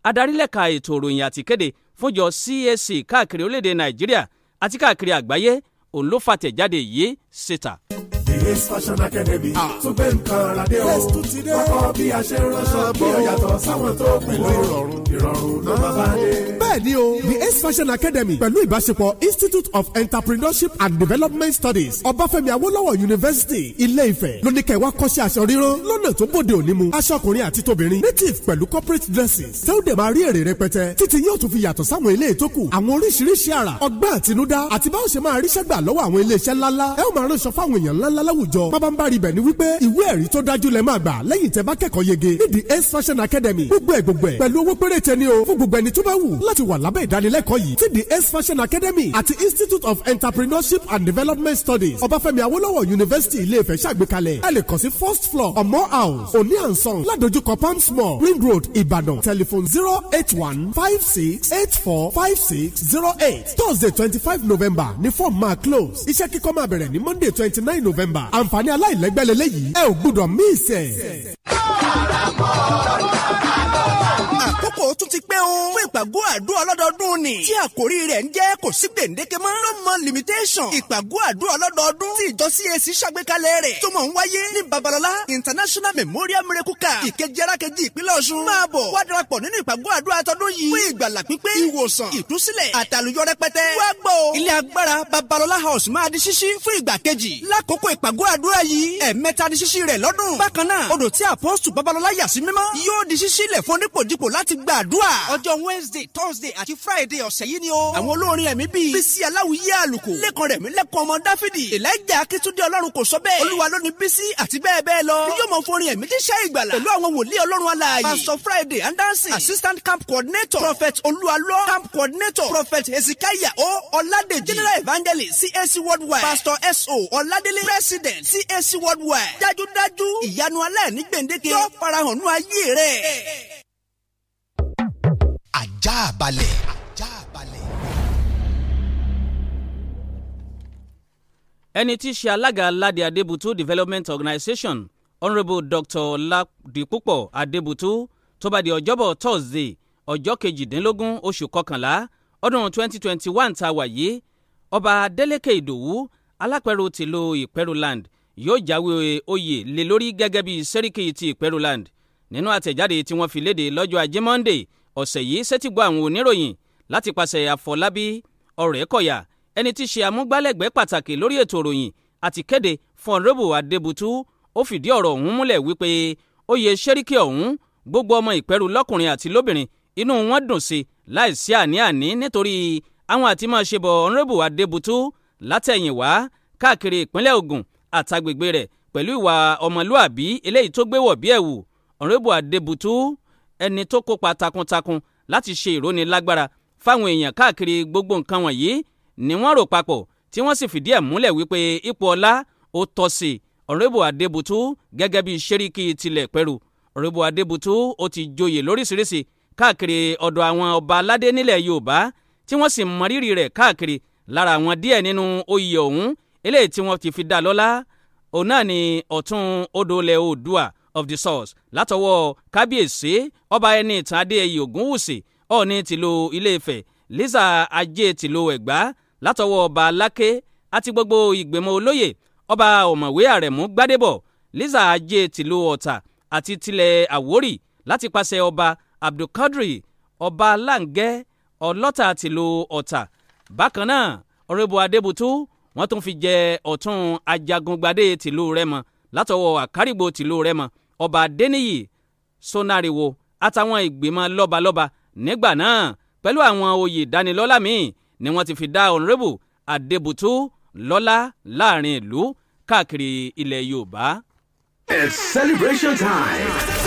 adarílẹ̀ka ètò ìròyìn àtìkéde fúnjọ CSC káàkiri orílẹ̀-èdè Nàìjíríà àti káàkiri àgbáyé òun ló fàtẹ̀jáde yìí síta. The Ace Fashion Academy ah. tún gbé nǹkan aládé o kọ́kọ́ bí a ṣe ń ránṣọ bí ó yàtọ̀ sáwọn tó pinnu ìrọ̀rùn ló máa bá dé. bẹ́ẹ̀ o The Ace Fashion Academy pẹ̀lú ìbáṣepọ̀ Institute of Entrepreneurship and Development Studies Ọbáfẹ́mi Awolowo University Ilé-Ifẹ̀ ló ní kẹwàá kọ́ṣẹ́ aṣọ ríran lọ́nà tó bòde òní mu aṣọ ọkùnrin àti tóbìnrin native pẹ̀lú corporate dresses tẹ́ ó dẹ̀ máa rí èrè rẹpẹtẹ títí yóò tún fi yàtọ̀ sáwọn ilé ìtókù àwọn oríṣiríṣi àrà ọgbẹ́ àtinúdá àti báwo ṣe máa ríṣẹ́ gbà lọ́wọ́ àwọn ilé ńláńlá ẹ ó m máa ránṣọ fáwọn èèyàn ńláńlá láwùjọ bábá ń bá rí bẹ̀ ni wípé ìwé ẹ̀rí tó dájú lẹ̀ máa gbà lẹ́yìn tẹ́ bá kẹ́kọ̀ọ́ yege ní the ace fashion academy gbogbo ẹ̀ gbogbo ẹ̀ pẹ̀lú owó péréte ni o fún gbogbo ẹni tó bá wù láti wà lábẹ́ ìdánilẹ́kọ̀ọ́ yìí ti the ace fashion academy àti institute of entrepreneurship and development studies ọbáfẹ́mi awolowo university ilé-ifẹ̀ ṣàgbékalẹ̀ ẹ lè kàn sí first floor omo house òní ànsán ládojúkọ palms mall ring road ìbàdàn telephone zero eight one five six eight four five six zero eight thursday twenty five november Ni form ma close iṣẹ́ kíkọ́ máa bẹ̀rẹ̀ ní monday twenty nine november àǹfààní aláìlẹ́gbẹ́lẹ́lẹ́ yìí ẹ ò gbúdọ̀ míì sẹ̀. ìpàgọ́ àdúrà ọlọ́dọọdún ni tí àkórí rẹ̀ ń jẹ́ kò sí gbèǹdéke mọ́ no more limitation ìpàgọ́ àdúrà ọlọ́dọọdún tí ìjọ CAC ṣàgbékalẹ̀ rẹ̀ tó mọ̀ ń wáyé ní Babalọlá International Memorial Miracle Camp ìkejì arákejì ìpínlẹ̀ Ọ̀ṣun máa bọ̀ wá darapọ̀ nínú ìpàgọ́ àdúrà tọdún yìí fún ìgbàlà pípé ìwòsàn ìtúsílẹ̀ àtàlùyọ rẹpẹtẹ wá gbọ́ ilé House máa di ṣíṣí fún ìgbà kejì lákòókò ìpàgọ́ àdúrà yìí ẹ̀ẹ̀mẹta di ṣíṣí rẹ̀ lọ́dún bákan náà odò tí àpọ́sù Babalọlá yà sí mímọ́ yóò di ṣíṣí lẹ̀ fún onípòdípò wednesday thursday àti friday ọ̀sẹ̀ yìí ni o. àwọn olórin ẹ̀mí bíi bísí aláwìyé àlùkò lẹ́kan rẹ̀ mí lẹ́kan ọmọ dáfídì elijah akíntúndé ọlọ́run kò sọ bẹ́ẹ̀ olúwa ló ní bísí àti bẹ́ẹ̀ bẹ́ẹ̀ lọ. ni yóò mọ forin ẹ̀mí jíṣẹ́ ìgbàlà pẹ̀lú àwọn wòlíì ọlọ́run alààyè pastor friday andansi assistant camp coordinator prophet olúwalọ camp coordinator prophet Ezekiah. o ọládèjì general evangelist cac worldwide pastor so ọládélé president cac worldwide dájúdájú ìyanu aláìní gbèǹdéke yóò farahàn nú ayé rẹ̀ ajá balẹ̀. ẹni tí í ṣe alága aládé adébútú development organisation honourable dr ladipupo adébútú tó bá di ọjọ́bọ̀ thursday ọjọ́ kejìdínlógún oṣù kọkànlá ọdún 2021 ta wà yìí ọba adeleke ìdòwú alápẹ̀rù tìlú ìpẹ̀rùland yóò jáwé oyè lé lórí gẹ́gẹ́ bí sẹ́ríkì ti ìpẹ̀rùland nínú àtẹ̀jáde tí wọ́n fi léde lọ́jọ́ ajé monday ọ̀sẹ̀ yìí sẹ́tìgbọ́ àwọn oníròyìn láti pàṣẹ àfọlábí ọ̀rẹ́kọ̀yà ẹni tí í ṣe amúgbálẹ́gbẹ̀ẹ́ pàtàkì lórí ètò ìròyìn àti kéde fún ọ̀rẹ́bù adébútú ó fìdí ọ̀rọ̀ ọ̀hún múlẹ̀ wípé oyè sẹ́ríkì ọ̀hún gbogbo ọmọ ìpẹ́rù lọ́kùnrin àti lóbìnrin inú wọn dùn sí láìsí àní-àní nítorí àwọn àti máa ṣe bọ̀ ọ̀rẹ́bù adébútú látẹ̀yìnwá káàkiri ìpínlẹ̀ ògùn àtàgbègbè rẹ̀ pẹ̀lú ìwà ọmọlúàbí eléyìí tó gbéwọ̀ bí ẹ̀wù ọ̀rẹ́bù adébútú ẹni tó kópa takuntakun láti ṣe ìrónilágbára fáwọn èèyàn káàkiri gbogbo nǹkan wọ̀nyí ni wọ́n rò papọ̀ tí wọ́n sì fìdí ẹ̀ múlẹ̀ wípé ipò ọlá ó tọ́ sí ọ̀rẹ́bù adébùtú gẹ́gẹ́ bí sẹ́ríkì tilẹ̀ pẹ̀rù ọ̀rẹ́bù adébùtú ó ti joyè lóríṣiríṣi káàkiri ọ̀dọ̀ àwọn ọba aládé nílẹ̀ yorùbá tí wọ́n sì mọrírì rẹ̀ káàkiri lára àwọn díẹ̀ nínú oyè ọ̀hún eléyìí tí wọ́n ti fi dá lọ́lá òun náà ni ọ̀tún odò ilẹ̀ of the source látọwọ́ kábíyèsí ọba ẹni ìtàn adéyẹyè ògúnwùsì ọ̀ọ́ni tìlú ilé-ifẹ̀ liza ajé tìlú ẹ̀gbá látọwọ́ ọba aláké àti gbogbo ìgbìmọ̀ olóyè ọba ọ̀mọ̀wé àrẹ̀mú gbádébọ̀ liza ajé tìlú ọ̀tà àti tilẹ̀ àwórì láti pàṣẹ ọba abdulkadri ọba aláǹgẹ́ ọlọ́tà tìlú ọ̀tà bákan náà ọ̀rẹ́bù adébútú wọ́n tún fi jẹ ọ̀tún ajagungbadé tìlú rẹ́mọ látọwọ́ àkárìgbò tìlú rẹ́mọ ọba adéníyì sọnariwo àtàwọn ìgbìmọ̀ lọ́balọ́ba nígbà náà pẹ̀lú àwọn oyè ìdánilọ́lá míì ni wọ́n ti fi dá ọ̀nrẹ́bù adébùtú lọ́lá láàrin ìlú káàkiri ilẹ̀ yorùbá. It's celebration time.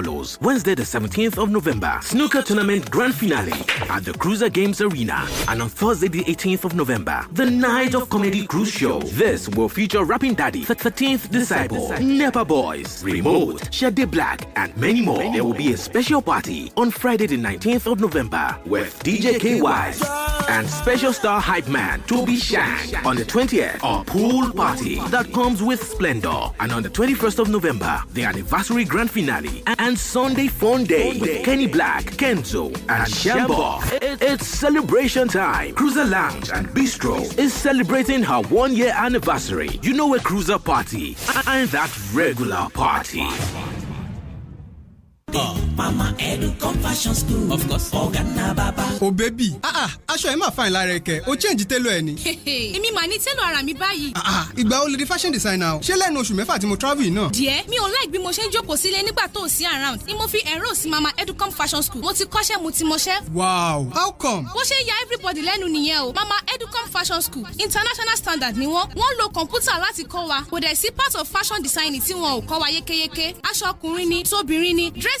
follows Wednesday, the 17th of November, Snooker Tournament Grand Finale at the Cruiser Games Arena. And on Thursday, the 18th of November, the Night of Comedy Cruise Show. This will feature Rapping Daddy, the 13th Disciple, Nepa Boys, Remote, Shade Black, and many more. There will be a special party on Friday, the 19th of November with DJ KY and special star hype man Toby Shang on the 20th. A pool party that comes with splendor. And on the 21st of November, the anniversary grand finale and and Sunday Fun Day with Kenny Black, Kenzo, and Shambo. It's celebration time. Cruiser Lounge and Bistro is celebrating her one year anniversary. You know a cruiser party and that regular party. Ah. Mama Educom Fashion School. Of course. Ọ̀gá ná bàbá. O baby. Ah ah, aṣọ ẹ̀ máa fa ìlara ẹ̀kẹ́, o change télò ẹ̀ ni. Èmi mà ní télò ara mi báyìí. Ah ah, ìgbà o lè fashion designer o. Ṣé lẹ́nu oṣù mẹ́fà tí mo travel yìí náà? Díẹ̀, mi ò láì bí mo ṣe ń jókòó sílé nígbà tó o sí around. Ni mo fi enroll sí Mama Educom Fashion School. Mo ti kọ́ṣẹ́ mo ti mọṣẹ́. Wow, how come? Bó ṣe ya everybody lẹ́nu nìyẹn o. Mama Educom Fashion School international standard ni wọ́n. Wọ́n lo kọ̀ǹpútà láti kọ́ wa. Kò dẹ̀ sí part of fashion design tí wọn ò kọ́ wa yékéyéké. Aṣọ ọkùnrin ni, tóbìnrin ni, dress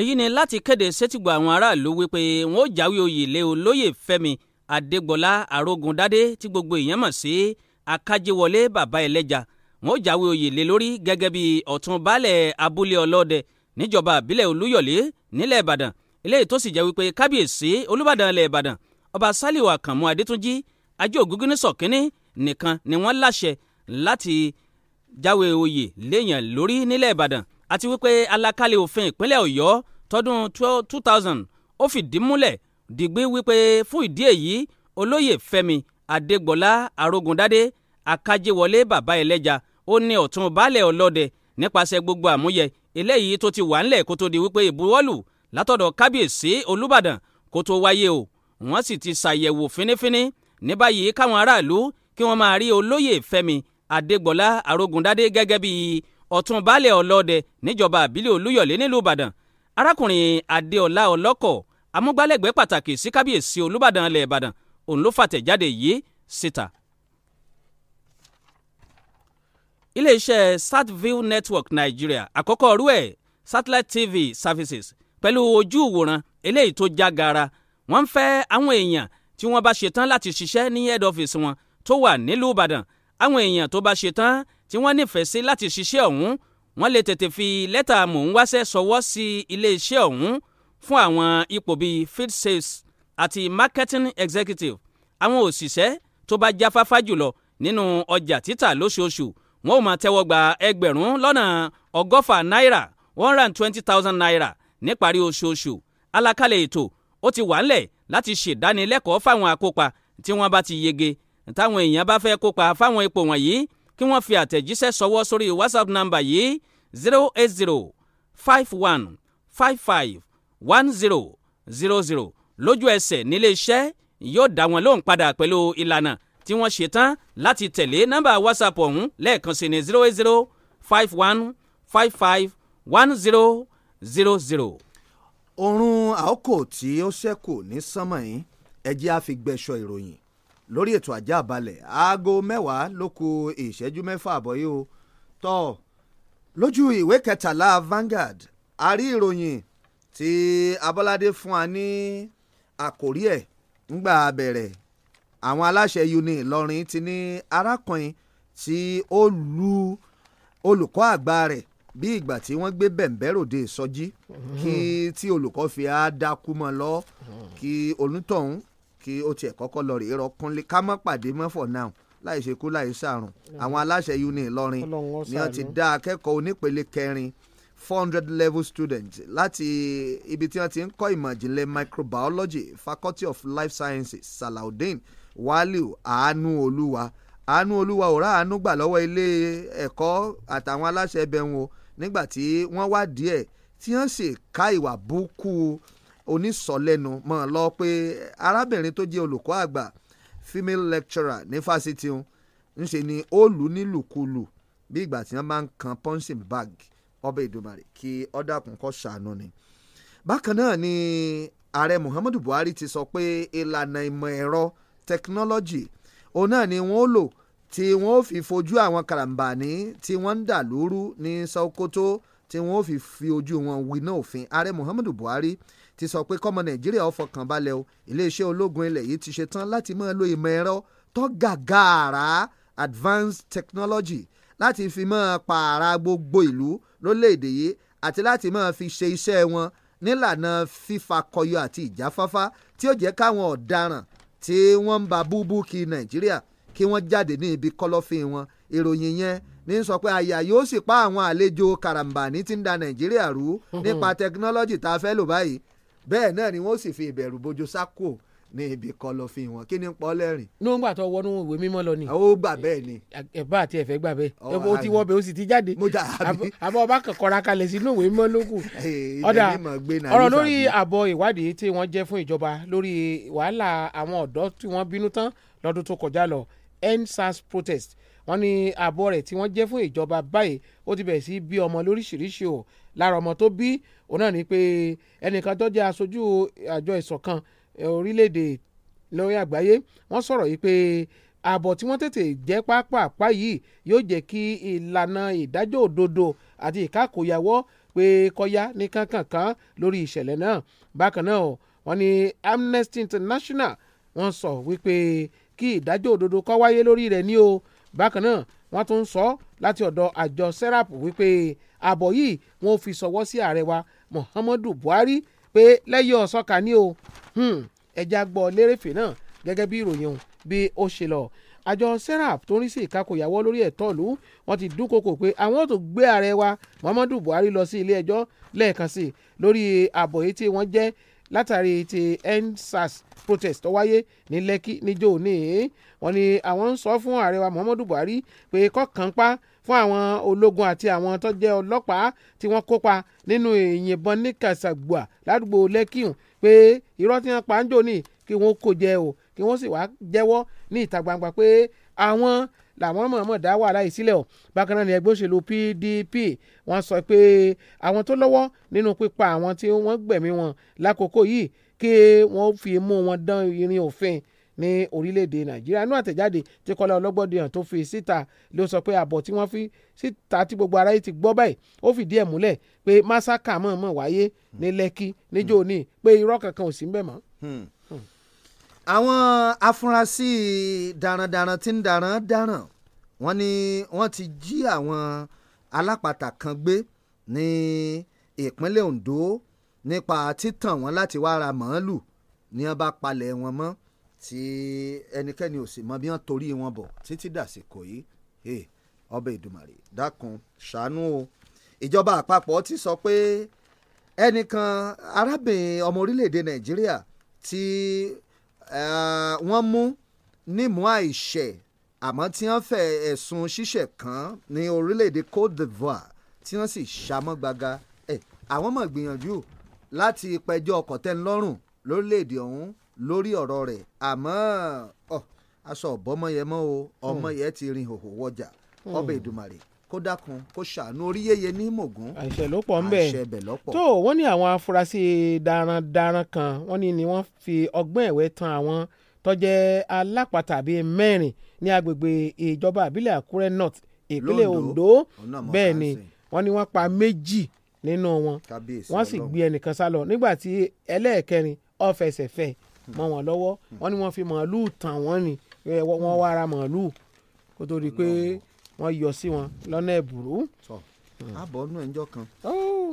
èyí ni láti kéde sétígbọ̀ àwọn aráàlú wípé wọn ó jáwé oyè lé olóyè Fẹ́mi Adégbọlá Arógundádé tí gbogbo èèyàn mọ̀ sí Akájéwọlé bàbá ẹlẹ́ja wọn ó jáwé oyè lé lórí gẹ́gẹ́ bí ọ̀tún baálẹ̀ abúlé ọlọ́dẹ níjọba àbílẹ̀ Olúyọ̀lé nílẹ̀ Ìbàdàn eléyìí tó sì jẹ́ wípé kábíyèsí Olúbàdàn ilẹ̀ Ìbàdàn ọba Sálíù Àkànmú Adétúnjì ajé Ògúngúnnísọ̀ ni wọ́n àti wípé alákàlẹ̀ òfin ìpínlẹ̀ ọ̀yọ́ tọdún two thousand ó fìdí múlẹ̀ dìgbì wípé fún ìdí èyí olóyè fẹ́mi adégbọlá arógundádé akájẹwọlé bàbá ẹlẹ́ja ó ní ọ̀tún baálẹ̀ ọlọ́dẹ nípasẹ̀ gbogbo àmúyẹ eléyìí tó ti wà ńlẹ̀ kó tó di wípé ìbuwọ́lù látọ̀dọ̀ kábíyèsí olúbàdàn kó tó wáyé o wọ́n sì ti ṣàyẹ̀wò fínífíní ní báyìí káwọn aráàlú kí wọ́n máa rí olóyè fẹ́mi adégbọlá arógundádé gẹ́gẹ́ bíi ọ̀tún baálẹ̀ ọlọ́dẹ níjọba àbílẹ̀ olúyọ̀lé nílùú ìbàdàn arákùnrin adéọlá ọlọ́kọ̀ amúgbálẹ́gbẹ̀ẹ́ pàtàkì sí kábíyèsí olúbàdàn ilẹ̀ ìbàdàn òun ló fàtẹ̀jáde yìí síta. iléeṣẹ́ satville network nigeria àkọ́kọ́ ọ̀rú ẹ̀ satellite tv services pẹ̀lú ojú ìwòran eléyìí tó já gaara wọ́n ń fẹ́ àwọn èèyàn tí wọ́n bá ṣetán láti ṣiṣẹ́ ní head office wọn tó wà nílùú ìbàdàn àwọn èèyàn tó bá ṣetán tí wọ́n nífẹ̀ẹ́ sí láti ṣiṣẹ́ ọ̀hún wọ́n lè tètè fi lẹ́tà mò ń wáṣẹ́ sọwọ́ sí iléeṣẹ́ ọ̀hún fún àwọn ipò bíi field sales àti marketing executive àwọn òṣìṣẹ́ tó bá jáfáfá jùlọ nínú ọjà títà lóṣooṣù wọn ò máa tẹ́wọ́ gba ẹgbẹ̀rún lọ́nà ọgọ́fà náírà one hundred twenty thousand naira níparí oṣooṣù àlàkalẹ̀ ètò ó ti wà ńlẹ̀ láti ṣèdánilẹ́kọ̀ọ́ fáwọn akópa tí wọ́n bá ti yege táwọn èèyàn bá fẹ́ kópa fáwọn ipò wọ̀nyí kí wọ́n fi àtẹ̀jíṣẹ́ ṣọwọ́ sórí whatsapp number yìí zero eight zero five one five five one zero zero zero lójú ẹsẹ̀ nílé iṣẹ́ yóò dá wọn lóhùn padà pẹ̀lú ìlànà tí wọ́n ṣe tán láti tẹ̀lé nọ́mbà whatsapp ọ̀hún lẹ́ẹ̀kan sí ní zero eight zero five one five five one zero zero zero. oorun àókò tí ó ṣẹ́kù ní sánmọ̀ yìí ẹ jẹ́ àfigbẹ́sọ ìròyìn lórí ètò ajá balẹ̀ aago mẹ́wàá ló ku ìṣẹ́jú mẹ́fà àbọ̀ yìí o tọ́ lójú ìwé kẹtàlá Vanguard a rí ìròyìn tí Abọ́ládé fún wa ní àkórí ẹ̀ ńgbà bẹ̀rẹ̀ àwọn aláṣẹ uni Ìlọrin ti ní arákùnrin tí ó lu olùkọ́ àgbà rẹ̀ bí ìgbà tí wọ́n gbé bẹ̀m̀bẹ́ròde ìsọjí kí mm-hmm. tí olùkọ́ fi á dákú mọ́ lọ kí onítọ̀hún kí ó tiẹ̀ kọ́kọ́ lọ rèé rọkúnlé ká má pàdé mọ́ for láì ṣe kú láì ṣàrùn àwọn aláṣẹ uni Ìlọrin ni wọ́n ti dá akẹ́kọ̀ọ́ onípele kẹrin four hundred level student láti ibi tí wọ́n ti ń kọ́ ìmọ̀ microbiology faculty of life sciences Salaudeen Waliu Àánú Olúwa Àánú Olúwa ò rá àánú gbà lọ́wọ́ ilé ẹ̀kọ́ àtàwọn aláṣẹ ẹbẹ̀ wọn nígbà tí wọ́n wá díẹ̀ tí wọ́n sì ká ìwà búkú onísọ̀lẹ́nu mọ́ ọ lọ pé arábìnrin tó jẹ́ olùkọ́ àgbà female lecturer ní fásitì ń ṣe ni ó lù nílùkulù bí ìgbà tí wọ́n máa ń kan punching bag ọba ìdùmarè kí ọ̀dàkùn kọ́ ṣàánú ni. bákan náà ni ààrẹ Muhammadu Buhari ti sọ pé ìlànà ìmọ̀ ẹ̀rọ technology òun náà ni wọ́n lò tí wọ́n ó fi fojú àwọn karambani tí wọ́n ń dà lóru ní Sokoto tí wọ́n ó fi fi ojú wọn winá òfin ààrẹ Muhammadu Buhari ti sọ pé kọ́mọ nàìjíríà ó fọkàn balẹ̀ o iléeṣẹ́ ológun ilẹ̀ yìí ti ṣe tán láti máa lo ìmọ̀ ẹ̀rọ tó gàgàrà advanced technology láti fi máa pààrà gbogbo ìlú lórílẹ̀‐èdè yìí àti láti máa fi ṣe iṣẹ́ wọn nílànà fífakọyọ àti ìjáfáfá tí ó jẹ́ káwọn ọ̀daràn tí wọ́n ń ba búbú kí nàìjíríà kí wọ́n jáde ní ibi kọ́lọ́fín wọn ìròyìn yẹn ní sọ pé àyà yóò sì pa àwọn àlejò karambani tí ń da nàìjíríà rú nípa tẹkinọ́lọ́jì tá a fẹ́ lò báyìí bẹ́ẹ̀ náà ni wọ́n sì fi ìbẹ̀rù bojo sákò ní ibi kọ̀lọ̀fín wọn kí ni pọ́ lẹ́rìn. ní òun gbà tó wọnú ìwé mímọ́ lọ ni. ó gbà bẹ́ẹ̀ ni. ẹ̀bá àti ẹ̀fẹ́ gbà bẹ́ẹ̀ ó ti wọ́ bẹ́ẹ̀ ó sì ti jáde. mo jà àbí. àbọ̀ ọba kan kọra kalẹ̀ sínú ìwé mímọ́ ló ọ̀dà ọ̀rọ̀ lórí àbọ̀ ìwádìí tí wọ́n jẹ́ fún ìjọba lórí wàhálà àwọn ọ̀dọ́ tí wọ́n bínú tán lọ́dún tó kọjá lọ endsars protest wọ́n ní àbọ̀ rẹ̀ tí wọ́n jẹ́ fún ìjọba báyìí ó ti bẹ̀rẹ̀ sí bí ọmọ lóríṣiríṣi o lára ọmọ tó bí òun náà ni pé ẹnìkan tó jẹ́ aṣojú àjọ ìṣọ̀kan eh, orílẹ̀-èdè lórí àgbáyé wọ́n sọ̀rọ̀ yìí pé ààbọ̀ tí wọ́n tètè jẹ́ pápápá yìí yóò jẹ́ kí ìlànà ìdájọ́ òdodo àti ìkákòyàwó pé kọ́yá ní kankankan lórí ìṣẹ̀lẹ̀ náà bákan náà wọ́n ní Amnesty International wọ́n sọ wípé kí ìdájọ́ òdodo kó wáyé lórí rẹ̀ ní o bákan náà wọ́n tún sọ láti ọ̀dọ̀ àjọ serap wípé àbọ̀ yìí wọ́n fi sọwọ́ sí ààrẹ wa Muhammadu Buhari pé lẹ́yìn ọ̀sọ́ka ni o hmm, ẹja gbọ́ lérèfé náà gẹ́gẹ́ bí ìròyìn bí ó ṣe lọ àjọ serap tó ń rí sí ìkákòyàwó lórí ẹ̀tọ́ ìlú wọn ti dúnkokò pé àwọn tó gbé ààrẹ wa Muhammadu Buhari lọ sí ilé ẹjọ́ lẹ́ẹ̀kan sí lórí àbọ̀ yìí tí wọ́n jẹ́ látàrí ti endsars protest tó wáyé ní lẹ́kí níjó ní wọ́n ní àwọn ń sọ fún ààrẹ wa muhammadu buhari pé kọ́kànpá fún àwọn ológun àti àwọn tó jẹ́ ọlọ́pàá tí wọ́n kópa nínú ìyìnbọn ní kàṣàgbà ládùúgbò lẹ́kì hùn pé irọ́ tí wọ́n pa ń jò ní kí wọ́n kò jẹ o kí wọ́n sì wá jẹ́wọ́ ní ìta gbangba pé àwọn làwọn mọ̀ọ́mọ̀ dá wàhálà yìí sílẹ̀ o bákan náà ni ẹgbẹ́ òṣèlú PDP wọ́n sọ pé àwọn tó lọ́wọ́ nínú pípa àwọn tí wọ́n gbẹ̀mí wọn lákòókò yìí kí wọ́n fi mú wọn dán irin òfin ní orílẹ̀-èdè nàìjíríà inú àtẹ̀jáde tí kọ́lá ọlọ́gbọ́dé hàn tó fi síta ló sọ pé àbọ̀ tí wọ́n fi síta tí gbogbo aráyé ti gbọ́ báyìí ó fìdí ẹ̀ múlẹ̀ pé másákà mọ̀ọ́mọ̀ wáyé ní lẹ́kí níjó hmm. ní pé irọ́ kankan ò sí ń bẹ̀ mọ́. Hmm àwọn afurasí darandaran tí ń daran dáràn wọ́n ní wọ́n ti jí àwọn alápatà kan gbé ní ìpínlẹ̀ Ondo nípa títàn wọn láti wá ra màálù ní wọ́n bá palẹ̀ wọn mọ́ tí ẹnikẹ́ni ò sì mọ bí wọ́n torí wọn bọ̀ títí dàsìkò yìí ọbẹ̀ ìdùmàrè dákun ṣàánú o ìjọba àpapọ̀ ti sọ pé ẹnìkan arábìnrin ọmọ orílẹ̀-èdè Nàìjíríà tí Eh, wọ́n mú nímú àìṣẹ̀ àmọ́ tí wọ́n fẹ́ ẹ̀sùn ṣíṣẹ̀ kàn ní orílẹ̀-èdè Côte d'Ivoire tí wọ́n sì ṣamọ́ gbaga ẹ̀ àwọn mọ̀ gbìyànjú láti pẹjọ́ kọ̀tẹ́nlọ́rùn lórílẹ̀-èdè ọ̀hún lórí ọ̀rọ̀ rẹ̀ àmọ́ aṣọ ọ̀bọ́mọyẹmọ́ o hmm. ọmọ yẹn ti rin hòhò wọjà hmm. ọbẹ̀ Èdùmàrè kó dákun kó ṣàánú orí yéye ní mògún. àṣẹ ló pọ̀ ńbẹ̀ àṣẹ bẹ̀ lọ́pọ̀. tó wọ́n ní àwọn afurasí darandaran kan wọ́n ní ni wọ́n fi ọgbọ́n ẹ̀wẹ́ tan àwọn tó jẹ́ alápatà bíi mẹ́rin ní agbègbè ìjọba àbílẹ̀ àkúrẹ́ north ìpínlẹ̀ ondo bẹ́ẹ̀ ni wọ́n ní wọ́n pa méjì nínú wọn wọ́n sì gbé ẹnìkan sá lọ nígbà tí ẹlẹ́ẹ̀kẹrin ó fẹsẹ̀ fẹ́ mọ́ wọn lọ́wọ́ hmm. wọ́n ní wọ́n fi màálù tàn wọ́n ni wọ́n wá ara màálù kó tó di pé wọ́n yọ sí wọn lọ́nà ẹ̀bùrú. àbọ̀ nù ẹ̀ńjọ́ kan. Oh.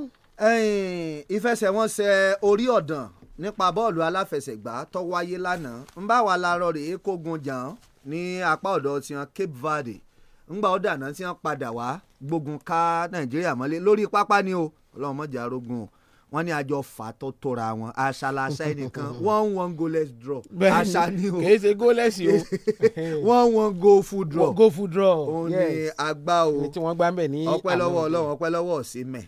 ìfẹsẹ̀wọnsẹ̀ orí ọ̀dàn nípa bọ́ọ̀lù aláfẹsẹ̀gbá tó wáyé lánàá ń bá wa larọ rèé kógun jàn ní apá ọ̀dọ̀ tiwọn Cape Verde ńgbà ó dànà tí wọ́n padà wá gbógun ká Nàìjíríà mọ́lẹ̀ lórí pápá ni o ọlọ́run mọ̀jà arógun o wọ́n ní àjọ fà tó tóra wọn àṣàlàṣà ẹnìkan one one goalless draw àṣà ni o kèé ṣe goalless o one one goal full draw goal full draw òun ni àgbà o ọpẹ́ lọ́wọ́ Ọlọ́run ọpẹ́ lọ́wọ́ ọsẹ mẹ.